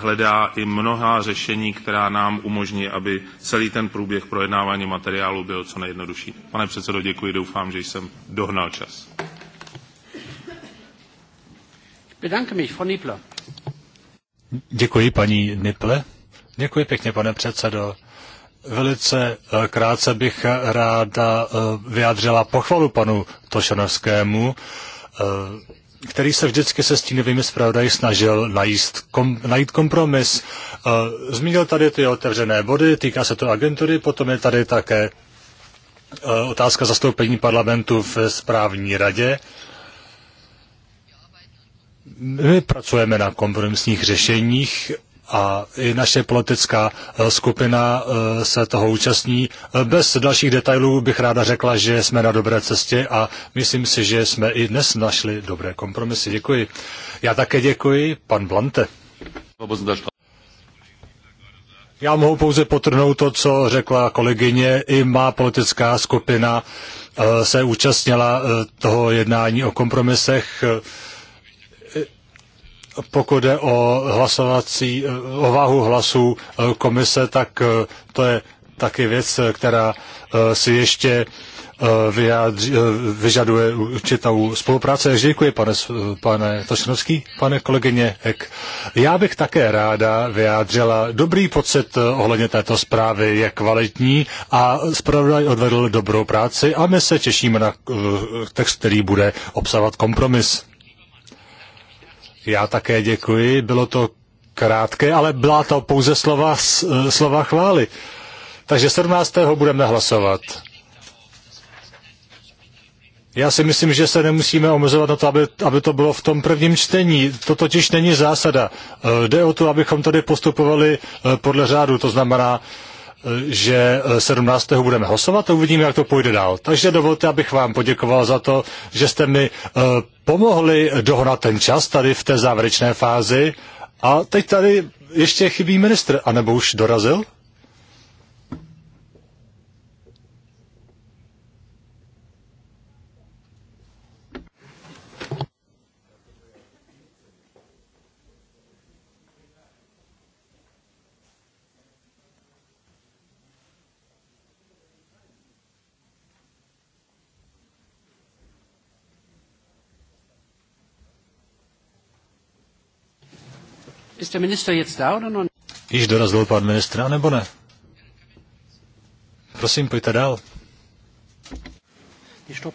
hledá i mnohá řešení, která nám umožní, aby celý ten průběh projednávání materiálu byl co nejjednodušší. Pane předsedo, děkuji, doufám, že jsem dohnal čas. Bedanke mich, Frau Děkuji, paní Niple. Děkuji pěkně, pane předsedo. Velice eh, krátce bych ráda eh, vyjádřila pochvalu panu Tošanovskému, eh, který se vždycky se stínovými zpravodaji snažil najíst, kom, najít kompromis. Zmínil tady ty otevřené body, týká se to agentury, potom je tady také otázka zastoupení parlamentu v správní radě. My pracujeme na kompromisních řešeních a i naše politická eh, skupina eh, se toho účastní. Eh, bez dalších detailů bych ráda řekla, že jsme na dobré cestě a myslím si, že jsme i dnes našli dobré kompromisy. Děkuji. Já také děkuji, pan Blante. Já mohu pouze potrhnout to, co řekla kolegyně. I má politická skupina se účastnila toho jednání o kompromisech pokud jde o hlasovací, eh, o váhu hlasů eh, komise, tak eh, to je taky věc, která si ještě vyjádři, vyžaduje určitou spolupráci. Takže děkuji, pane, pane Tošnovský, pane kolegyně Ek. Já bych také ráda vyjádřila dobrý pocit ohledně této zprávy, je kvalitní a zpravodaj odvedl dobrou práci a my se těšíme na text, který bude obsahovat kompromis. Já také děkuji, bylo to krátké, ale byla to pouze slova, eh, slova chvály. Takže 17. budeme hlasovat. Já si myslím, že se nemusíme omezovat na to, aby, aby to bylo v tom prvním čtení. To totiž není zásada. Eh, jde o to, abychom tady postupovali eh, podle řádu, to znamená, že 17. Eh, budeme hlasovat a uvidíme, jak to půjde dál. Takže dovolte, abych vám poděkoval za to, že jste mi eh, pomohli dohnat ten čas tady v té závěrečné fázi. A teď tady ještě chybí ministr, anebo už dorazil? Ist der Minister Již dorazil pan ministr, nebo ne? Prosím, pojďte dál. Stop.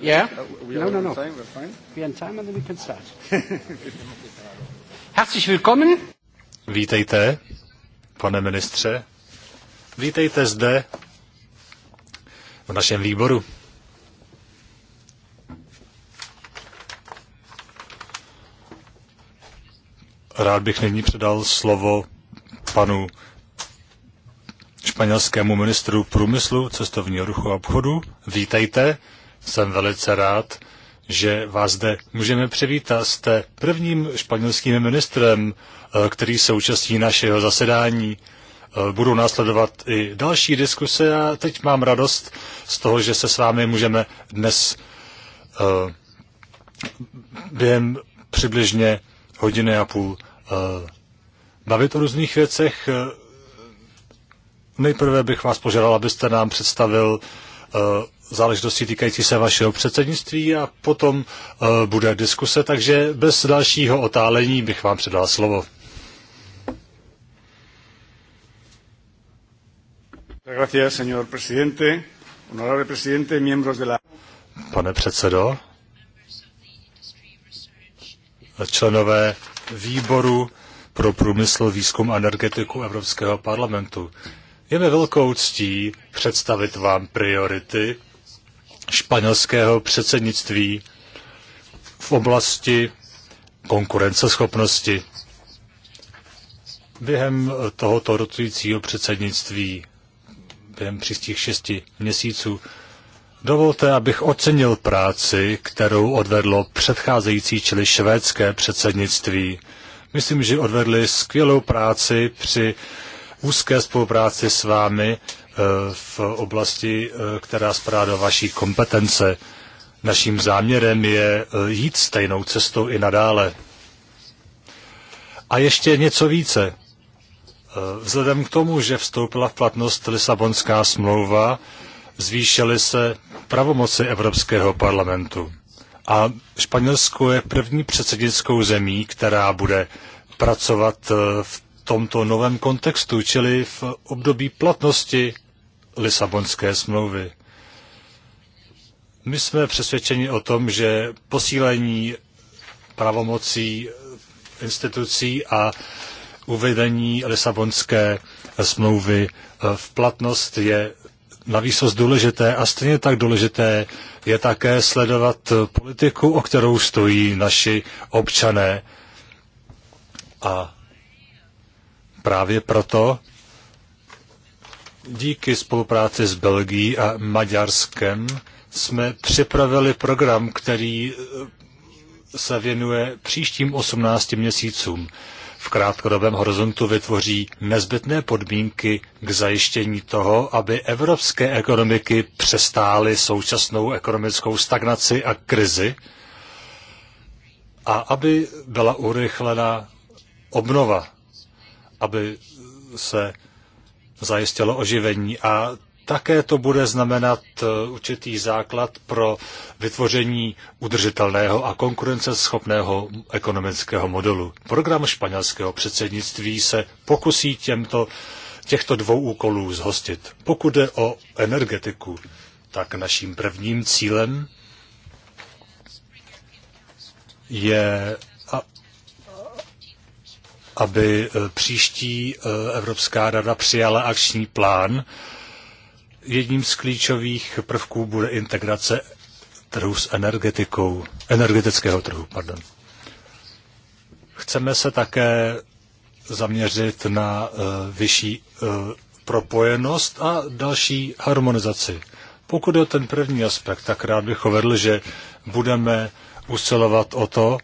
Yeah? Uh, we no, no, no. Time, we're fine. We're on time and then we can start. *laughs* Herzlich willkommen. Vítejte, pane ministře. Vítejte zde v našem výboru. Rád bych nyní předal slovo panu španělskému ministru průmyslu, cestovního ruchu a obchodu. Vítejte. Jsem velice rád, že vás zde můžeme přivítat. Jste prvním španělským ministrem, eh, který se účastní našeho zasedání. Eh, budou následovat i další diskuse a teď mám radost z toho, že se s vámi můžeme dnes eh, během přibližně hodiny a půl bavit o různých věcech. Nejprve bych vás požádal, abyste nám představil záležitosti týkající se vašeho předsednictví a potom eh, bude diskuse, takže bez dalšího otálení bych vám předal slovo. Pane předsedo, členové výboru pro průmysl, výzkum a energetiku Evropského parlamentu. Je mi velkou ctí představit vám priority španělského předsednictví v oblasti konkurenceschopnosti. Během tohoto rotujícího předsednictví, během příštích šesti měsíců, dovolte, abych ocenil práci, kterou odvedlo předcházející, čili švédské předsednictví. Myslím, že odvedli skvělou práci při úzké spolupráci s vámi, Eh, v oblasti, eh, která spadá do vaší kompetence. Naším záměrem je eh, jít stejnou cestou i nadále. A ještě něco více. Vzhledem k tomu, že vstoupila v platnost Lisabonská smlouva, zvýšily se pravomoci Evropského parlamentu. A Španělsko je první předsednickou zemí, která bude pracovat v tomto novém kontextu, čili v období platnosti Lisabonské smlouvy. My jsme přesvědčeni o tom, že posílení pravomocí institucí a uvedení Lisabonské smlouvy eh, v platnost je navýsost důležité a stejně tak důležité je také sledovat politiku, o kterou stojí naši občané. A právě proto díky spolupráci s Belgií a Maďarskem jsme připravili program, který eh, se věnuje příštím 18 měsícům. V krátkodobém horizontu vytvoří nezbytné podmínky k zajištění toho, aby evropské ekonomiky přestály současnou ekonomickou stagnaci a krizi a aby byla urychlena obnova aby se zajistilo oživení. A také to bude znamenat eh, určitý základ pro vytvoření udržitelného a konkurenceschopného ekonomického modelu. Program španělského předsednictví se pokusí těmto, těchto dvou úkolů zhostit. Pokud jde o energetiku, tak naším prvním cílem je aby eh, příští eh, Evropská rada přijala akční plán. Jedním z klíčových prvků bude integrace trhu s energetikou, energetického trhu. Pardon. Chceme se také zaměřit na eh, vyšší propojenost a další harmonizaci. Pokud je ten první aspekt, tak rád bych uvedl, že budeme usilovat o to,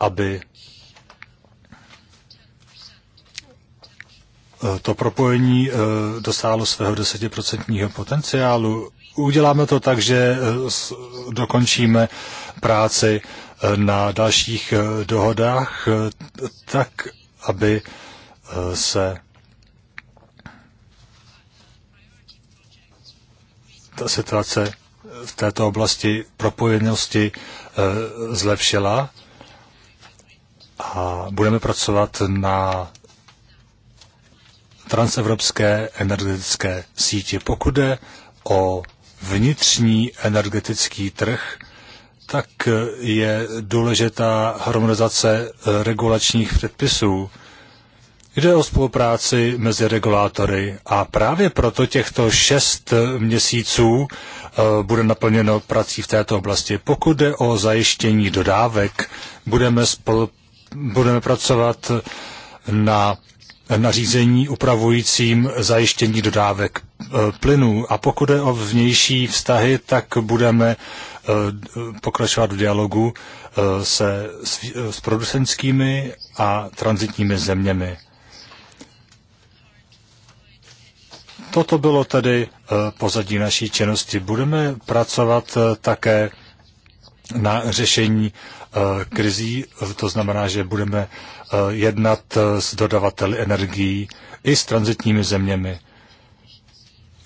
aby to propojení eh, dosáhlo svého desetiprocentního potenciálu. Uděláme to tak, že eh, dokončíme práci eh, na dalších dohodách tak, aby se ta situace v této oblasti propojenosti zlepšila a budeme pracovat na transevropské energetické sítě. Pokud jde o vnitřní energetický trh, tak je důležitá harmonizace eh, regulačních předpisů. Jde o spolupráci mezi regulátory a právě proto těchto šest eh, měsíců eh, bude naplněno prací v této oblasti. Pokud jde o zajištění dodávek, budeme, spolu, budeme pracovat na nařízení upravujícím zajištění dodávek eh, plynů. A pokud je o vnější vztahy, tak budeme eh, pokračovat v dialogu eh, se, s, s producentskými a transitními zeměmi. Toto bylo tedy pozadí naší činnosti. Budeme pracovat také na řešení Eh, krizí, to znamená, že budeme eh, jednat eh, s dodavateli energií i s transitními zeměmi.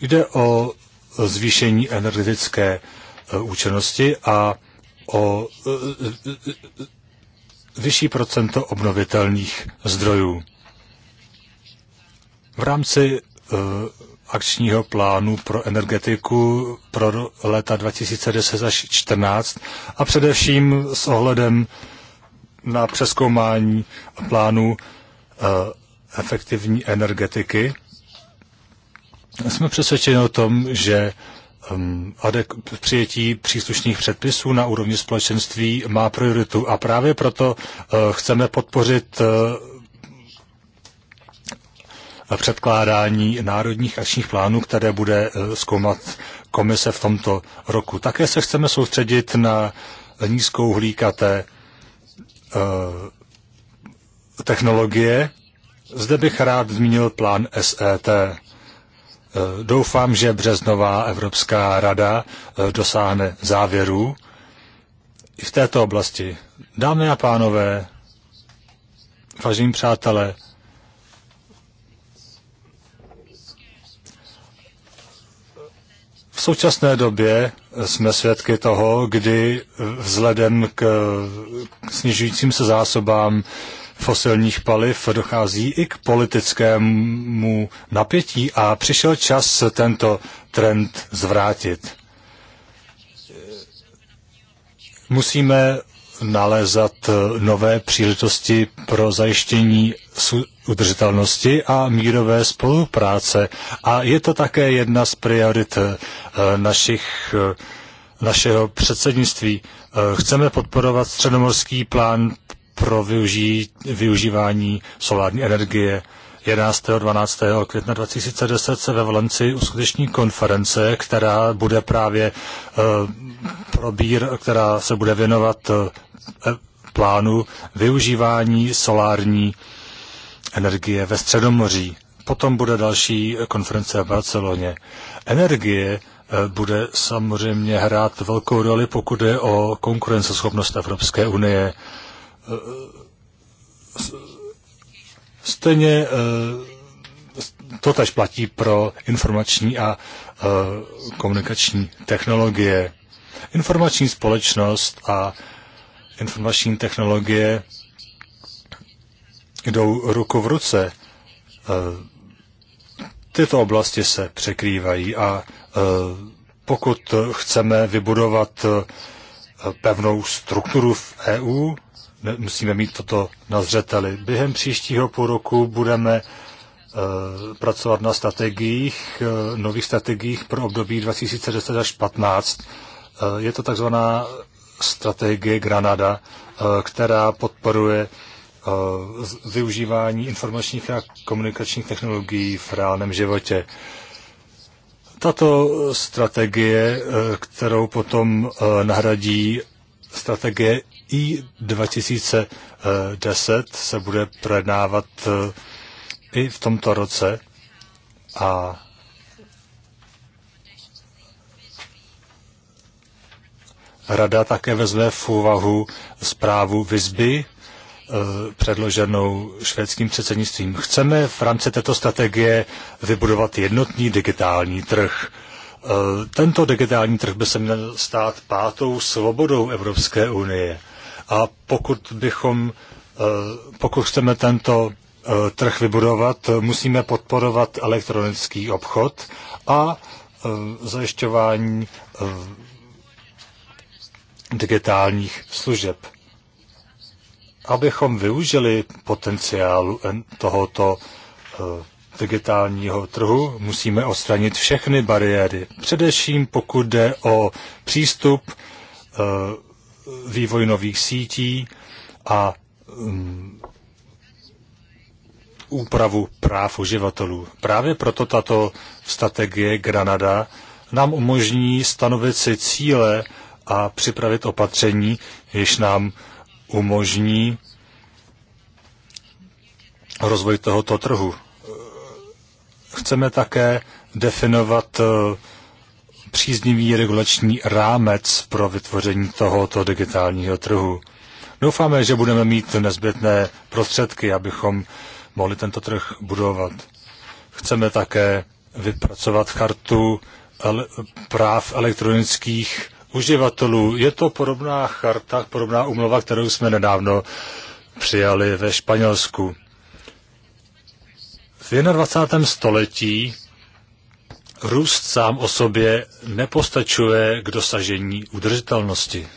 Jde o zvýšení energetické účinnosti a o vyšší procento obnovitelných zdrojů. V rámci akčního plánu pro energetiku pro leta 2010 až 2014 a především s ohledem na přeskoumání plánu eh, efektivní energetiky. Jsme přesvědčeni o tom, že ehm, adek- přijetí příslušných předpisů na úrovni společenství má prioritu a právě proto eh, chceme podpořit eh, předkládání národních akčních plánů, které bude eh, zkoumat komise v tomto roku. Také se chceme soustředit na nízkou hlíkaté eh, technologie. Zde bych rád zmínil plán SET. Eh, doufám, že březnová Evropská rada dosáhne závěrů i v této oblasti. Dámy a pánové, vážení přátelé, V současné době jsme svědky toho, kdy vzhledem k snižujícím se zásobám fosilních paliv dochází i k politickému napětí a přišel čas tento trend zvrátit. Musíme nalézat nové příležitosti pro zajištění udržitelnosti a mírové spolupráce. A je to také jedna z priorit eh, našich, eh, našeho předsednictví. Eh, chceme podporovat středomorský plán pro využí, využívání solární energie. 11. a 12. května 2010 se ve Valenci uskuteční konference, která bude právě probír, která se bude věnovat plánu využívání solární energie energie ve Středomoří. Potom bude další konference v Barceloně. Energie eh, bude samozřejmě hrát velkou roli, pokud je o konkurenceschopnost Evropské unie. Eh, stejně eh, to tež platí pro informační a komunikační technologie. Informační společnost a informační technologie jdou ruku v ruce. E, tyto oblasti se překrývají a e, pokud chceme vybudovat e, pevnou strukturu v EU, musíme mít toto na zřeteli. Během příštího půl roku budeme pracovat na strategiích, nových strategiích pro období 2010 až 2015. Je to takzvaná strategie Granada, která podporuje využívání informačních a komunikačních technologií v reálném životě. Tato strategie, e, kterou potom e, nahradí strategie i 2010 se bude projednávat e, i v tomto roce a Rada také vezme v úvahu zprávu Vizby Eh, předloženou švédským předsednictvím. Chceme v rámci této strategie vybudovat jednotný digitální trh. Eh, tento digitální trh by se měl stát pátou svobodou Evropské unie. A pokud bychom, eh, pokud chceme tento trh vybudovat, musíme podporovat elektronický obchod a zajišťování digitálních služeb abychom využili potenciál tohoto eh, digitálního trhu, musíme odstranit všechny bariéry. Především pokud jde o přístup, eh, vývoj nových sítí a mm, úpravu práv uživatelů. Právě proto tato strategie Granada nám umožní stanovit si cíle a připravit opatření, jež nám umožní rozvoj tohoto trhu. Chceme také definovat eh, příznivý regulační rámec pro vytvoření tohoto digitálního trhu. Doufáme, že budeme mít nezbytné prostředky, abychom mohli tento trh budovat. Chceme také vypracovat chartu práv elektronických uživatelů. Je to podobná charta, podobná umlova, kterou jsme nedávno přijali ve Španělsku. V 21. století růst sám o sobě nepostačuje k dosažení udržitelnosti.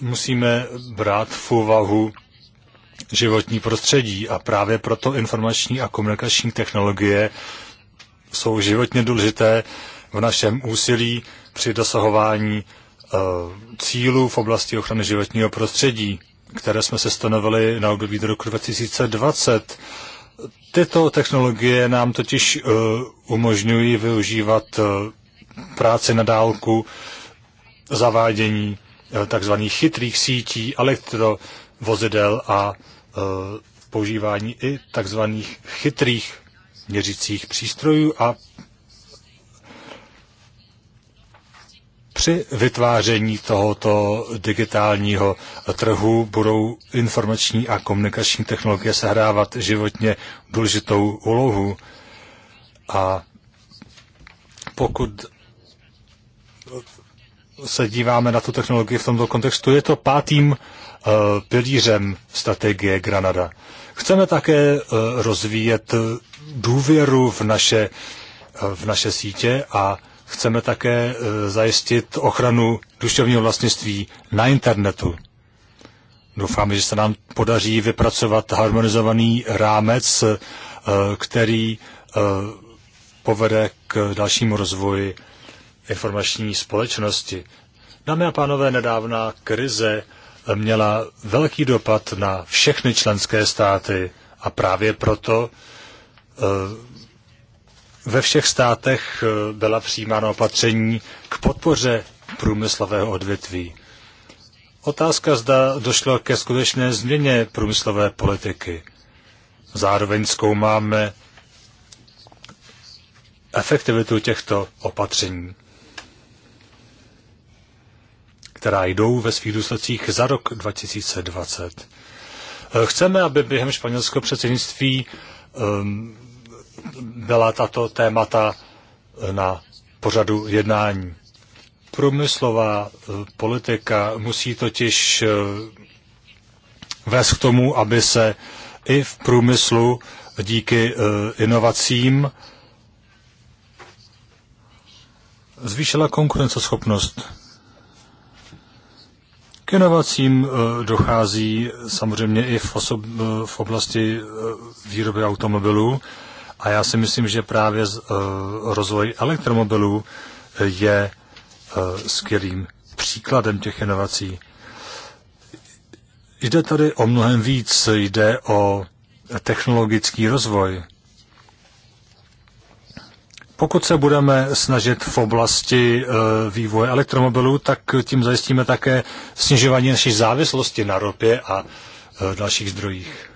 Musíme brát v úvahu životní prostředí a právě proto informační a komunikační technologie jsou životně důležité v našem úsilí při dosahování eh, cílů v oblasti ochrany životního prostředí, které jsme se stanovili na období do roku 2020. Tyto technologie nám totiž eh, umožňují využívat eh, práci na dálku, zavádění tzv. chytrých sítí, elektrovozidel a používání i tzv. chytrých měřicích přístrojů a při vytváření tohoto digitálního trhu budou informační a komunikační technologie sehrávat životně důležitou úlohu. A pokud se díváme na tu technologii v tomto kontextu, je to pátým eh, pilířem strategie Granada. Chceme také eh, rozvíjet důvěru v naše, v naše sítě a chceme také eh, zajistit ochranu duševního vlastnictví na internetu. Doufáme, že se nám podaří vypracovat harmonizovaný rámec, eh, který eh, povede k dalšímu rozvoji informační společnosti. Dámy a pánové, nedávná krize měla velký dopad na všechny členské státy a právě proto ve všech státech eh, byla přijímána opatření k podpoře průmyslového odvětví. Otázka zda došlo ke skutečné změně průmyslové politiky. Zároveň zkoumáme efektivitu těchto opatření, která jdou ve svých důsledcích za rok 2020. Eh, chceme, aby během španělského předsednictví um, byla tato témata na pořadu jednání. Průmyslová eh, politika musí totiž eh, vést k tomu, aby se i v průmyslu díky eh, inovacím zvýšila konkurenceschopnost. K inovacím dochází samozřejmě i v, osob, v oblasti výroby automobilů a já si myslím, že právě z eh, rozvoj elektromobilů eh, je eh, skvělým příkladem těch inovací. Jde tady o mnohem víc, jde o technologický rozvoj. Pokud se budeme snažit v oblasti vývoje elektromobilů, tak tím zajistíme také snižování naší závislosti na ropě a dalších zdrojích.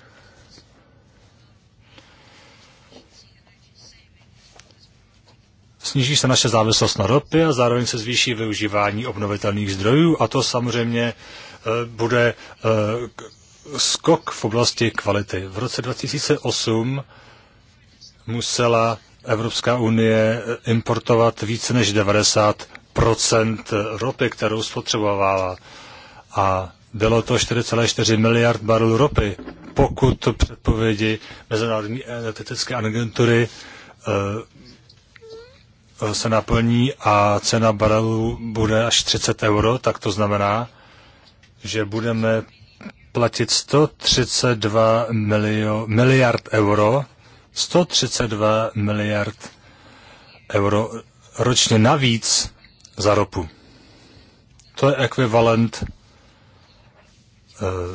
Sníží se naše závislost na ropě a zároveň se zvýší využívání obnovitelných zdrojů a to samozřejmě e, bude e, skok v oblasti kvality. V roce 2008 musela Evropská unie importovat více než 90 ropy, kterou spotřebovala. A bylo to 4,4 miliard barel ropy, pokud předpovědi Mezinárodní energetické agentury e, Eh, se naplní a cena barelu bude až 30 euro, tak to znamená, že budeme platit 132 milio, miliard euro, 132 miliard euro ročně navíc za ropu. To je ekvivalent eh,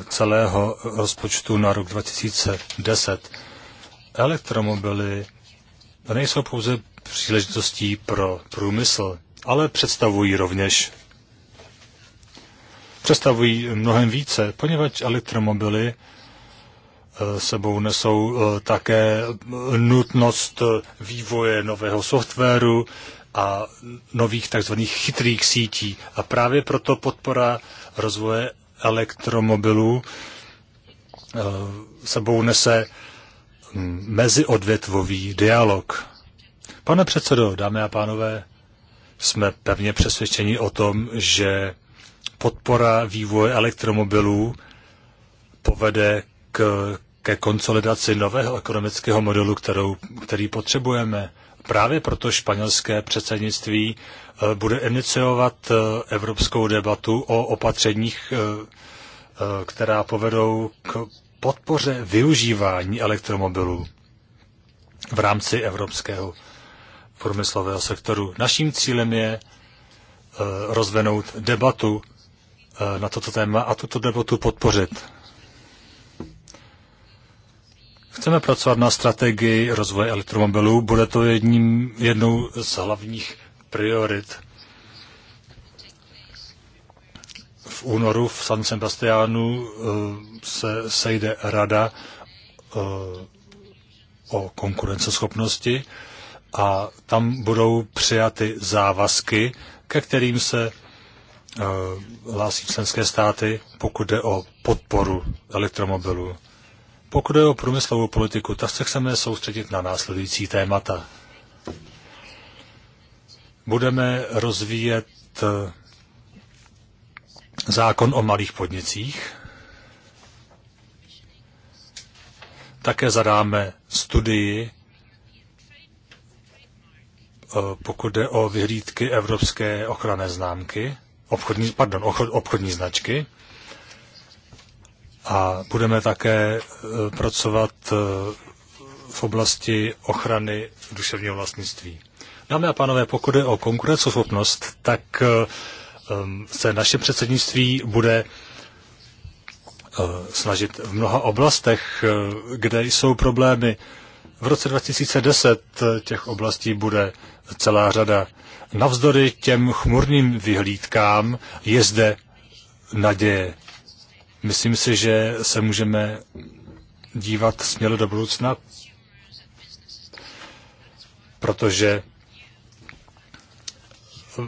celého rozpočtu na rok 2010. Elektromobily nejsou pouze příležitostí pro průmysl, ale představují rovněž představují mnohem více, poněvadž elektromobily eh, sebou nesou eh, také nutnost vývoje nového softwaru a nových tzv. chytrých sítí. A právě proto podpora rozvoje elektromobilů eh, sebou nese hm, meziodvětvový dialog. Pane předsedo, dámy a pánové, jsme pevně přesvědčeni o tom, že podpora vývoje elektromobilů povede k, ke konsolidaci nového ekonomického modelu, kterou, který potřebujeme. Právě proto španělské předsednictví eh, bude iniciovat eh, evropskou debatu o opatřeních, eh, která povedou k podpoře využívání elektromobilů v rámci evropského průmyslového sektoru. Naším cílem je eh, rozvenout debatu eh, na toto téma a tuto debatu podpořit. Chceme pracovat na strategii rozvoje elektromobilů. Bude to jedním, jednou z hlavních priorit. V únoru v San Sebastianu eh, se sejde rada o konkurenceschopnosti a tam budou přijaty závazky, ke kterým se uh, hlásí členské státy, pokud jde o podporu elektromobilů. Pokud jde o průmyslovou politiku, tak se chceme soustředit na následující témata. Budeme rozvíjet eh, zákon o malých podnicích. Také zadáme studii Eh, pokud jde o vyhlídky evropské ochranné známky, obchodní, pardon, obchodní značky. A budeme také eh, pracovat eh, v oblasti ochrany duševního vlastnictví. Dámy a pánové, pokud jde o konkurenceschopnost, tak se naše předsednictví bude snažit v mnoha oblastech, kde jsou problémy v roce 2010 těch oblastí bude celá řada. Navzdory těm chmurným vyhlídkám je zde naděje. Myslím si, že se můžeme dívat směle do budoucna, protože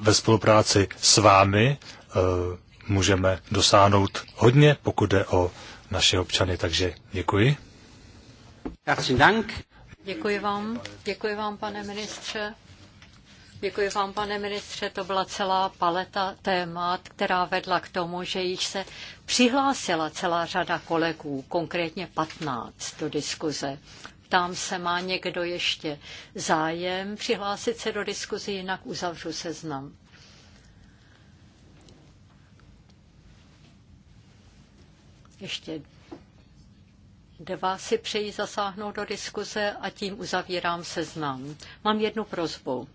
ve spolupráci s vámi eh, můžeme dosáhnout hodně, pokud jde o naše občany. Takže děkuji. Herzlichen Dank. Děkuji vám. Děkuji vám, pane ministře. Děkuji vám, pane ministře. To byla celá paleta témat, která vedla k tomu, že již se přihlásila celá řada kolegů, konkrétně 15 do diskuze. Tam se má někdo ještě zájem přihlásit se do diskuze, jinak uzavřu seznam. Ještě Dva si přejí zasáhnout do diskuze a tím uzavírám seznam. Mám jednu prozbu.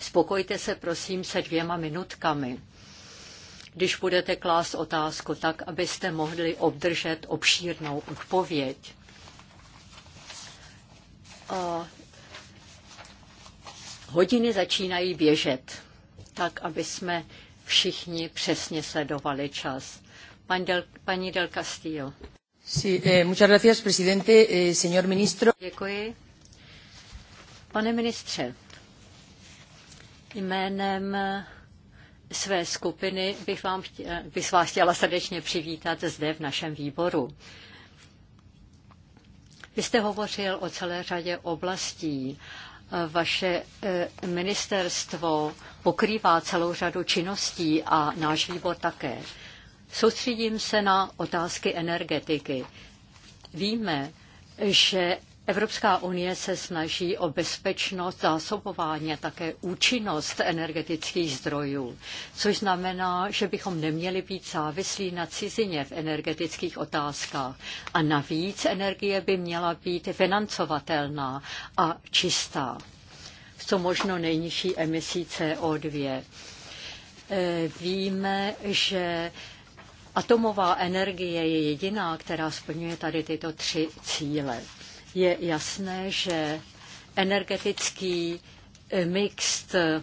Spokojte se prosím se dvěma minutkami, když budete klást otázku tak, abyste mohli obdržet obšírnou odpověď. A hodiny začínají běžet, tak, aby jsme všichni přesně sledovali čas. Paní Del, paní Del Castillo. Sí, eh, eh Pane ministře, jménem eh, své skupiny bych vás chtěla srdečně přivítat zde v našem výboru. Vy jste hovořil o celé řadě oblastí. Vaše eh, ministerstvo pokrývá celou řadu činností a náš výbor také. Soustředím se na otázky energetiky. Víme, že Evropská unie se snaží o bezpečnost zásobování a také účinnost energetických zdrojů, což znamená, že bychom neměli být závislí na cizině v energetických otázkách. A navíc energie by měla být financovatelná a čistá, co možno nejnižší emisí CO2. E, víme, že Atomová energie je jediná, která splňuje tady tyto tři cíle. Je jasné, že energetický eh, mix eh,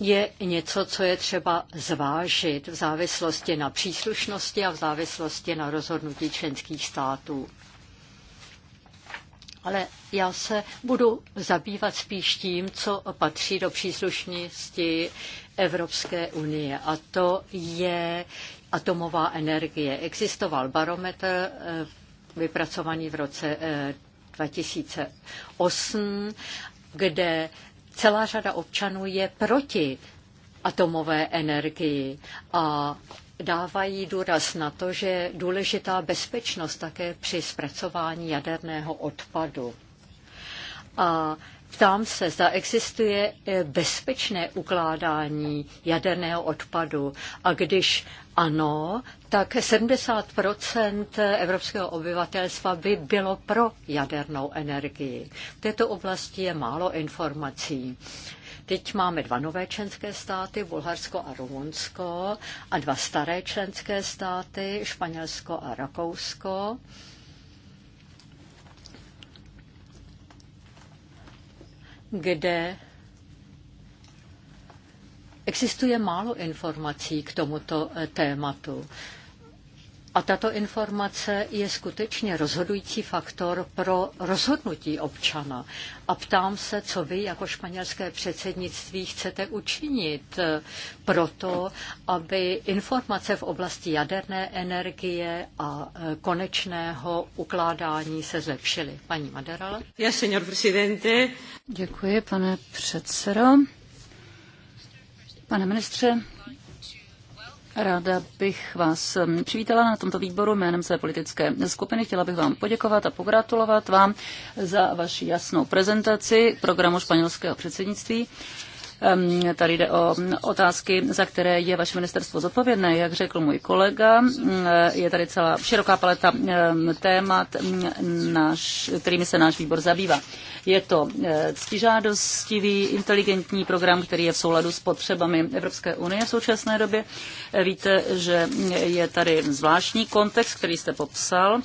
je něco, co je třeba zvážit v závislosti na příslušnosti a v závislosti na rozhodnutí členských států. Ale já se budu zabývat spíš tím, co patří do příslušnosti Evropské unie a to je atomová energie. Existoval barometr eh, vypracovaný v roce 2008, eh, kde celá řada občanů je proti atomové energii a dávají důraz na to, že je důležitá bezpečnost také při zpracování jaderného odpadu. A Ptám se, zda existuje eh, bezpečné ukládání jaderného odpadu a když ano, tak 70 evropského obyvatelstva by bylo pro jadernou energii. V této oblasti je málo informací. Teď máme dva nové členské státy, Bulharsko a Rumunsko, a dva staré členské státy, Španělsko a Rakousko. kde existuje málo informací k tomuto eh, tématu. A tato informace je skutečně rozhodující faktor pro rozhodnutí občana. A ptám se, co vy jako španělské předsednictví chcete učinit proto, aby informace v oblasti jaderné energie a e, konečného ukládání se zlepšily. Paní Maderala. Já, senor presidente. Děkuji, pane předsedo. Pane ministře, Ráda bych vás mm, přivítala na tomto výboru jménem své politické skupiny. Chtěla bych vám poděkovat a pogratulovat vám za vaši jasnou prezentaci programu španělského předsednictví. Tady jde o otázky, za které je vaše ministerstvo zodpovědné. Jak řekl můj kolega, je tady celá široká paleta témat, náš, kterými se náš výbor zabývá. Je to eh, ctižádostivý, inteligentní program, který je v souladu s potřebami Evropské unie v současné době. Eh, víte, že je tady zvláštní kontext, který jste popsal.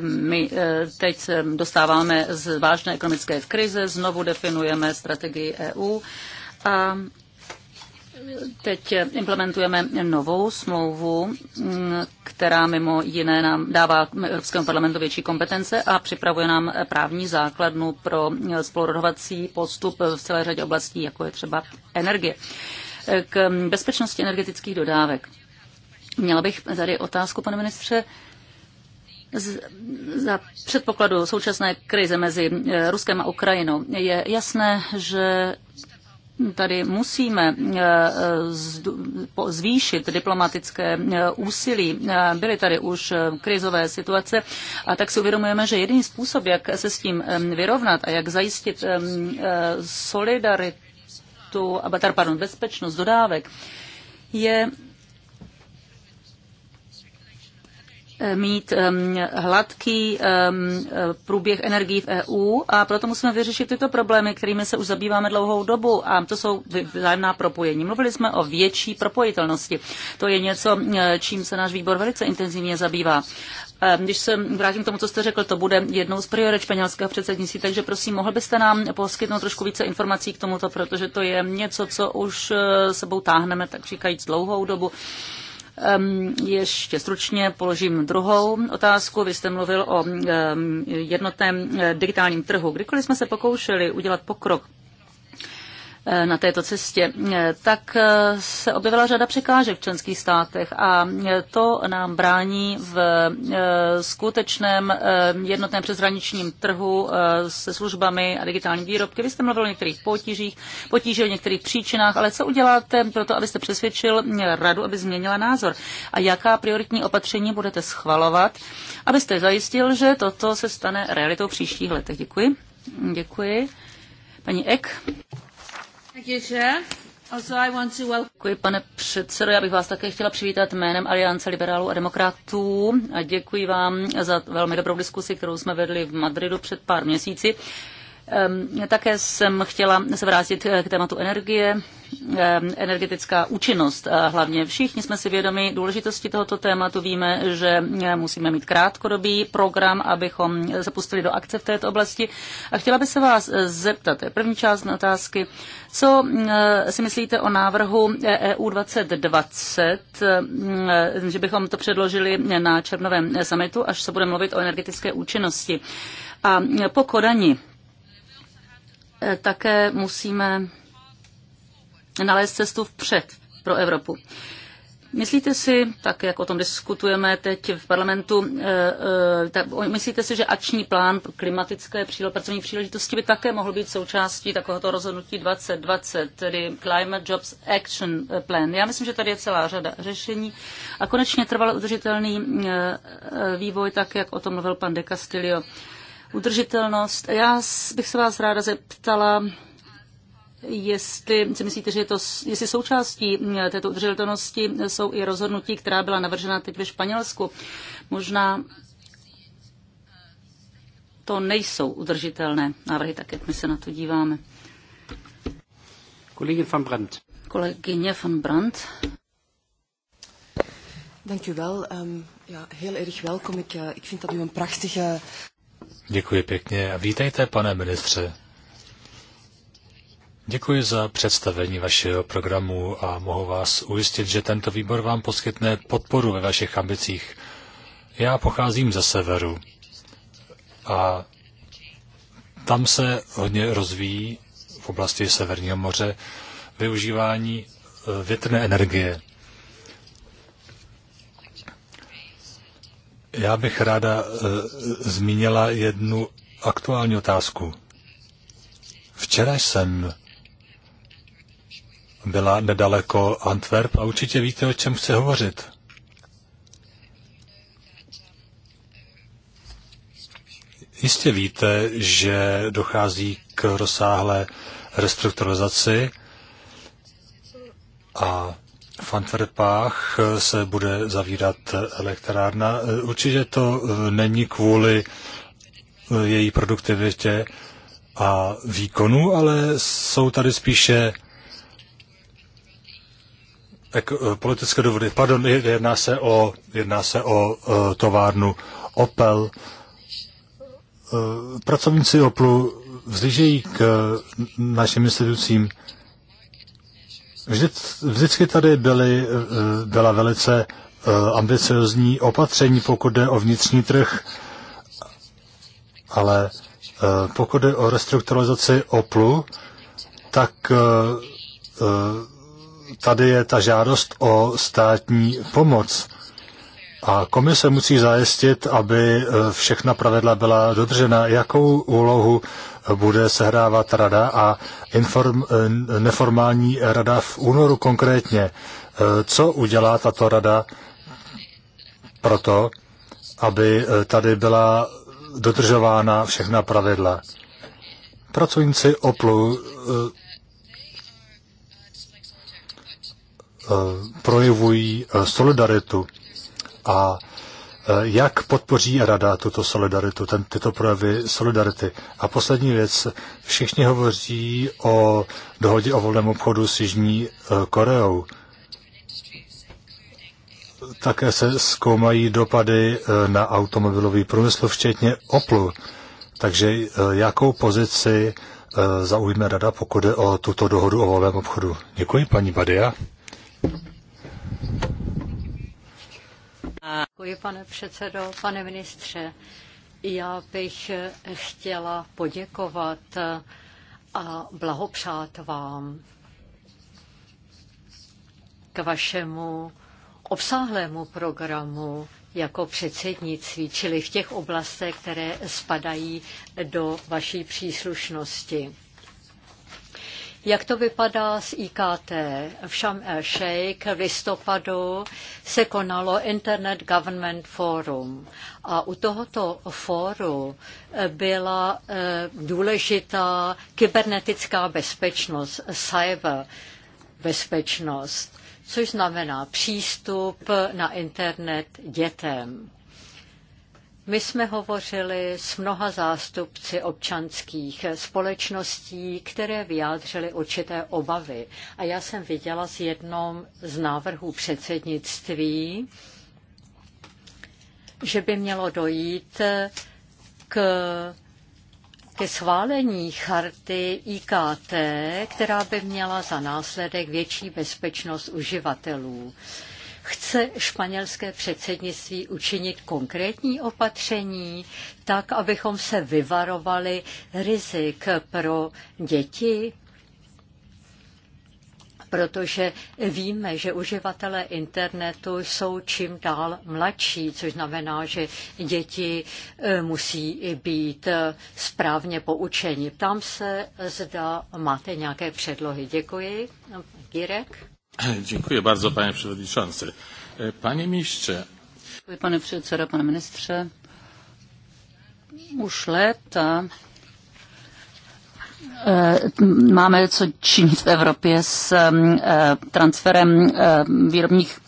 My eh, teď dostáváme z vážné ekonomické krize, znovu definujeme strategii EU a Teď implementujeme novou smlouvu, která mimo jiné nám dává Evropskému parlamentu větší kompetence a připravuje nám právní základnu pro spolurodovací postup v celé řadě oblastí, jako je třeba energie. K bezpečnosti energetických dodávek. Měla bych tady otázku, pane ministře. Z, za předpokladu současné krize mezi eh, Ruskem a Ukrajinou je jasné, že tady musíme eh, zvýšit diplomatické eh, úsilí. Eh, byly tady už krizové situace a tak si uvědomujeme, že jediný způsob, jak se s tím vyrovnat a jak zajistit solidaritu, pardon, bezpečnost dodávek, je mít hladký průběh energií v EU a proto musíme vyřešit tyto problémy, kterými se už zabýváme dlouhou dobu a to jsou vzájemná propojení. Mluvili jsme o větší propojitelnosti. To je něco, e, čím se náš výbor velice intenzivně zabývá. E, když se vrátím k tomu, co jste řekl, to bude jednou z priorit španělského předsednictví, takže prosím, mohl byste nám poskytnout trošku více informací k tomuto, protože to je něco, co už e, sebou táhneme, tak říkajíc, dlouhou dobu. Ještě stručně položím druhou otázku. Vy jste mluvil o jednotném eh, digitálním trhu. Kdykoliv jsme se pokoušeli udělat pokrok Eh, na této cestě, eh, tak eh, se objevila řada překážek v členských státech a to nám brání v skutečném jednotném přeshraničním trhu se službami a digitální výrobky. Vy jste mluvil o některých potížích, potíže o některých příčinách, ale co uděláte pro to, abyste přesvědčil radu, aby změnila názor? A jaká prioritní opatření budete schvalovat, abyste zajistil, že toto se stane realitou příštích letech? Děkuji. Děkuji. Paní Ek. Děkuji, pane předsedo. Já bych vás také chtěla přivítat jménem Aliance liberálů a demokratů a děkuji vám za velmi dobrou diskusi, kterou jsme vedli v Madridu před pár měsíci. Ehm, také jsem chtěla se vrátit eh, k tématu energie, ehm, energetická účinnost. Hlavně všichni jsme si vědomi důležitosti tohoto tématu. Víme, že eh, musíme mít krátkodobý program, abychom zapustili do akce v této oblasti. A chtěla bych se vás eh, zeptat, první část otázky, co si myslíte o návrhu EU e 2020, ehm, že bychom to předložili na červnovém summitu, až se bude mluvit o energetické účinnosti. A po Kodani Eh, také musíme nalézt cestu vpřed pro Evropu. Myslíte si, tak jak o tom diskutujeme teď v parlamentu, eh, eh, tak myslíte si, že akční plán pro klimatické pracovní příležitosti by také mohl být součástí takovéhoto rozhodnutí 2020, tedy Climate Jobs Action Plan? Já myslím, že tady je celá řada řešení. A konečně trval udržitelný vývoj, tak jak o tom mluvil pan De Castillo udržitelnost. Já bych se vás ráda zeptala, jestli si myslíte, že je to, jestli součástí této udržitelnosti jsou i rozhodnutí, která byla navržena teď ve Španělsku. Možná to nejsou udržitelné návrhy, tak jak my se na to díváme. Kolegyně van Brandt. Kolegyně van Brandt. Dank u wel. Um, ja, heel erg welkom. Ik, uh, ik vind dat u een prachtige... Děkuji pěkně a vítejte, pane ministře. Děkuji za představení vašeho programu a mohu vás ujistit, že tento výbor vám poskytne podporu ve vašich ambicích. Já pocházím ze severu a tam se hodně rozvíjí v oblasti Severního moře využívání eh, větrné energie. Já bych ráda e, zmínila jednu aktuální otázku. Včera jsem byla nedaleko Antwerp a určitě víte, o čem chci hovořit. Jistě víte, že dochází k rozsáhlé restrukturalizaci a v Antwerpách eh, se bude zavírat elektrárna. Eh, určitě to eh, není kvůli její produktivitě a výkonu, ale jsou tady spíše politické důvody. Pardon, jedná se o, jedná se o továrnu Opel. Pracovníci Oplu vzlížejí k našim institucím Vždy, vždycky tady byly, eh, byla velice eh, ambiciozní opatření, pokud jde o vnitřní trh, ale eh, pokud jde o restrukturalizaci OPLu, tak tady je ta žádost o státní pomoc. A komise musí zajistit, aby e, všechna pravidla byla dodržena. Jakou úlohu bude sehrávat rada a inform, e, neformální rada v únoru konkrétně? E, co udělá tato rada proto, aby tady byla dodržována všechna pravidla? Pracovníci OPLu projevují solidaritu a e, jak podpoří rada tuto solidaritu, ten, tyto projevy solidarity. A poslední věc, všichni hovoří o dohodě o volném obchodu s Jižní e, Koreou. Také se zkoumají dopady e, na automobilový průmysl, včetně Oplu. Takže jakou pozici zaujme rada, pokud je o tuto dohodu o volném obchodu? Děkuji, paní Badia. Děkuji, pane předsedo, pane ministře. Já bych chtěla poděkovat a blahopřát vám k vašemu obsáhlému programu jako předsednictví, čili v těch oblastech, které spadají do vaší příslušnosti. Jak to vypadá s IKT? V Sham el Sheikh v listopadu se konalo Internet Government Forum a u tohoto fóru eh, byla eh, důležitá kybernetická bezpečnost, cyber bezpečnost, což znamená přístup na internet dětem. My jsme hovořili s mnoha zástupci občanských společností, které vyjádřily určité obavy. A já jsem viděla z jednom z návrhů předsednictví, že by mělo dojít k ke schválení charty IKT, která by měla za následek větší bezpečnost uživatelů. Chce španělské předsednictví učinit konkrétní opatření, tak abychom se vyvarovali rizik pro děti? protože víme, že uživatelé internetu jsou čím dál mladší, což znamená, že děti eh, musí být eh, správně poučeni. Ptám se, zda máte nějaké předlohy. Děkuji. Girek? *clears throat* Děkuji pane předsedající. Pane ministře. pane předsedo, pane ministře. Už léta máme co činit v Evropě s transferem e, výrobních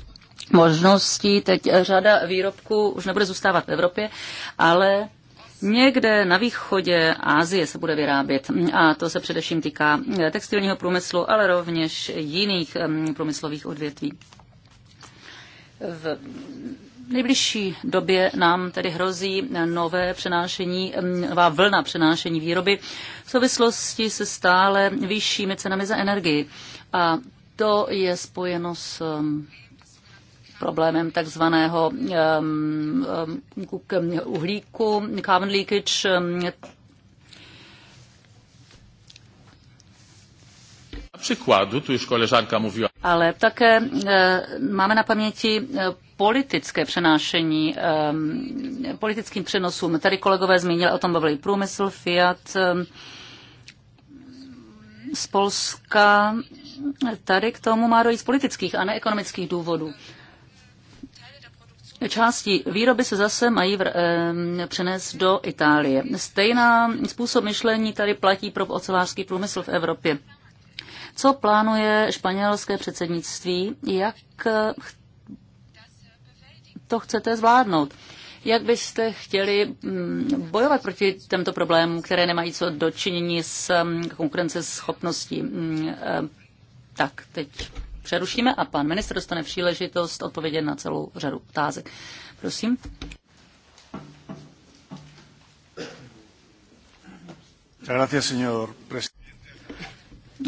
možností. Teď e, řada výrobků už nebude zůstávat v Evropě, ale Někde na východě Asie se bude vyrábět a to se především týká eh, textilního průmyslu, ale rovněž jiných průmyslových odvětví. V nejbližší době nám tedy hrozí nové přenášení, nová vlna přenášení výroby v souvislosti se stále vyššími cenami za energii. A to je spojeno s problémem takzvaného ehm, ehm, uhlíku, carbon leakage, ehm. Příkladu, tu už koležánka mluvila. Ale také máme na paměti politické přenášení, politickým přenosům. Tady kolegové zmínili o tom bavili průmysl, Fiat z Polska. Tady k tomu má dojít z politických a neekonomických důvodů části výroby se zase mají e, přenést do Itálie. Stejná způsob myšlení tady platí pro ocelářský průmysl v Evropě. Co plánuje španělské předsednictví? Jak eh, to chcete zvládnout? Jak byste chtěli mm, bojovat proti těmto problémům, které nemají co dočinění s mm, konkurenceschopností? Mm, eh, tak, teď přerušíme a pan ministr dostane příležitost odpovědět na celou řadu otázek. Prosím.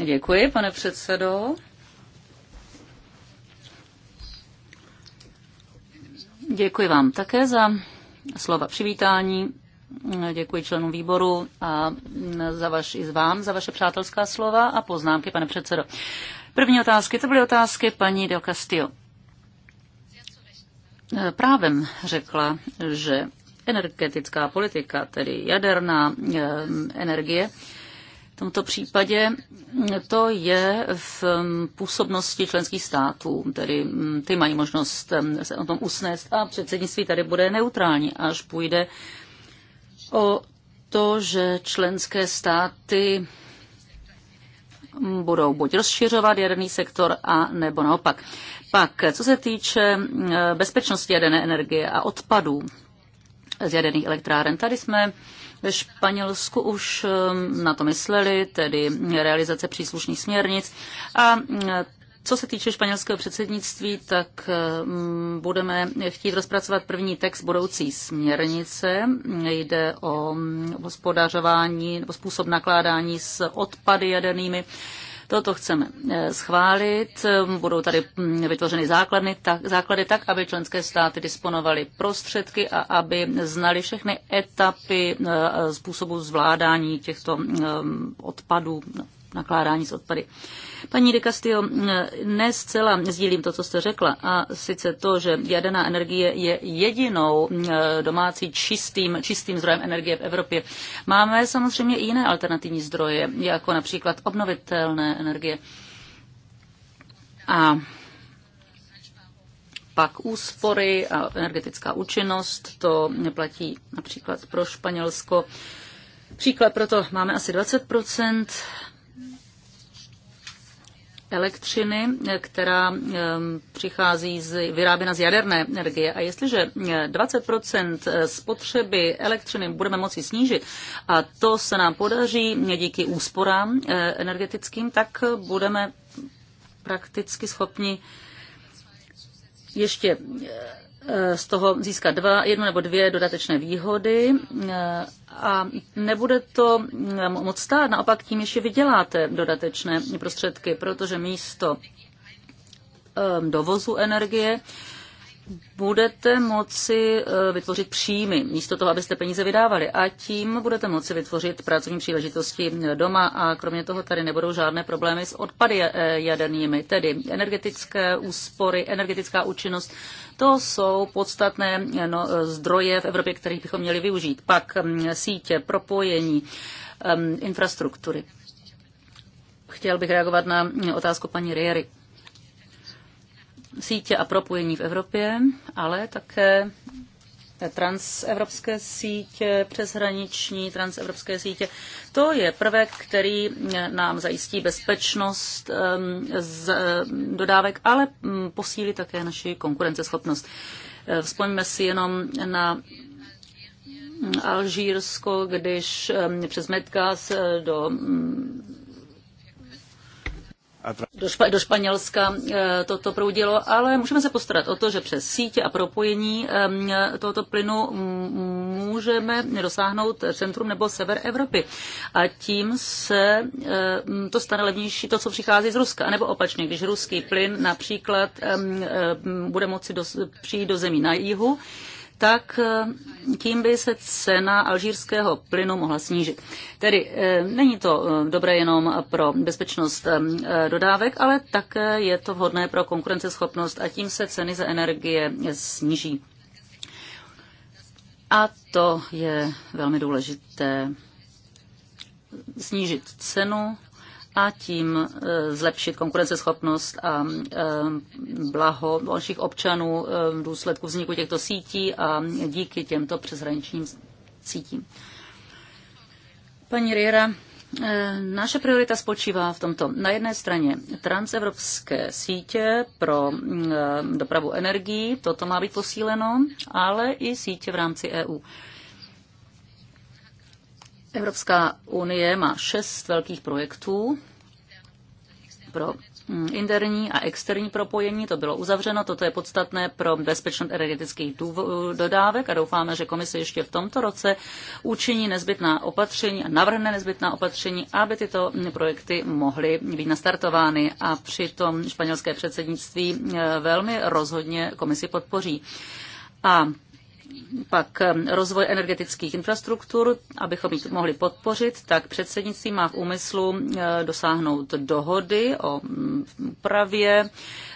Děkuji, pane předsedo. Děkuji vám také za slova přivítání. Děkuji členům výboru a za vaš, i vám za vaše přátelská slova a poznámky, pane předsedo. První otázky, to byly otázky paní Del Castillo. E, právem řekla, že energetická politika, tedy jaderná e, energie, v tomto případě e, to je v působnosti členských států, tedy ty mají možnost se o tom usnést a předsednictví tady bude neutrální, až půjde o to, že členské státy budou buď rozšiřovat jaderný sektor a nebo naopak. Pak, co se týče eh, bezpečnosti jaderné energie a odpadů z jaderných elektráren, tady jsme ve Španělsku už eh, na to mysleli, tedy realizace příslušných směrnic a eh, co se týče španělského předsednictví, tak mm, budeme chtít rozpracovat první text budoucí směrnice. Jde o mm, hospodařování nebo způsob nakládání s odpady jadernými. Toto chceme e, schválit. Budou tady mm, vytvořeny základny, tak, základy tak, aby členské státy disponovaly prostředky a aby znali všechny etapy e, způsobu zvládání těchto odpadů nakládání s odpady. Paní de Castillo, ne zcela sdílím to, co jste řekla, a sice to, že jaderná energie je jedinou eh, domácí čistým, čistým zdrojem energie v Evropě. Máme samozřejmě i jiné alternativní zdroje, jako například obnovitelné energie. A pak úspory a energetická účinnost, to platí například pro Španělsko. Příklad proto máme asi 20 elektřiny, která přichází z, vyráběna z jaderné energie. A jestliže 20 eh, eh, spotřeby elektřiny budeme moci snížit, a to se nám podaří díky úsporám eh, energetickým, tak budeme prakticky schopni ještě Eh, z toho získat dva, jednu nebo dvě dodatečné výhody eh, a nebude to eh, moc stát. Naopak tím ještě vyděláte dodatečné prostředky, protože místo dovozu energie budete moci vytvořit příjmy, místo toho, abyste peníze vydávali. A tím budete moci vytvořit pracovní příležitosti doma a kromě toho tady nebudou žádné problémy s odpady jadernými, tedy energetické úspory, energetická účinnost. To jsou podstatné no, zdroje v Evropě, kterých bychom měli využít. Pak mm, sítě, propojení, mm, infrastruktury. Chtěl bych reagovat na mm, otázku paní Riery sítě a propojení v Evropě, ale také transevropské sítě, přeshraniční transevropské sítě. To je prvek, který eh, nám zajistí bezpečnost ehm, z eh, dodávek, ale mm, posílí také naši konkurenceschopnost. Eh, Vzpomeňme si jenom na mm, Alžírsko, když ehm, přes Medgas do mm, do, špa- do Španělska eh, toto proudilo, ale můžeme se postarat o to, že přes sítě a propojení ehm, tohoto plynu můžeme dosáhnout centrum nebo sever Evropy. A tím se ehm, to stane levnější, to, co přichází z Ruska. Nebo opačně, když ruský plyn například ehm, bude moci do, přijít do zemí na jihu, tak eh, tím by se cena alžírského plynu mohla snížit. Tedy eh, není to eh, dobré jenom pro bezpečnost dodávek, ale také je to vhodné pro konkurenceschopnost a tím se ceny za energie sníží. A to je velmi důležité snížit cenu a tím eh, zlepšit konkurenceschopnost a eh, blaho našich občanů eh, v důsledku vzniku těchto sítí a díky těmto přeshraničním sítím. Paní Riera, naše priorita spočívá v tomto. Na jedné straně transevropské sítě pro mm, dopravu energií, toto má být posíleno, ale i sítě v rámci EU. Evropská unie má šest velkých projektů pro mm, interní a externí propojení, to bylo uzavřeno, toto je podstatné pro bezpečnost energetických dodávek a doufáme, že komise ještě v tomto roce učiní nezbytná opatření a navrhne nezbytná opatření, aby tyto projekty mohly být nastartovány a přitom španělské předsednictví eh, velmi rozhodně komisi podpoří. A pak ehm, rozvoj energetických infrastruktur, abychom ji mohli podpořit, tak předsednictví má v úmyslu eh, dosáhnout dohody o mm, pravě,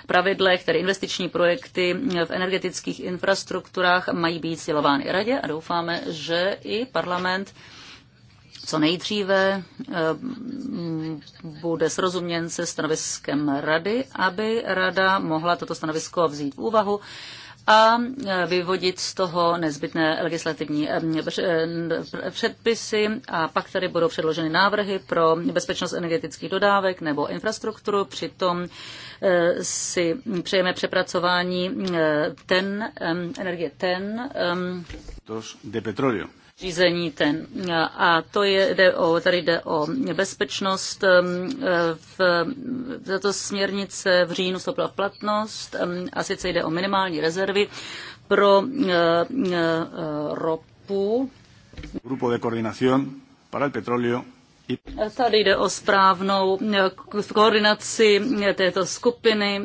pravidle, které investiční projekty eh, v energetických infrastrukturách mají být silovány radě a doufáme, že i parlament co nejdříve ehm, bude srozuměn se stanoviskem rady, aby rada mohla toto stanovisko vzít v úvahu a vyvodit z toho nezbytné legislativní předpisy a pak tady budou předloženy návrhy pro bezpečnost energetických dodávek nebo infrastrukturu. Přitom eh, si přejeme přepracování eh, ten, energie ten. De petróleo řízení ten. A to je, jde o, tady jde o bezpečnost. Um, v, tato směrnice v říjnu vstoupila v platnost um, a sice jde o minimální rezervy pro uh, uh, ropu. Grupo de coordinación para el petróleo Tady jde o správnou uh, koordinaci této skupiny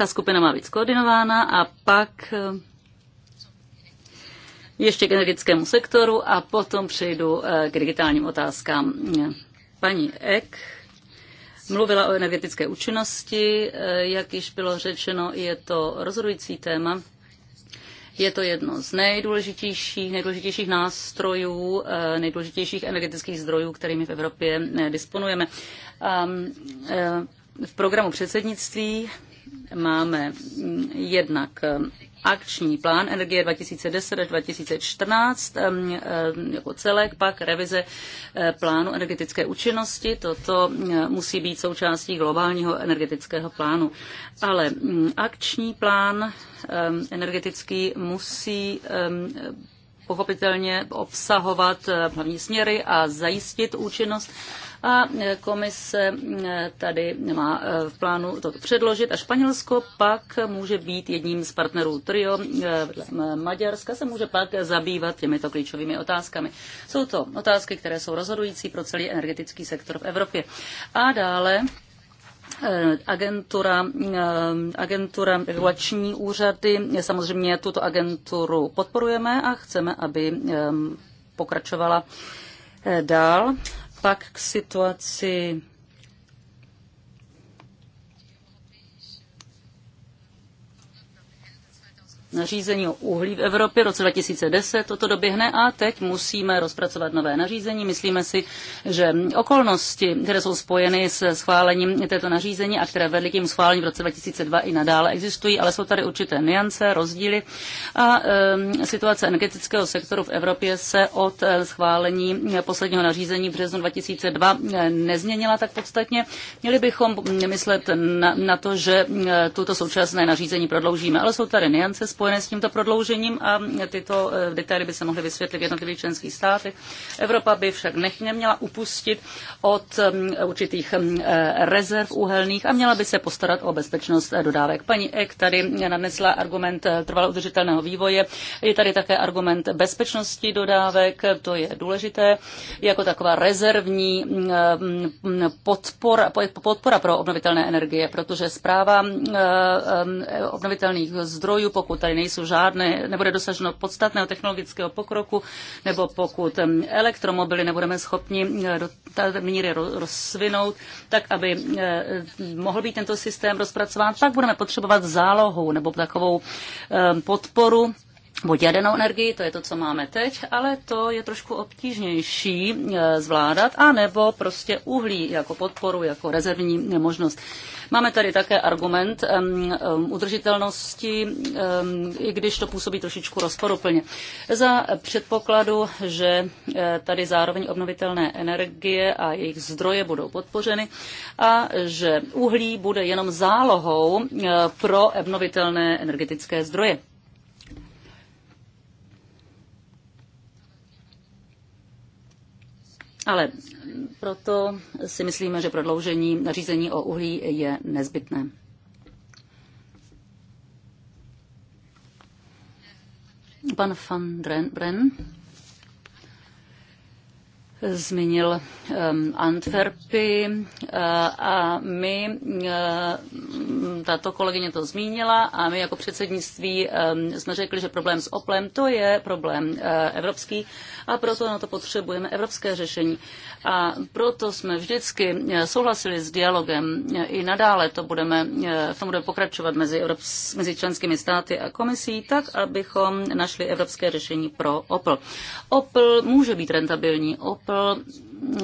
ta skupina má být skoordinována a pak eh, ještě k energetickému sektoru a potom přejdu eh, k digitálním otázkám. Paní Ek mluvila o energetické účinnosti, eh, jak již bylo řečeno, je to rozhodující téma. Je to jedno z nejdůležitějších, nejdůležitějších nástrojů, nejdůležitějších energetických zdrojů, kterými v Evropě disponujeme. V programu předsednictví máme mm, jednak mm, akční plán energie 2010 až 2014 mm, jako celek, pak revize eh, plánu energetické účinnosti. Toto musí být součástí globálního energetického plánu. Ale akční plán energetický musí pochopitelně obsahovat eh, hlavní směry a zajistit účinnost a komise mm, tady má e, v plánu toto předložit a Španělsko pak může být jedním z partnerů trio. E, Maďarska se může pak zabývat těmito klíčovými otázkami. Jsou to otázky, které jsou rozhodující pro celý energetický sektor v Evropě. A dále e, agentura, agentura regulační úřady. Samozřejmě tuto agenturu podporujeme a chceme, aby pokračovala dál. Pak k situaci nařízení o uhlí v Evropě. V roce 2010 toto doběhne a teď musíme rozpracovat nové nařízení. Myslíme si, že okolnosti, které jsou spojeny s schválením této nařízení a které vedly k jim schválení v roce 2002 i nadále existují, ale jsou tady určité niance, rozdíly a e, situace energetického sektoru v Evropě se od eh, schválení posledního nařízení v březnu 2002 eh, nezměnila tak podstatně. Měli bychom myslet na, na to, že eh, tuto současné nařízení prodloužíme, ale jsou tady niance spojené s tímto prodloužením a tyto detaily eh, by se mohly vysvětlit v jednotlivých členských státech. Evropa by však nech, neměla upustit od eh, určitých eh, rezerv uhelných a měla by se postarat o bezpečnost dodávek. Paní Ek tady nadnesla argument trvalo udržitelného vývoje. Je tady také argument bezpečnosti dodávek, to je důležité, jako taková rezervní mm, mm, podpora, podpora pro obnovitelné energie, protože zpráva obnovitelných zdrojů, pokud tady nejsou žádné, nebude dosaženo podstatného technologického pokroku, nebo pokud elektromobily nebudeme schopni eh, do té míry rozvinout, tak aby eh, mohl být tento systém rozpracován, tak budeme potřebovat zálohu nebo takovou podporu buď jadernou energii, to je to, co máme teď, ale to je trošku obtížnější eh, zvládat, anebo prostě uhlí jako podporu, jako rezervní možnost. Máme tady také argument udržitelnosti, i když to působí trošičku rozporuplně. Za předpokladu, že e, tady zároveň obnovitelné energie a jejich zdroje budou podpořeny a že uhlí bude jenom zálohou e, pro obnovitelné energetické zdroje. Ale proto si myslíme, že prodloužení nařízení o uhlí je nezbytné. Pan van Bren zmínil um, Antwerpy uh, a my, uh, tato kolegyně to zmínila a my jako předsednictví um, jsme řekli, že problém s Oplem to je problém uh, evropský a proto na to potřebujeme evropské řešení. A proto jsme vždycky eh, souhlasili s dialogem. Eh, I nadále to budeme, eh, v tom budeme pokračovat mezi, Evrops, mezi členskými státy a komisí, tak, abychom našli evropské řešení pro Opel. Opel může být rentabilní. Opel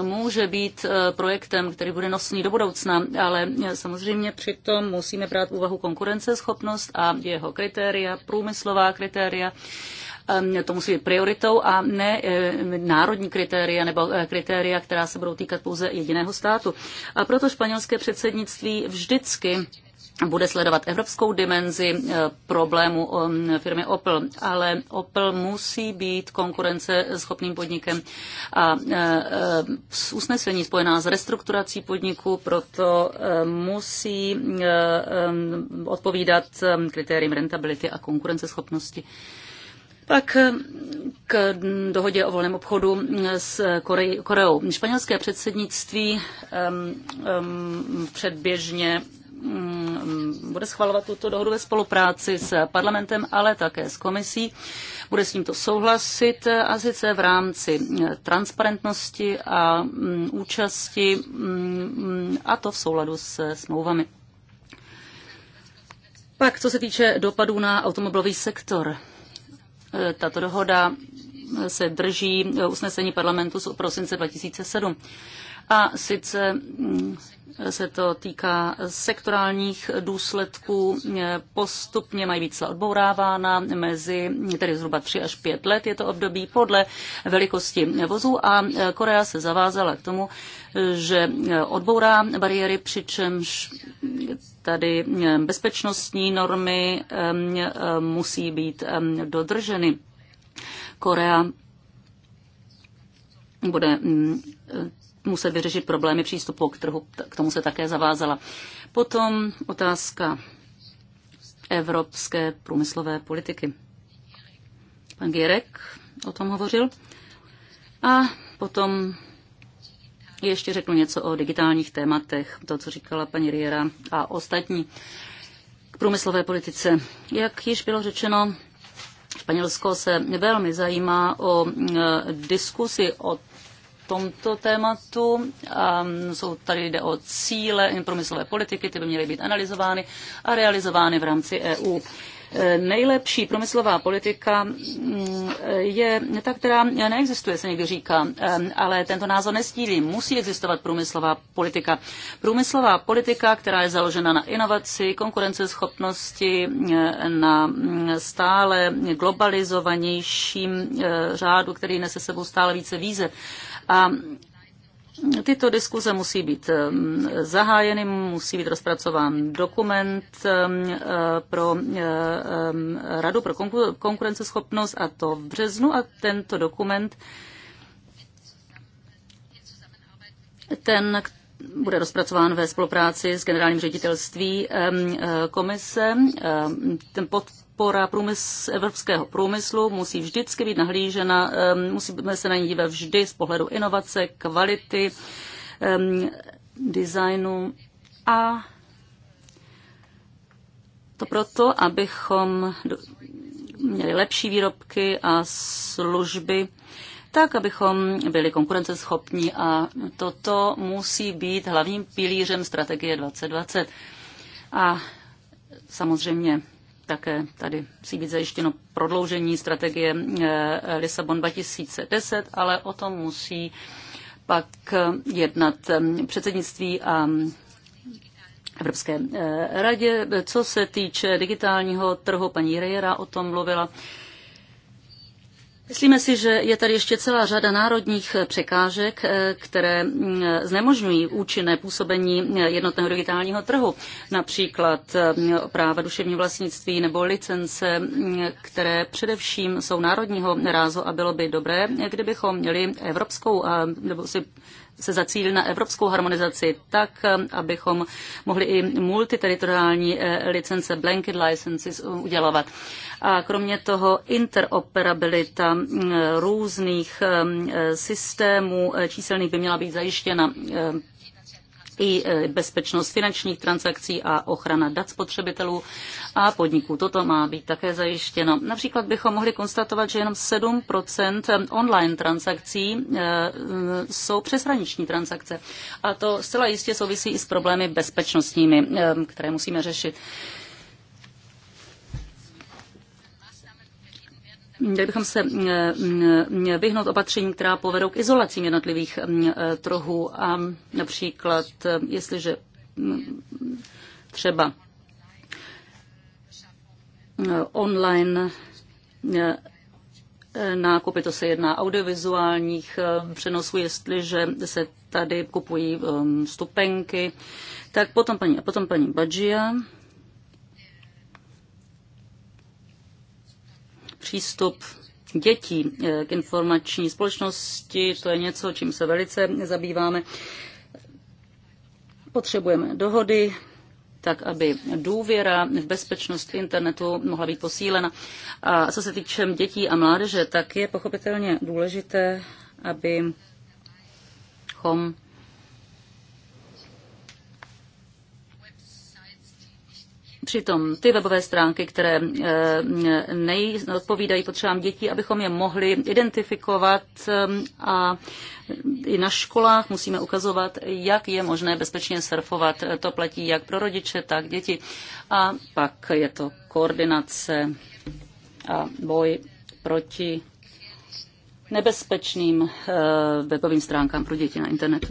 může být projektem, který bude nosný do budoucna, ale samozřejmě přitom musíme brát úvahu konkurenceschopnost a jeho kritéria, průmyslová kritéria Ehm, to musí být prioritou a ne ehm, národní kritéria nebo eh, kritéria, která se budou týkat pouze jediného státu. A proto španělské předsednictví vždycky bude sledovat evropskou dimenzi eh, problému ehm, firmy Opel, ale Opel musí být konkurenceschopným podnikem a eh, s usnesení spojená s restrukturací podniku proto musí odpovídat kritériím rentability a konkurenceschopnosti. Pak eh, k dohodě o volném obchodu eh, s Koreou. Španělské předsednictví um, um, předběžně mm, bude schvalovat tuto dohodu ve spolupráci s parlamentem, ale také s komisí. Bude s tímto souhlasit eh, a sice v rámci transparentnosti a mm, účasti mm, a to v souladu s smlouvami. Pak, co se týče dopadů na automobilový sektor. Tato dohoda se drží usnesení parlamentu z prosince 2007. A sice mm, se to týká sektorálních důsledků. Postupně mají být se odbourávána mezi tedy zhruba 3 až 5 let je to období podle velikosti vozů a Korea se zavázala k tomu, že odbourá bariéry, přičemž tady bezpečnostní normy musí být dodrženy. Korea bude mm, e, muset vyřešit problémy přístupu k trhu, k tomu se také zavázala. Potom otázka evropské průmyslové politiky. Pan Gierek o tom hovořil. A potom ještě řeknu něco o digitálních tématech, to, co říkala paní Riera a ostatní. K průmyslové politice. Jak již bylo řečeno, Španělsko se velmi zajímá o e, diskusi o tomto tématu. Jsou tady jde o cíle průmyslové politiky, ty by měly být analyzovány a realizovány v rámci EU nejlepší průmyslová politika mm, je ta, která neexistuje, se někdo říká, eh, ale tento názor nestílí. Musí existovat průmyslová politika. Průmyslová politika, která je založena na inovaci, konkurenceschopnosti, eh, na mm, stále globalizovanějším eh, řádu, který nese sebou stále více výzev. A Tyto diskuze musí být um, zahájeny, musí být rozpracován dokument um, uh, pro uh, um, Radu pro konkurenceschopnost a to v březnu a tento dokument ten bude rozpracován ve spolupráci s generálním ředitelství uh, komise. Ten pod podpora průmysl, evropského průmyslu musí vždycky být nahlížena, musíme se na ní dívat vždy z pohledu inovace, kvality, designu a to proto, abychom měli lepší výrobky a služby, tak, abychom byli konkurenceschopní a toto musí být hlavním pilířem strategie 2020. A samozřejmě také tady musí být zajištěno prodloužení strategie eh, Lisabon 2010, ale o tom musí pak eh, jednat eh, předsednictví a Evropské radě. Co se týče digitálního trhu, paní Rejera o tom mluvila. Myslíme si, že je tady ještě celá řada národních překážek, eh, které mm, znemožňují účinné působení eh, jednotného digitálního trhu, například eh, práva duševní vlastnictví nebo licence, mm, které především jsou národního rázu a bylo by dobré, kdybychom měli evropskou, nebo si se zacílil na evropskou harmonizaci tak, abychom mohli i multiteritoriální eh, licence, blanket licenses udělovat. A kromě toho interoperabilita mm, různých mm, systémů eh, číselných by měla být zajištěna eh, i bezpečnost finančních transakcí a ochrana dat spotřebitelů a podniků. Toto má být také zajištěno. Například bychom mohli konstatovat, že jenom 7 online transakcí eh, jsou přeshraniční transakce. A to zcela jistě souvisí i s problémy bezpečnostními, eh, které musíme řešit. Měli bychom se eh, vyhnout opatřením, která povedou k izolacím jednotlivých trhů a například, jestliže třeba Eh, online eh, nákupy, to se jedná audiovizuálních eh, přenosů, jestliže se tady kupují stupenky. Tak potom paní, potom paní Badžia. Přístup dětí k informační společnosti, to je něco, čím se velice zabýváme. Potřebujeme dohody, tak aby důvěra v bezpečnost internetu mohla být posílena. A co se týče dětí a mládeže, tak je pochopitelně důležité, abychom Přitom ty webové stránky, které eh, neodpovídají potřebám dětí, abychom je mohli identifikovat eh, a i na školách musíme ukazovat, jak je možné bezpečně surfovat. To platí jak pro rodiče, tak děti. A pak je to koordinace a boj proti nebezpečným eh, webovým stránkám pro děti na internetu.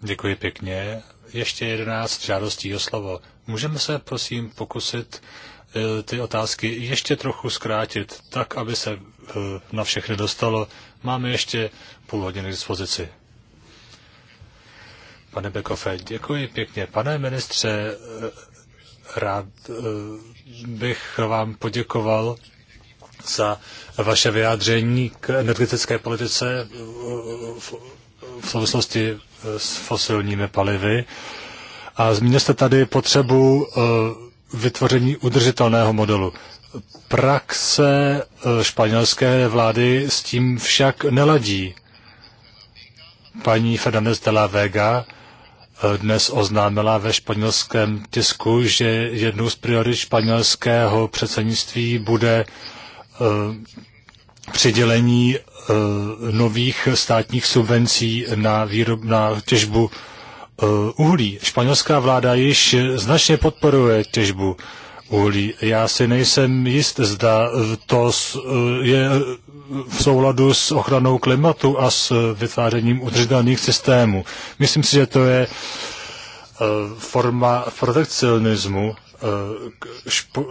Děkuji pěkně. Ještě jedenáct žádostí o slovo. Můžeme se prosím pokusit eh, ty otázky ještě trochu zkrátit, tak, aby se eh, na všechny dostalo. Máme ještě půl hodiny k dispozici. Pane Bekofe, děkuji pěkně. Pane ministře, eh, rád bych vám poděkoval za vaše vyjádření k energetické politice v souvislosti s fosilními palivy. A zmínil jste tady potřebu eh, vytvoření udržitelného modelu. Praxe eh, španělské vlády s tím však neladí. Paní Fernández de la Vega eh, dnes oznámila ve španělském tisku, že jednou z priorit španělského předsednictví bude přidělení nových státních subvencí na, výrob, na těžbu Eh, uhlí. Španělská vláda již značně podporuje těžbu uhlí. Já si nejsem jist, zda eh, to eh, je v souladu s ochranou klimatu a s vytvářením udržitelných systémů. Myslím si, že to je forma protekcionismu.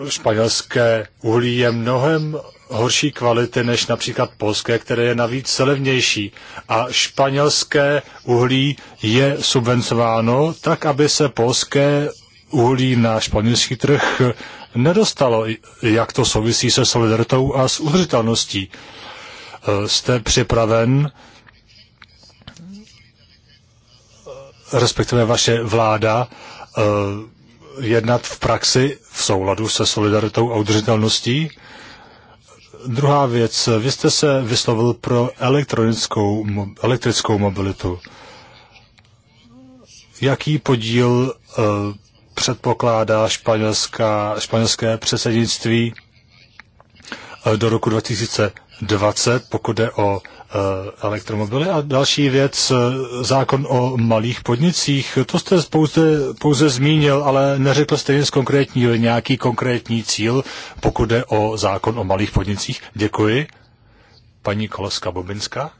Španělské uhlí je mnohem horší kvality než například polské, které je navíc celevnější. A španělské uhlí je subvencováno tak, aby se polské uhlí na španělský trh nedostalo, jak to souvisí se solidaritou a s udržitelností. E, jste připraven, respektive vaše vláda, e, jednat v praxi v souladu se solidaritou a udržitelností? druhá věc. Vy jste se vyslovil pro elektronickou, elektrickou mobilitu. Jaký podíl uh, předpokládá španělská, španělské předsednictví uh, do roku 2020, pokud jde o Eh, elektromobily. A další věc, eh, zákon o malých podnicích. To jste pouze, pouze zmínil, ale neřekl jste nic konkrétní, nějaký konkrétní cíl, pokud jde o zákon o malých podnicích. Děkuji. Paní Koloska Bobinská.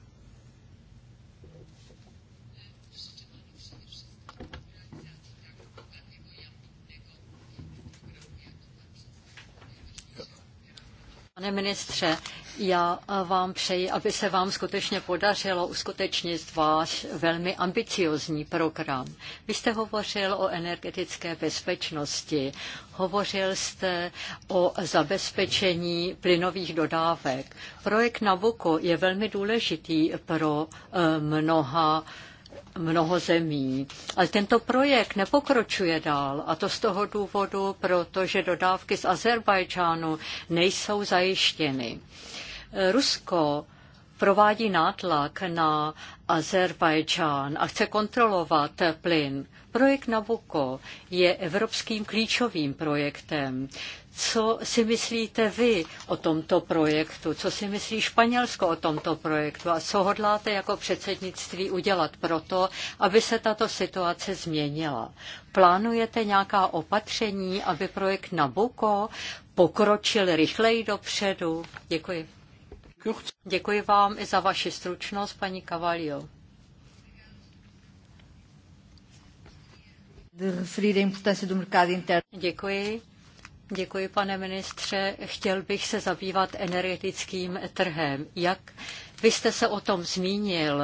Pane ministře, já vám přeji, aby se vám skutečně podařilo uskutečnit váš velmi ambiciozní program. Vy jste hovořil o energetické bezpečnosti, hovořil jste o zabezpečení plynových dodávek. Projekt Nabuko je velmi důležitý pro eh, mnoha mnoho zemí. Ale tento projekt nepokročuje dál a to z toho důvodu, protože dodávky z Azerbajdžánu nejsou zajištěny. Rusko provádí nátlak na Azerbajdžán a chce kontrolovat plyn. Projekt Nabucco je evropským klíčovým projektem. Co si myslíte vy o tomto projektu? Co si myslí Španělsko o tomto projektu? A co hodláte jako předsednictví udělat proto, aby se tato situace změnila? Plánujete nějaká opatření, aby projekt Nabucco pokročil rychleji dopředu? Děkuji. Děkuji vám i za vaši stručnost, paní Cavalio. Děkuji. Děkuji, pane ministře. Chtěl bych se zabývat energetickým trhem. Jak vy jste se o tom zmínil,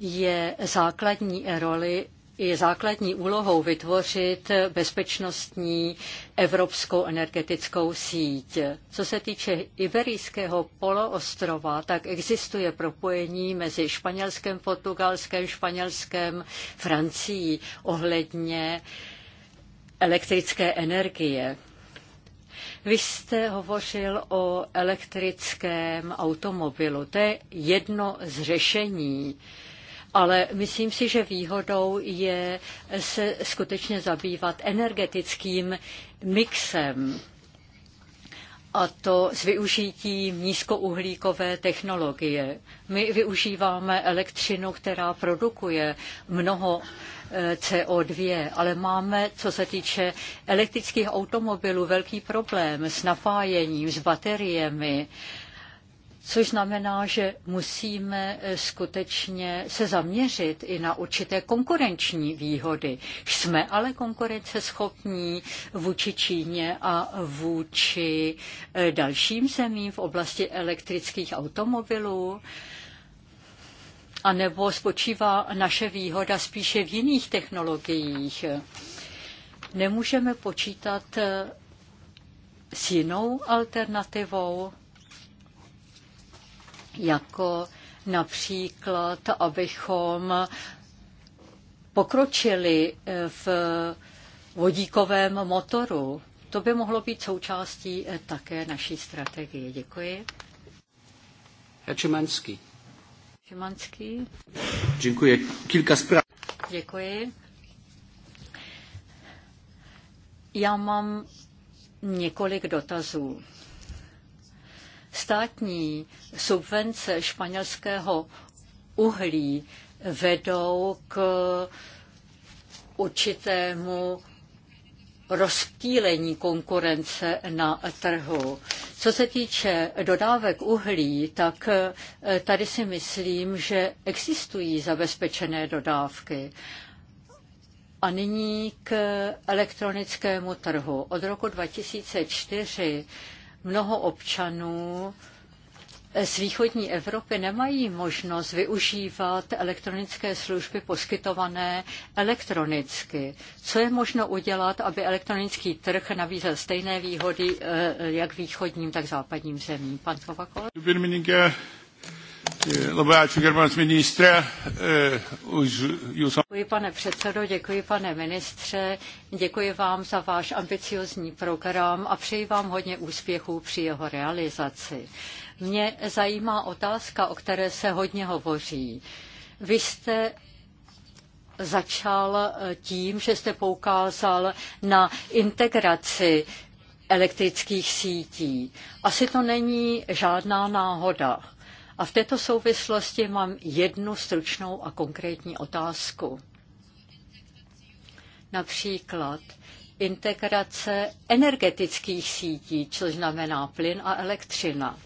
je základní roli je základní úlohou vytvořit bezpečnostní evropskou energetickou síť. Co se týče iberijského poloostrova, tak existuje propojení mezi Španělskem, Portugalskem, Španělskem, Francií ohledně elektrické energie. Vy jste hovořil o elektrickém automobilu. To je jedno z řešení ale myslím si, že výhodou je se skutečně zabývat energetickým mixem a to s využitím nízkouhlíkové technologie. My využíváme elektřinu, která produkuje mnoho eh, CO2, ale máme, co se týče elektrických automobilů, velký problém s napájením, s bateriemi což znamená, že musíme eh, skutečně se zaměřit i na určité konkurenční výhody. Jsme ale konkurenceschopní vůči Číně a vůči eh, dalším zemím v oblasti elektrických automobilů. A nebo spočívá naše výhoda spíše v jiných technologiích. Nemůžeme počítat eh, s jinou alternativou jako například, abychom pokročili eh, v vodíkovém motoru. To by mohlo být součástí eh, také naší strategie. Děkuji. Herr Čimanský. Čimanský. Děkuji. Kilka zpráv. Děkuji. Já mám několik dotazů. Státní subvence španělského uhlí vedou k určitému rozptýlení konkurence na trhu. Co se týče dodávek uhlí, tak eh, tady si myslím, že existují zabezpečené dodávky. A nyní k elektronickému trhu. Od roku 2004 mnoho občanů z východní Evropy nemají možnost využívat elektronické služby poskytované elektronicky. Co je možno udělat, aby elektronický trh nabízel stejné výhody eh, jak východním, tak západním zemím? Pan Kovakol? Eh, eh, děkuji, pane předsedo, děkuji, pane ministře, děkuji vám za váš ambiciozní program a přeji vám hodně úspěchů při jeho realizaci. Mě zajímá otázka, o které se hodně hovoří. Vy jste začal eh, tím, že jste poukázal na integraci elektrických sítí. Asi to není žádná náhoda a v této souvislosti mám jednu stručnou a konkrétní otázku. Například integrace energetických sítí, což znamená plyn a elektřina.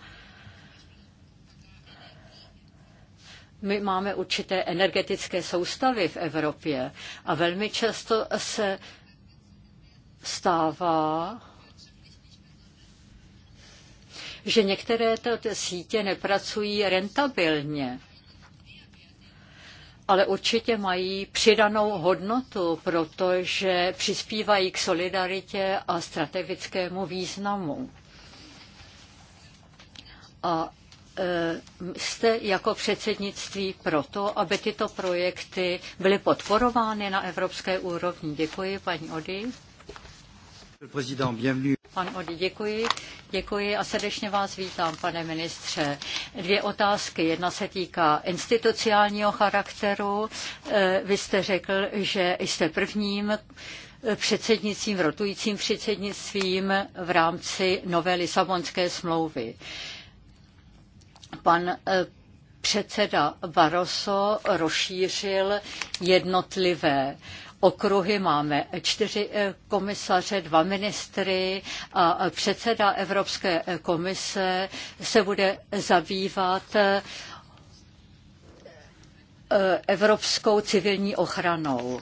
My máme určité energetické soustavy v Evropě a velmi často se stává, že některé ty sítě nepracují rentabilně, ale určitě mají přidanou hodnotu, protože přispívají k solidaritě a strategickému významu. A e, jste jako předsednictví proto, aby tyto projekty byly podporovány na evropské úrovni. Děkuji, paní Ody. Pan Odi, děkuji. Děkuji a srdečně vás vítám, pane ministře. Dvě otázky. Jedna se týká institucionálního charakteru. Eh, vy jste řekl, že jste prvním předsednictvím, rotujícím předsednictvím v rámci nové Lisabonské smlouvy. Pan eh, předseda Barroso rozšířil jednotlivé okruhy, máme čtyři eh, komisaře, dva ministry a eh, předseda Evropské eh, komise se bude zabývat evropskou civilní ochranou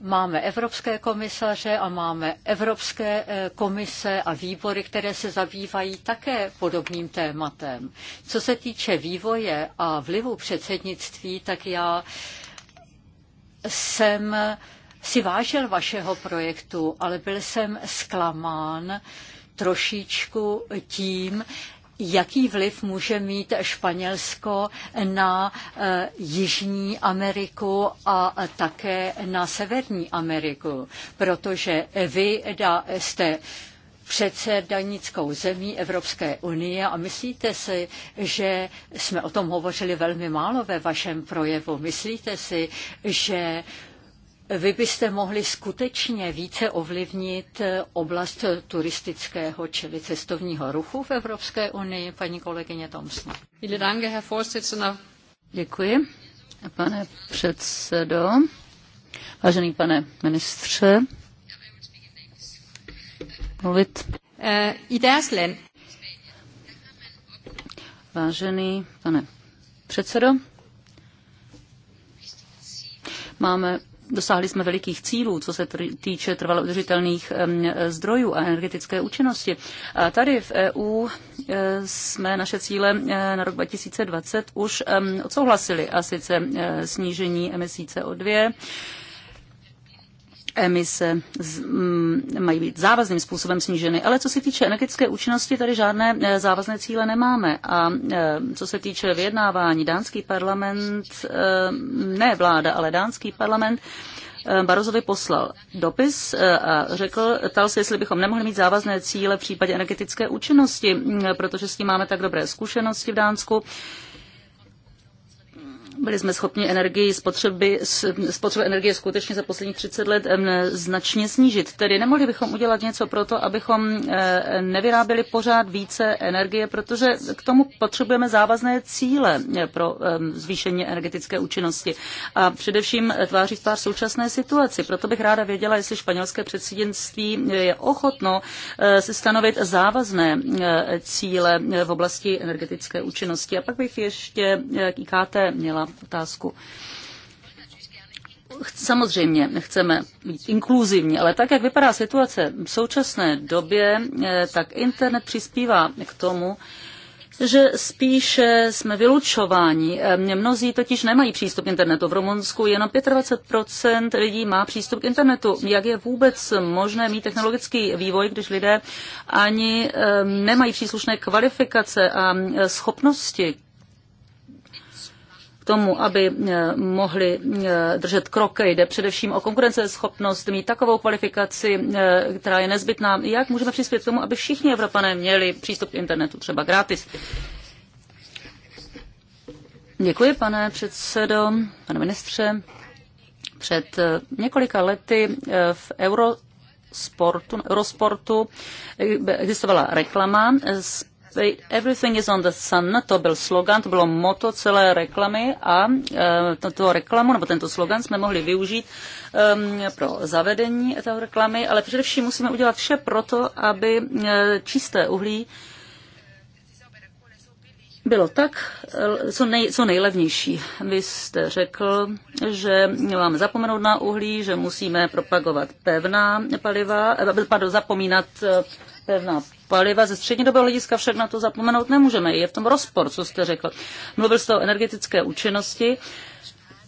máme evropské komisaře a máme evropské komise a výbory, které se zabývají také podobným tématem. Co se týče vývoje a vlivu předsednictví, tak já jsem uh, si vážil vašeho projektu, ale byl jsem zklamán trošičku tím, jaký vliv může mít Španělsko na eh, Jižní Ameriku a také na Severní Ameriku, protože vy jste předsedanickou zemí Evropské unie a myslíte si, že jsme o tom hovořili velmi málo ve vašem projevu, myslíte si, že vy byste mohli skutečně více ovlivnit eh, oblast turistického, čili cestovního ruchu v Evropské unii, paní kolegyně Tomsna. Děkuji, pane předsedo. Vážený pane ministře, mluvit. Eh, Vážený pane předsedo, máme dosáhli jsme velikých cílů, co se týče trvalo udržitelných zdrojů a energetické účinnosti. A tady v EU e, jsme naše cíle e, na rok 2020 už odsouhlasili, a sice e, snížení emisí CO2, emise mm, mají být závazným způsobem sníženy. Ale co se týče energetické účinnosti, tady žádné e, závazné cíle nemáme. A e, co se týče vyjednávání, dánský parlament, e, ne vláda, ale dánský parlament, Barozovi poslal dopis a řekl, tal se, jestli bychom nemohli mít závazné cíle v případě energetické účinnosti, protože s tím máme tak dobré zkušenosti v Dánsku byli jsme schopni energii spotřeby, spotřeby energie skutečně za posledních 30 let značně snížit. Tedy nemohli bychom udělat něco pro to, abychom eh, nevyráběli pořád více energie, protože k tomu potřebujeme závazné cíle eh, pro zvýšení energetické účinnosti. A především eh, tváří v tvář současné situaci. Proto bych ráda věděla, jestli španělské předsednictví je ochotno si stanovit závazné cíle v oblasti energetické účinnosti. A pak bych ještě k IKT měla otázku. Samozřejmě chceme být inkluzivní, ale tak, jak vypadá situace v současné době, eh, tak internet přispívá k tomu, že spíše jsme vylučováni. Eh, mnozí totiž nemají přístup k internetu. V Rumunsku jenom 25 lidí má přístup k internetu. Jak je vůbec možné mít technologický vývoj, když lidé ani eh, nemají příslušné kvalifikace a schopnosti tomu, aby eh, mohli eh, držet krok, jde především o konkurenceschopnost, mít takovou kvalifikaci, eh, která je nezbytná. Jak můžeme přispět k tomu, aby všichni Evropané měli přístup k internetu třeba gratis? Děkuji, pane předsedo, pane ministře. Před několika lety v Euro sportu, Eurosportu existovala reklama s everything is on the sun, to byl slogan, to bylo moto celé reklamy a e, tuto reklamu nebo tento slogan jsme mohli využít pro zavedení této reklamy, ale především musíme udělat vše proto, aby e, čisté uhlí bylo tak, e, co, nej, co nejlevnější. Vy jste řekl, že máme zapomenout na uhlí, že musíme propagovat pevná paliva, e, pardon, zapomínat na paliva ze střednědobého hlediska však na to zapomenout nemůžeme. Je v tom rozpor, co jste řekl. Mluvil jste o energetické účinnosti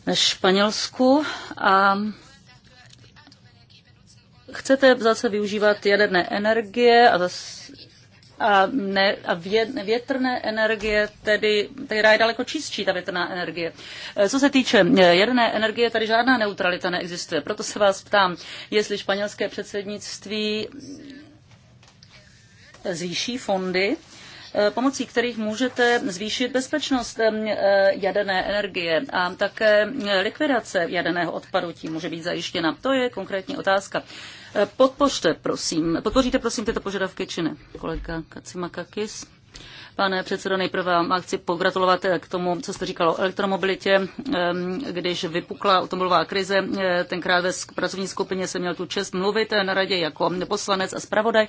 ve Španělsku a chcete zase využívat jaderné energie a zase a, ne, a vě, větrné energie, tedy, která je daleko čistší, ta větrná energie. E, co se týče e, jaderné energie, tady žádná neutralita neexistuje. Proto se vás ptám, jestli španělské předsednictví zvýší fondy, eh, pomocí kterých můžete zvýšit bezpečnost eh, jaderné energie a také eh, likvidace jaderného odpadu tím může být zajištěna. To je konkrétní otázka. Podpořte, prosím, podpoříte prosím tyto požadavky či ne? Kolega Kacimakakis. Pane předsedo, nejprve vám chci pogratulovat eh, k tomu, co jste říkal o elektromobilitě. Ehm, když vypukla automobilová krize, eh, tenkrát ve pracovní skupině jsem měl tu čest mluvit eh, na radě jako poslanec a zpravodaj.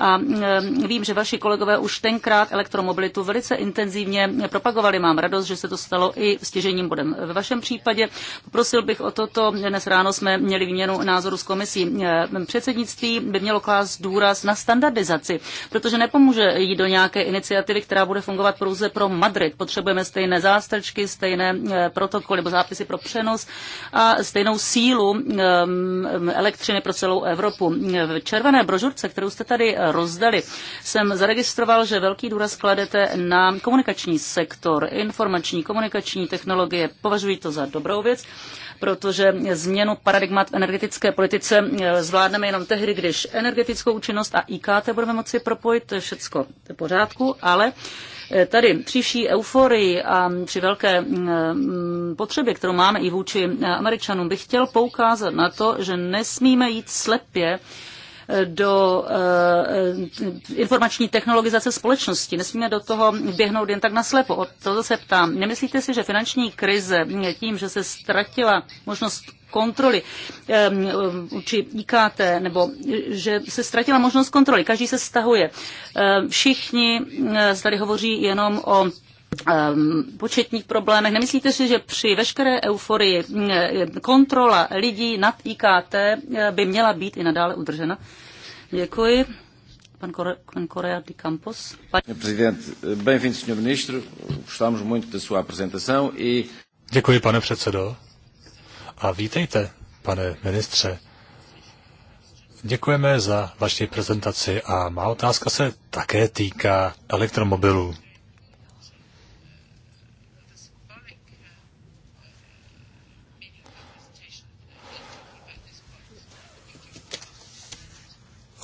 A ehm, vím, že vaši kolegové už tenkrát elektromobilitu velice intenzivně propagovali. Mám radost, že se to stalo i stěžením bodem. Ve vašem případě poprosil bych o toto. Dnes ráno jsme měli výměnu názoru s komisí. Ehm, předsednictví by mělo klást důraz na standardizaci, protože nepomůže jít do nějaké iniciativy, která bude fungovat pouze pro Madrid. Potřebujeme stejné zástrčky, stejné eh, protokoly nebo zápisy pro přenos a stejnou sílu ehm, elektřiny pro celou Evropu. V červené brožurce, kterou jste tady rozdali, jsem zaregistroval, že velký důraz kladete na komunikační sektor, informační, komunikační technologie. Považuji to za dobrou věc protože změnu paradigmat v energetické politice eh, zvládneme jenom tehdy, když energetickou účinnost a IKT budeme moci propojit, to je všecko v pořádku, ale eh, tady při vší euforii a při velké mm, mm, potřebě, kterou máme i vůči eh, Američanům, bych chtěl poukázat na to, že nesmíme jít slepě do eh, informační technologizace společnosti. Nesmíme do toho běhnout jen tak naslepo. To se ptám. Nemyslíte si, že finanční krize tím, že se ztratila možnost kontroly či IKT, nebo že se ztratila možnost kontroly. Každý se stahuje. Eh, všichni eh, tady hovoří jenom o Ehm, početních problémech. Nemyslíte si, že při veškeré euforii mm, eh, kontrola lidí nad IKT eh, by měla být i nadále udržena? Děkuji. Pan, Kore, Correa de Campos. E- Děkuji, pane předsedo. A vítejte, pane ministře. Děkujeme za vaši prezentaci a má otázka se také týká elektromobilů.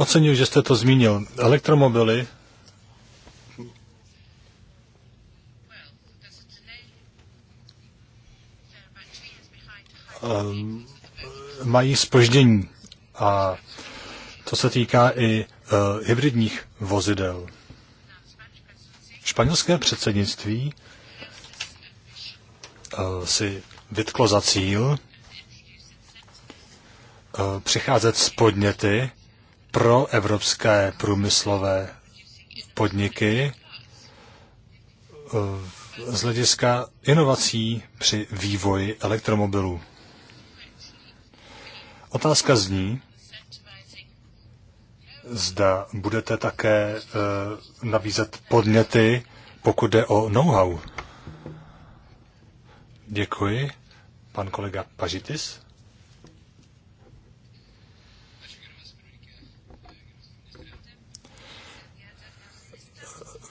Oceňuji, že jste to zmínil. Elektromobily. Ehm, mají spoždění a to se týká i uh, hybridních vozidel. Španělské předsednictví uh, si vytklo za cíl uh, přicházet s podněty pro evropské průmyslové podniky eh, z hlediska inovací při vývoji elektromobilů. Otázka zní, zda budete také e, nabízet podněty, pokud jde o know-how. Děkuji. Pan kolega Pažitis.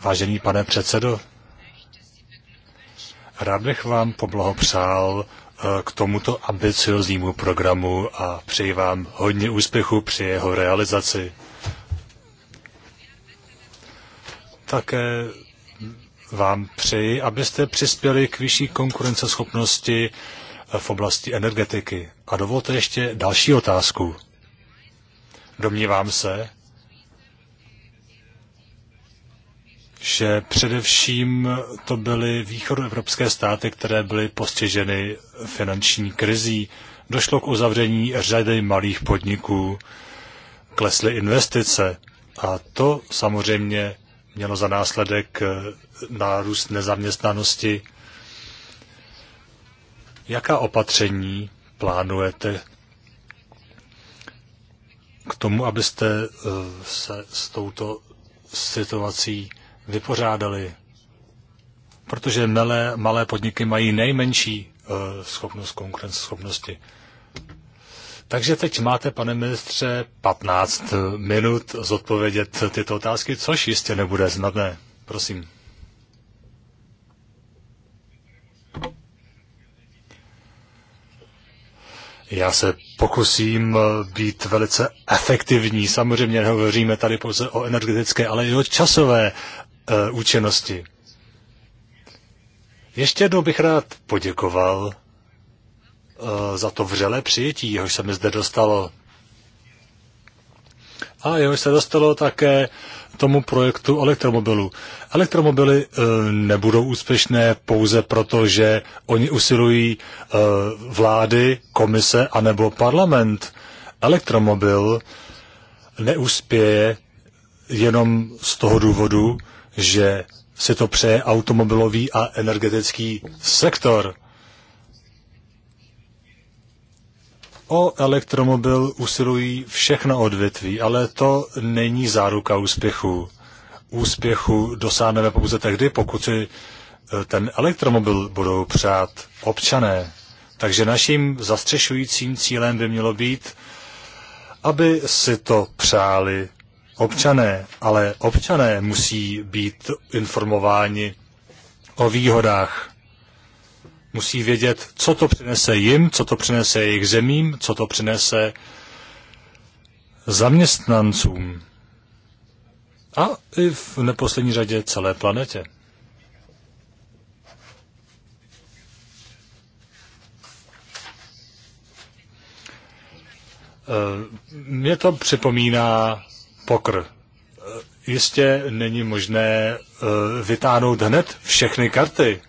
Vážený pane předsedo, rád bych vám poblahopřál eh, k tomuto ambicioznímu programu a přeji vám hodně úspěchu při jeho realizaci. Také vám přeji, abyste přispěli k vyšší konkurenceschopnosti eh, v oblasti energetiky. A dovolte ještě další otázku. Domnívám se, že především to byly východoevropské státy, které byly postiženy finanční krizí. Došlo k uzavření řady malých podniků, klesly investice a to samozřejmě mělo za následek eh, nárůst nezaměstnanosti. Jaká opatření plánujete k tomu, abyste eh, se s touto situací vypořádali. Protože malé, malé podniky mají nejmenší eh, schopnost konkurenceschopnosti. Takže teď máte, pane ministře, 15 eh, minut zodpovědět tyto otázky, což jistě nebude snadné. Prosím. Já se pokusím eh, být velice efektivní. Samozřejmě nehovoříme tady pouze o energetické, ale i o časové Eh, účinnosti. Ještě jednou bych rád poděkoval eh, za to vřelé přijetí, jehož se mi zde dostalo. A jehož se dostalo také tomu projektu elektromobilů. Elektromobily e, nebudou úspěšné pouze proto, že oni usilují e, vlády, komise anebo parlament. Elektromobil neuspěje jenom z toho důvodu, že si to přeje automobilový a energetický sektor. O elektromobil usilují všechna odvětví, ale to není záruka úspěchu. Úspěchu dosáhneme pouze tehdy, pokud si eh, ten elektromobil budou přát občané. Takže naším zastřešujícím cílem by mělo být, aby si to přáli občané, ale občané musí být informováni o výhodách. Musí vědět, co to přinese jim, co to přinese jejich zemím, co to přinese zaměstnancům. A i v neposlední řadě celé planetě. Eh, mě to připomíná pokr. Jistě není možné eh, vytáhnout hned všechny karty.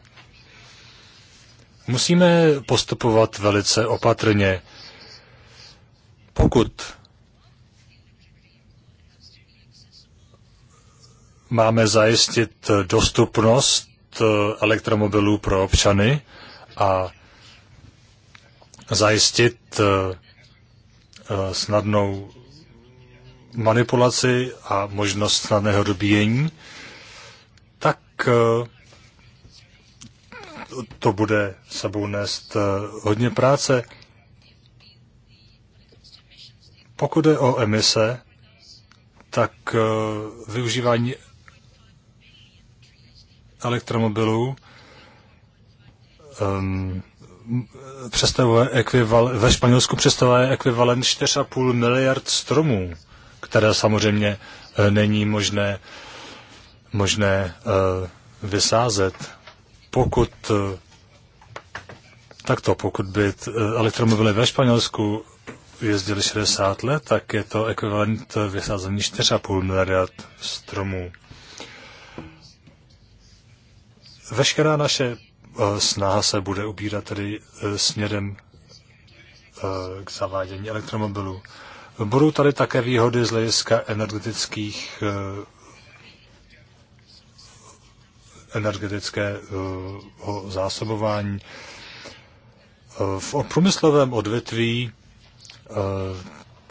Musíme postupovat velice opatrně. Pokud máme zajistit dostupnost eh, elektromobilů pro občany a zajistit eh, snadnou manipulaci a možnost snadného dobíjení, tak eh, to bude sebou nést eh, hodně práce. Pokud je o emise, tak eh, využívání elektromobilů um, představuje ve Španělsku představuje ekvivalent 4,5 miliard stromů které samozřejmě eh, není možné, možné eh, vysázet. Pokud eh, takto, pokud by elektromobily ve Španělsku jezdili 60 let, tak je to ekvivalent vysázení 4,5 miliard stromů. Veškerá naše snaha se bude ubírat tedy směrem k zavádění elektromobilů. Budou tady také výhody z hlediska energetických eh, energetického zásobování. Eh, v průmyslovém odvětví eh,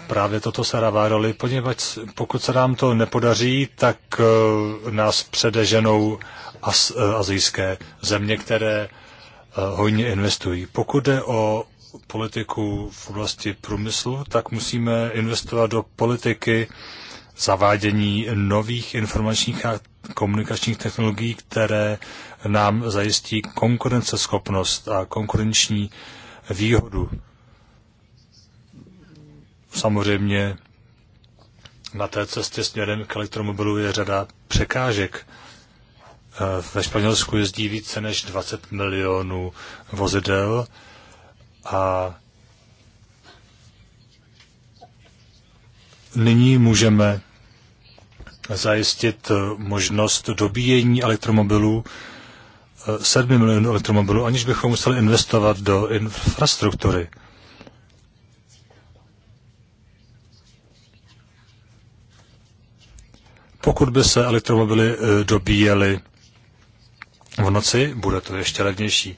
právě toto se hrává roli, poněvadž pokud se nám to nepodaří, tak nás předeženou azijské země, které hojně investují. Pokud jde o politiku v oblasti průmyslu, tak musíme investovat do politiky zavádění nových informačních a komunikačních technologií, které nám zajistí konkurenceschopnost a konkurenční výhodu. Samozřejmě na té cestě směrem k elektromobilu je řada překážek. Eh, ve Španělsku jezdí více než 20 milionů vozidel a nyní můžeme zajistit možnost dobíjení elektromobilů, 7 eh, milionů elektromobilů, aniž bychom museli investovat do infrastruktury. Pokud by se elektromobily eh, dobíjely v noci, bude to ještě levnější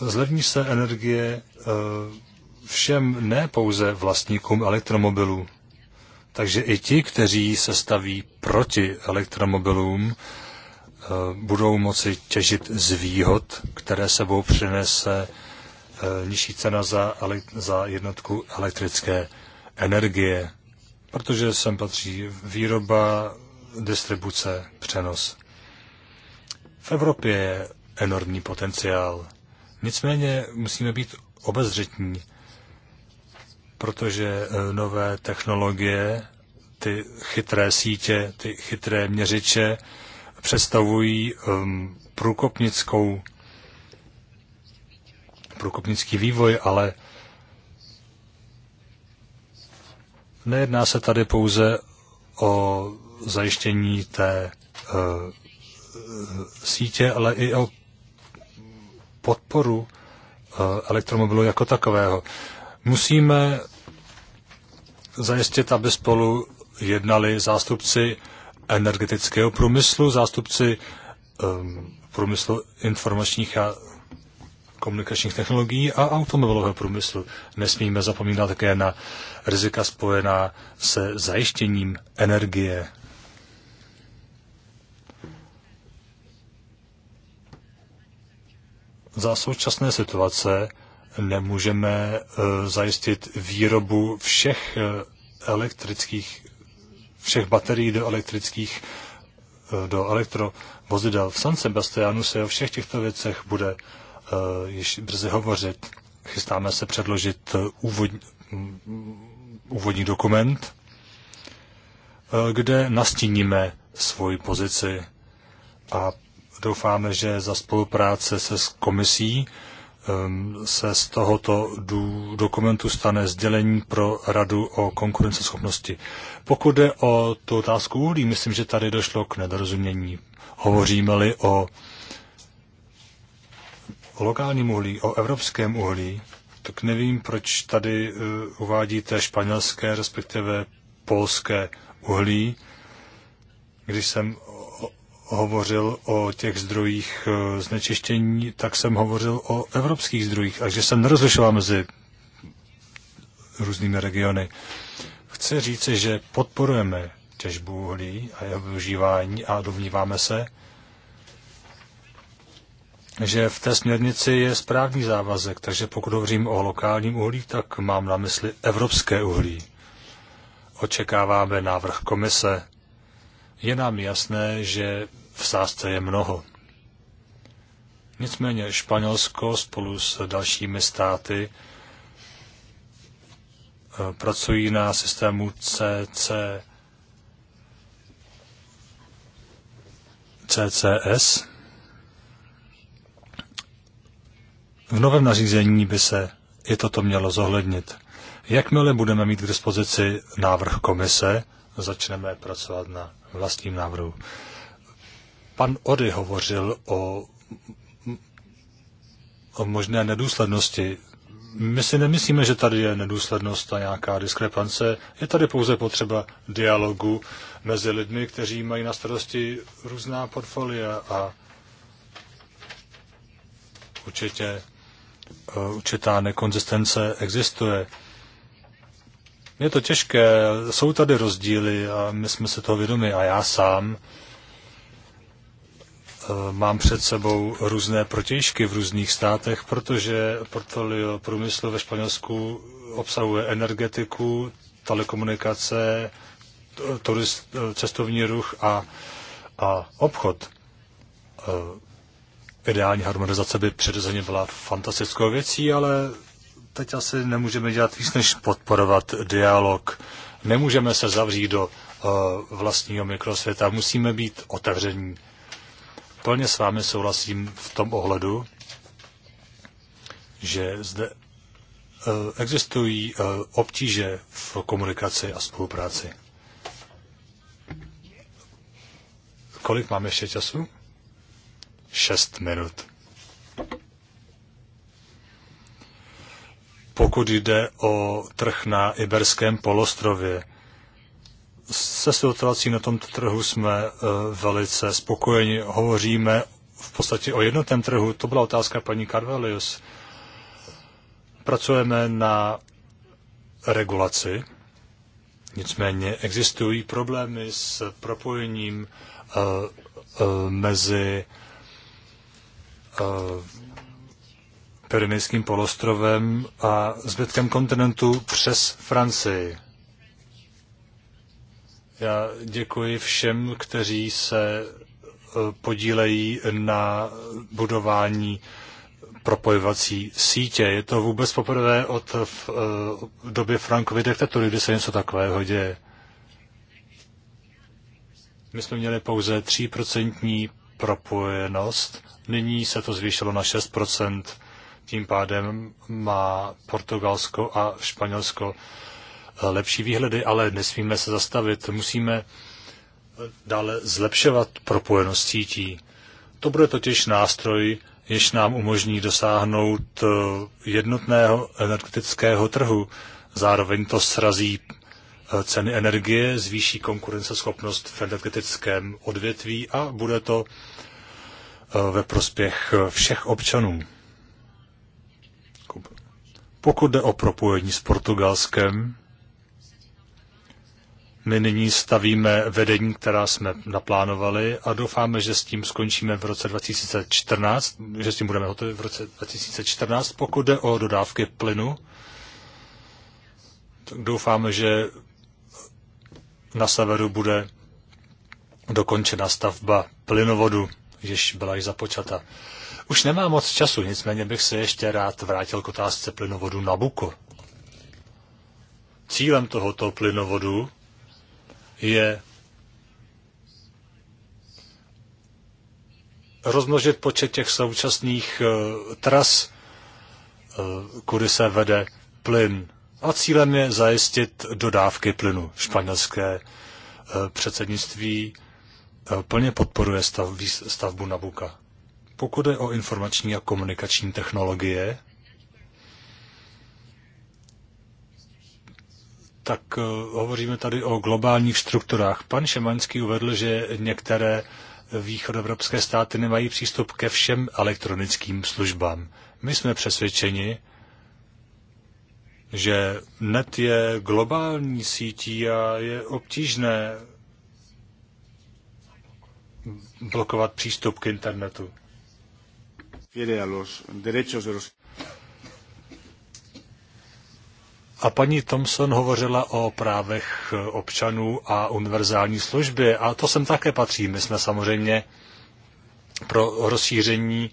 zlevní se energie eh, všem ne pouze vlastníkům elektromobilů. Takže i ti, kteří se staví proti elektromobilům, eh, budou moci těžit z výhod, které sebou přinese eh, nižší cena za, za jednotku elektrické energie, protože sem patří výroba, distribuce, přenos. V Evropě je enormní potenciál. Nicméně musíme být obezřetní, protože eh, nové technologie, ty chytré sítě, ty chytré měřiče představují um, průkopnickou, průkopnický vývoj, ale nejedná se tady pouze o zajištění té eh, sítě, ale i o podporu eh, elektromobilu jako takového. Musíme zajistit, aby spolu jednali zástupci energetického průmyslu, zástupci um, průmyslu informačních a komunikačních technologií a automobilového průmyslu. Nesmíme zapomínat také na rizika spojená se zajištěním energie. Za současné situace nemůžeme eh, zajistit výrobu všech eh, elektrických, všech baterií do elektrických, eh, do elektrovozidel. V San Sebastianu se o všech těchto věcech bude již brzy hovořit. Chystáme se předložit úvodní, mm, úvodní dokument, kde nastíníme svoji pozici a doufáme, že za spolupráce se s komisí ehm, se z tohoto dokumentu stane sdělení pro Radu o konkurenceschopnosti. Pokud jde o tu otázku uhlí, myslím, že tady došlo k nedorozumění. Hovoříme-li o lokálním uhlí, o evropském uhlí, tak nevím, proč tady eh, uvádíte španělské, respektive polské uhlí. Když jsem hovořil o těch zdrojích eh, znečištění, tak jsem hovořil o evropských zdrojích, takže jsem nerozlišoval mezi různými regiony. Chci říci, že podporujeme těžbu uhlí a jeho využívání a domníváme se, že v té směrnici je správný závazek, takže pokud hovořím o lokálním uhlí, tak mám na mysli evropské uhlí. Očekáváme návrh komise. Je nám jasné, že v sázce je mnoho. Nicméně Španělsko spolu s dalšími státy eh, pracují na systému CC, CCS. V novém nařízení by se i toto mělo zohlednit. Jakmile budeme mít k dispozici návrh komise, začneme pracovat na vlastním návrhu. Pan Ory hovořil o, o možné nedůslednosti. My si nemyslíme, že tady je nedůslednost a nějaká diskrepance. Je tady pouze potřeba dialogu mezi lidmi, kteří mají na starosti různá portfolia a určitě e, určitá nekonzistence existuje. Je to těžké, jsou tady rozdíly a my jsme se toho vědomi a já sám Eh, mám před sebou různé protějšky v různých státech, protože portfolio průmyslu ve Španělsku obsahuje energetiku, telekomunikace, turist, eh, cestovní ruch a, a obchod. Eh, ideální harmonizace by přirozeně byla fantastickou věcí, ale teď asi nemůžeme dělat víc, než podporovat dialog. Nemůžeme se zavřít do vlastního mikrosvěta. Musíme být otevření plně s vámi souhlasím v tom ohledu, že zde eh, existují eh, obtíže v komunikaci a spolupráci. Kolik máme ještě času? Šest minut. Pokud jde o trh na Iberském polostrově, se situací na tomto trhu jsme eh, velice spokojeni. Hovoříme v podstatě o jednotném trhu. To byla otázka paní Carvelius. Pracujeme na regulaci, nicméně existují problémy s propojením eh, eh, mezi Pyrenejským polostrovem a zbytkem kontinentu přes Francii. Já děkuji všem, kteří se eh, podílejí na budování propojovací sítě. Je to vůbec poprvé od eh, v, doby Frankovy diktatury, kdy se něco takového děje. My jsme měli pouze 3% propojenost, nyní se to zvýšilo na 6%. Tím pádem má Portugalsko a Španělsko lepší výhledy, ale nesmíme se zastavit. Musíme dále zlepšovat propojenost sítí. To bude totiž nástroj, jež nám umožní dosáhnout eh, jednotného energetického trhu. Zároveň to srazí eh, ceny energie, zvýší konkurenceschopnost v energetickém odvětví a bude to eh, ve prospěch všech občanů. Pokud jde o propojení s Portugalskem, my nyní stavíme vedení, která jsme naplánovali a doufáme, že s tím skončíme v roce 2014, že s tím budeme hotovi v roce 2014. Pokud jde o dodávky plynu, tak doufáme, že na severu bude dokončena stavba plynovodu, jež byla již započata. Už nemá moc času, nicméně bych se ještě rád vrátil k otázce plynovodu Nabuko. Cílem tohoto plynovodu je rozmnožit počet těch současných eh, tras, eh, kudy se vede plyn. A cílem je zajistit dodávky plynu. Španělské eh, předsednictví plně podporuje stav, stavbu Nabuka. Pokud je o informační a komunikační technologie, tak eh, hovoříme tady o globálních strukturách. Pan Šemaňský uvedl, že některé východoevropské státy nemají přístup ke všem elektronickým službám. My jsme přesvědčeni, že net je globální sítí a je obtížné blokovat přístup k internetu. A paní Thompson hovořila o právech občanů a univerzální službě, a to sem také patří. My jsme samozřejmě pro rozšíření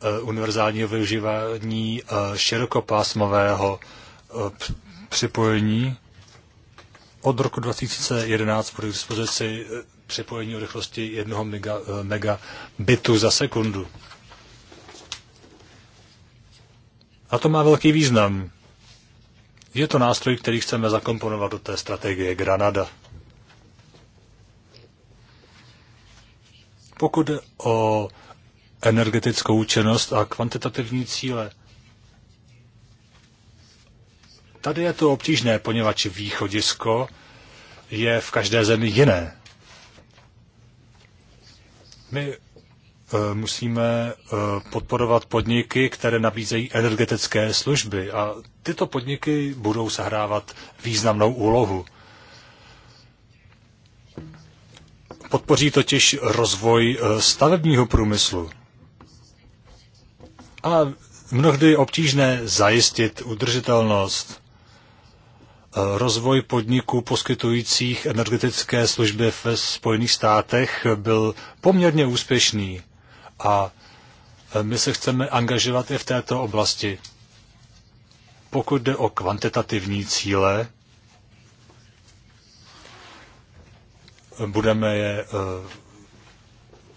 e, univerzálního využívání e, širokopásmového e, připojení. Od roku 2011 bude k dispozici připojení o rychlosti 1 mega, megabitu za sekundu. A to má velký význam. Je to nástroj, který chceme zakomponovat do té strategie Granada. Pokud o energetickou účinnost a kvantitativní cíle, tady je to obtížné, poněvadž východisko je v každé zemi jiné. My Eh, musíme eh, podporovat podniky, které nabízejí energetické služby a tyto podniky budou sehrávat významnou úlohu. Podpoří totiž rozvoj eh, stavebního průmyslu. A mnohdy je obtížné zajistit udržitelnost Rozvoj podniků poskytujících energetické služby ve Spojených státech byl poměrně úspěšný. A my se chceme angažovat i v této oblasti. Pokud jde o kvantitativní cíle, budeme je eh,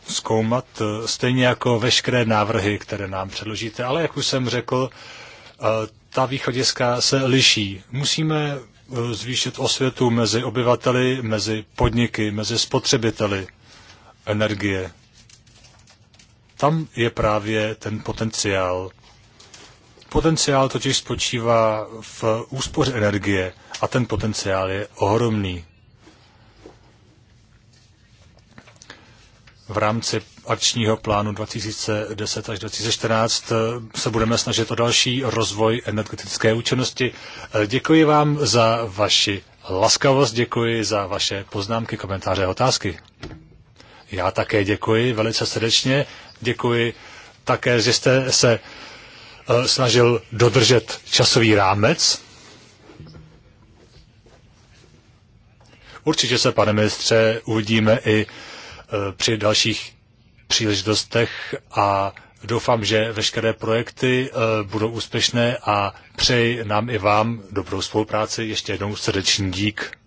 zkoumat, eh, stejně jako veškeré návrhy, které nám předložíte. Ale jak už jsem řekl, eh, ta východiska se liší. Musíme zvýšit osvětu mezi obyvateli, mezi podniky, mezi spotřebiteli energie. Tam je právě ten potenciál. Potenciál totiž spočívá v úspoře energie a ten potenciál je ohromný. V rámci akčního plánu 2010 až 2014 eh, se budeme snažit o další rozvoj energetické účinnosti. Eh, děkuji vám za vaši laskavost, děkuji za vaše poznámky, komentáře a otázky. Já také děkuji velice srdečně. Děkuji také, že jste se eh, snažil dodržet časový rámec. Určitě se, pane ministře, uvidíme i eh, při dalších příležitostech a doufám, že veškeré projekty eh, budou úspěšné a přeji nám i vám dobrou spolupráci. Ještě jednou srdečný dík.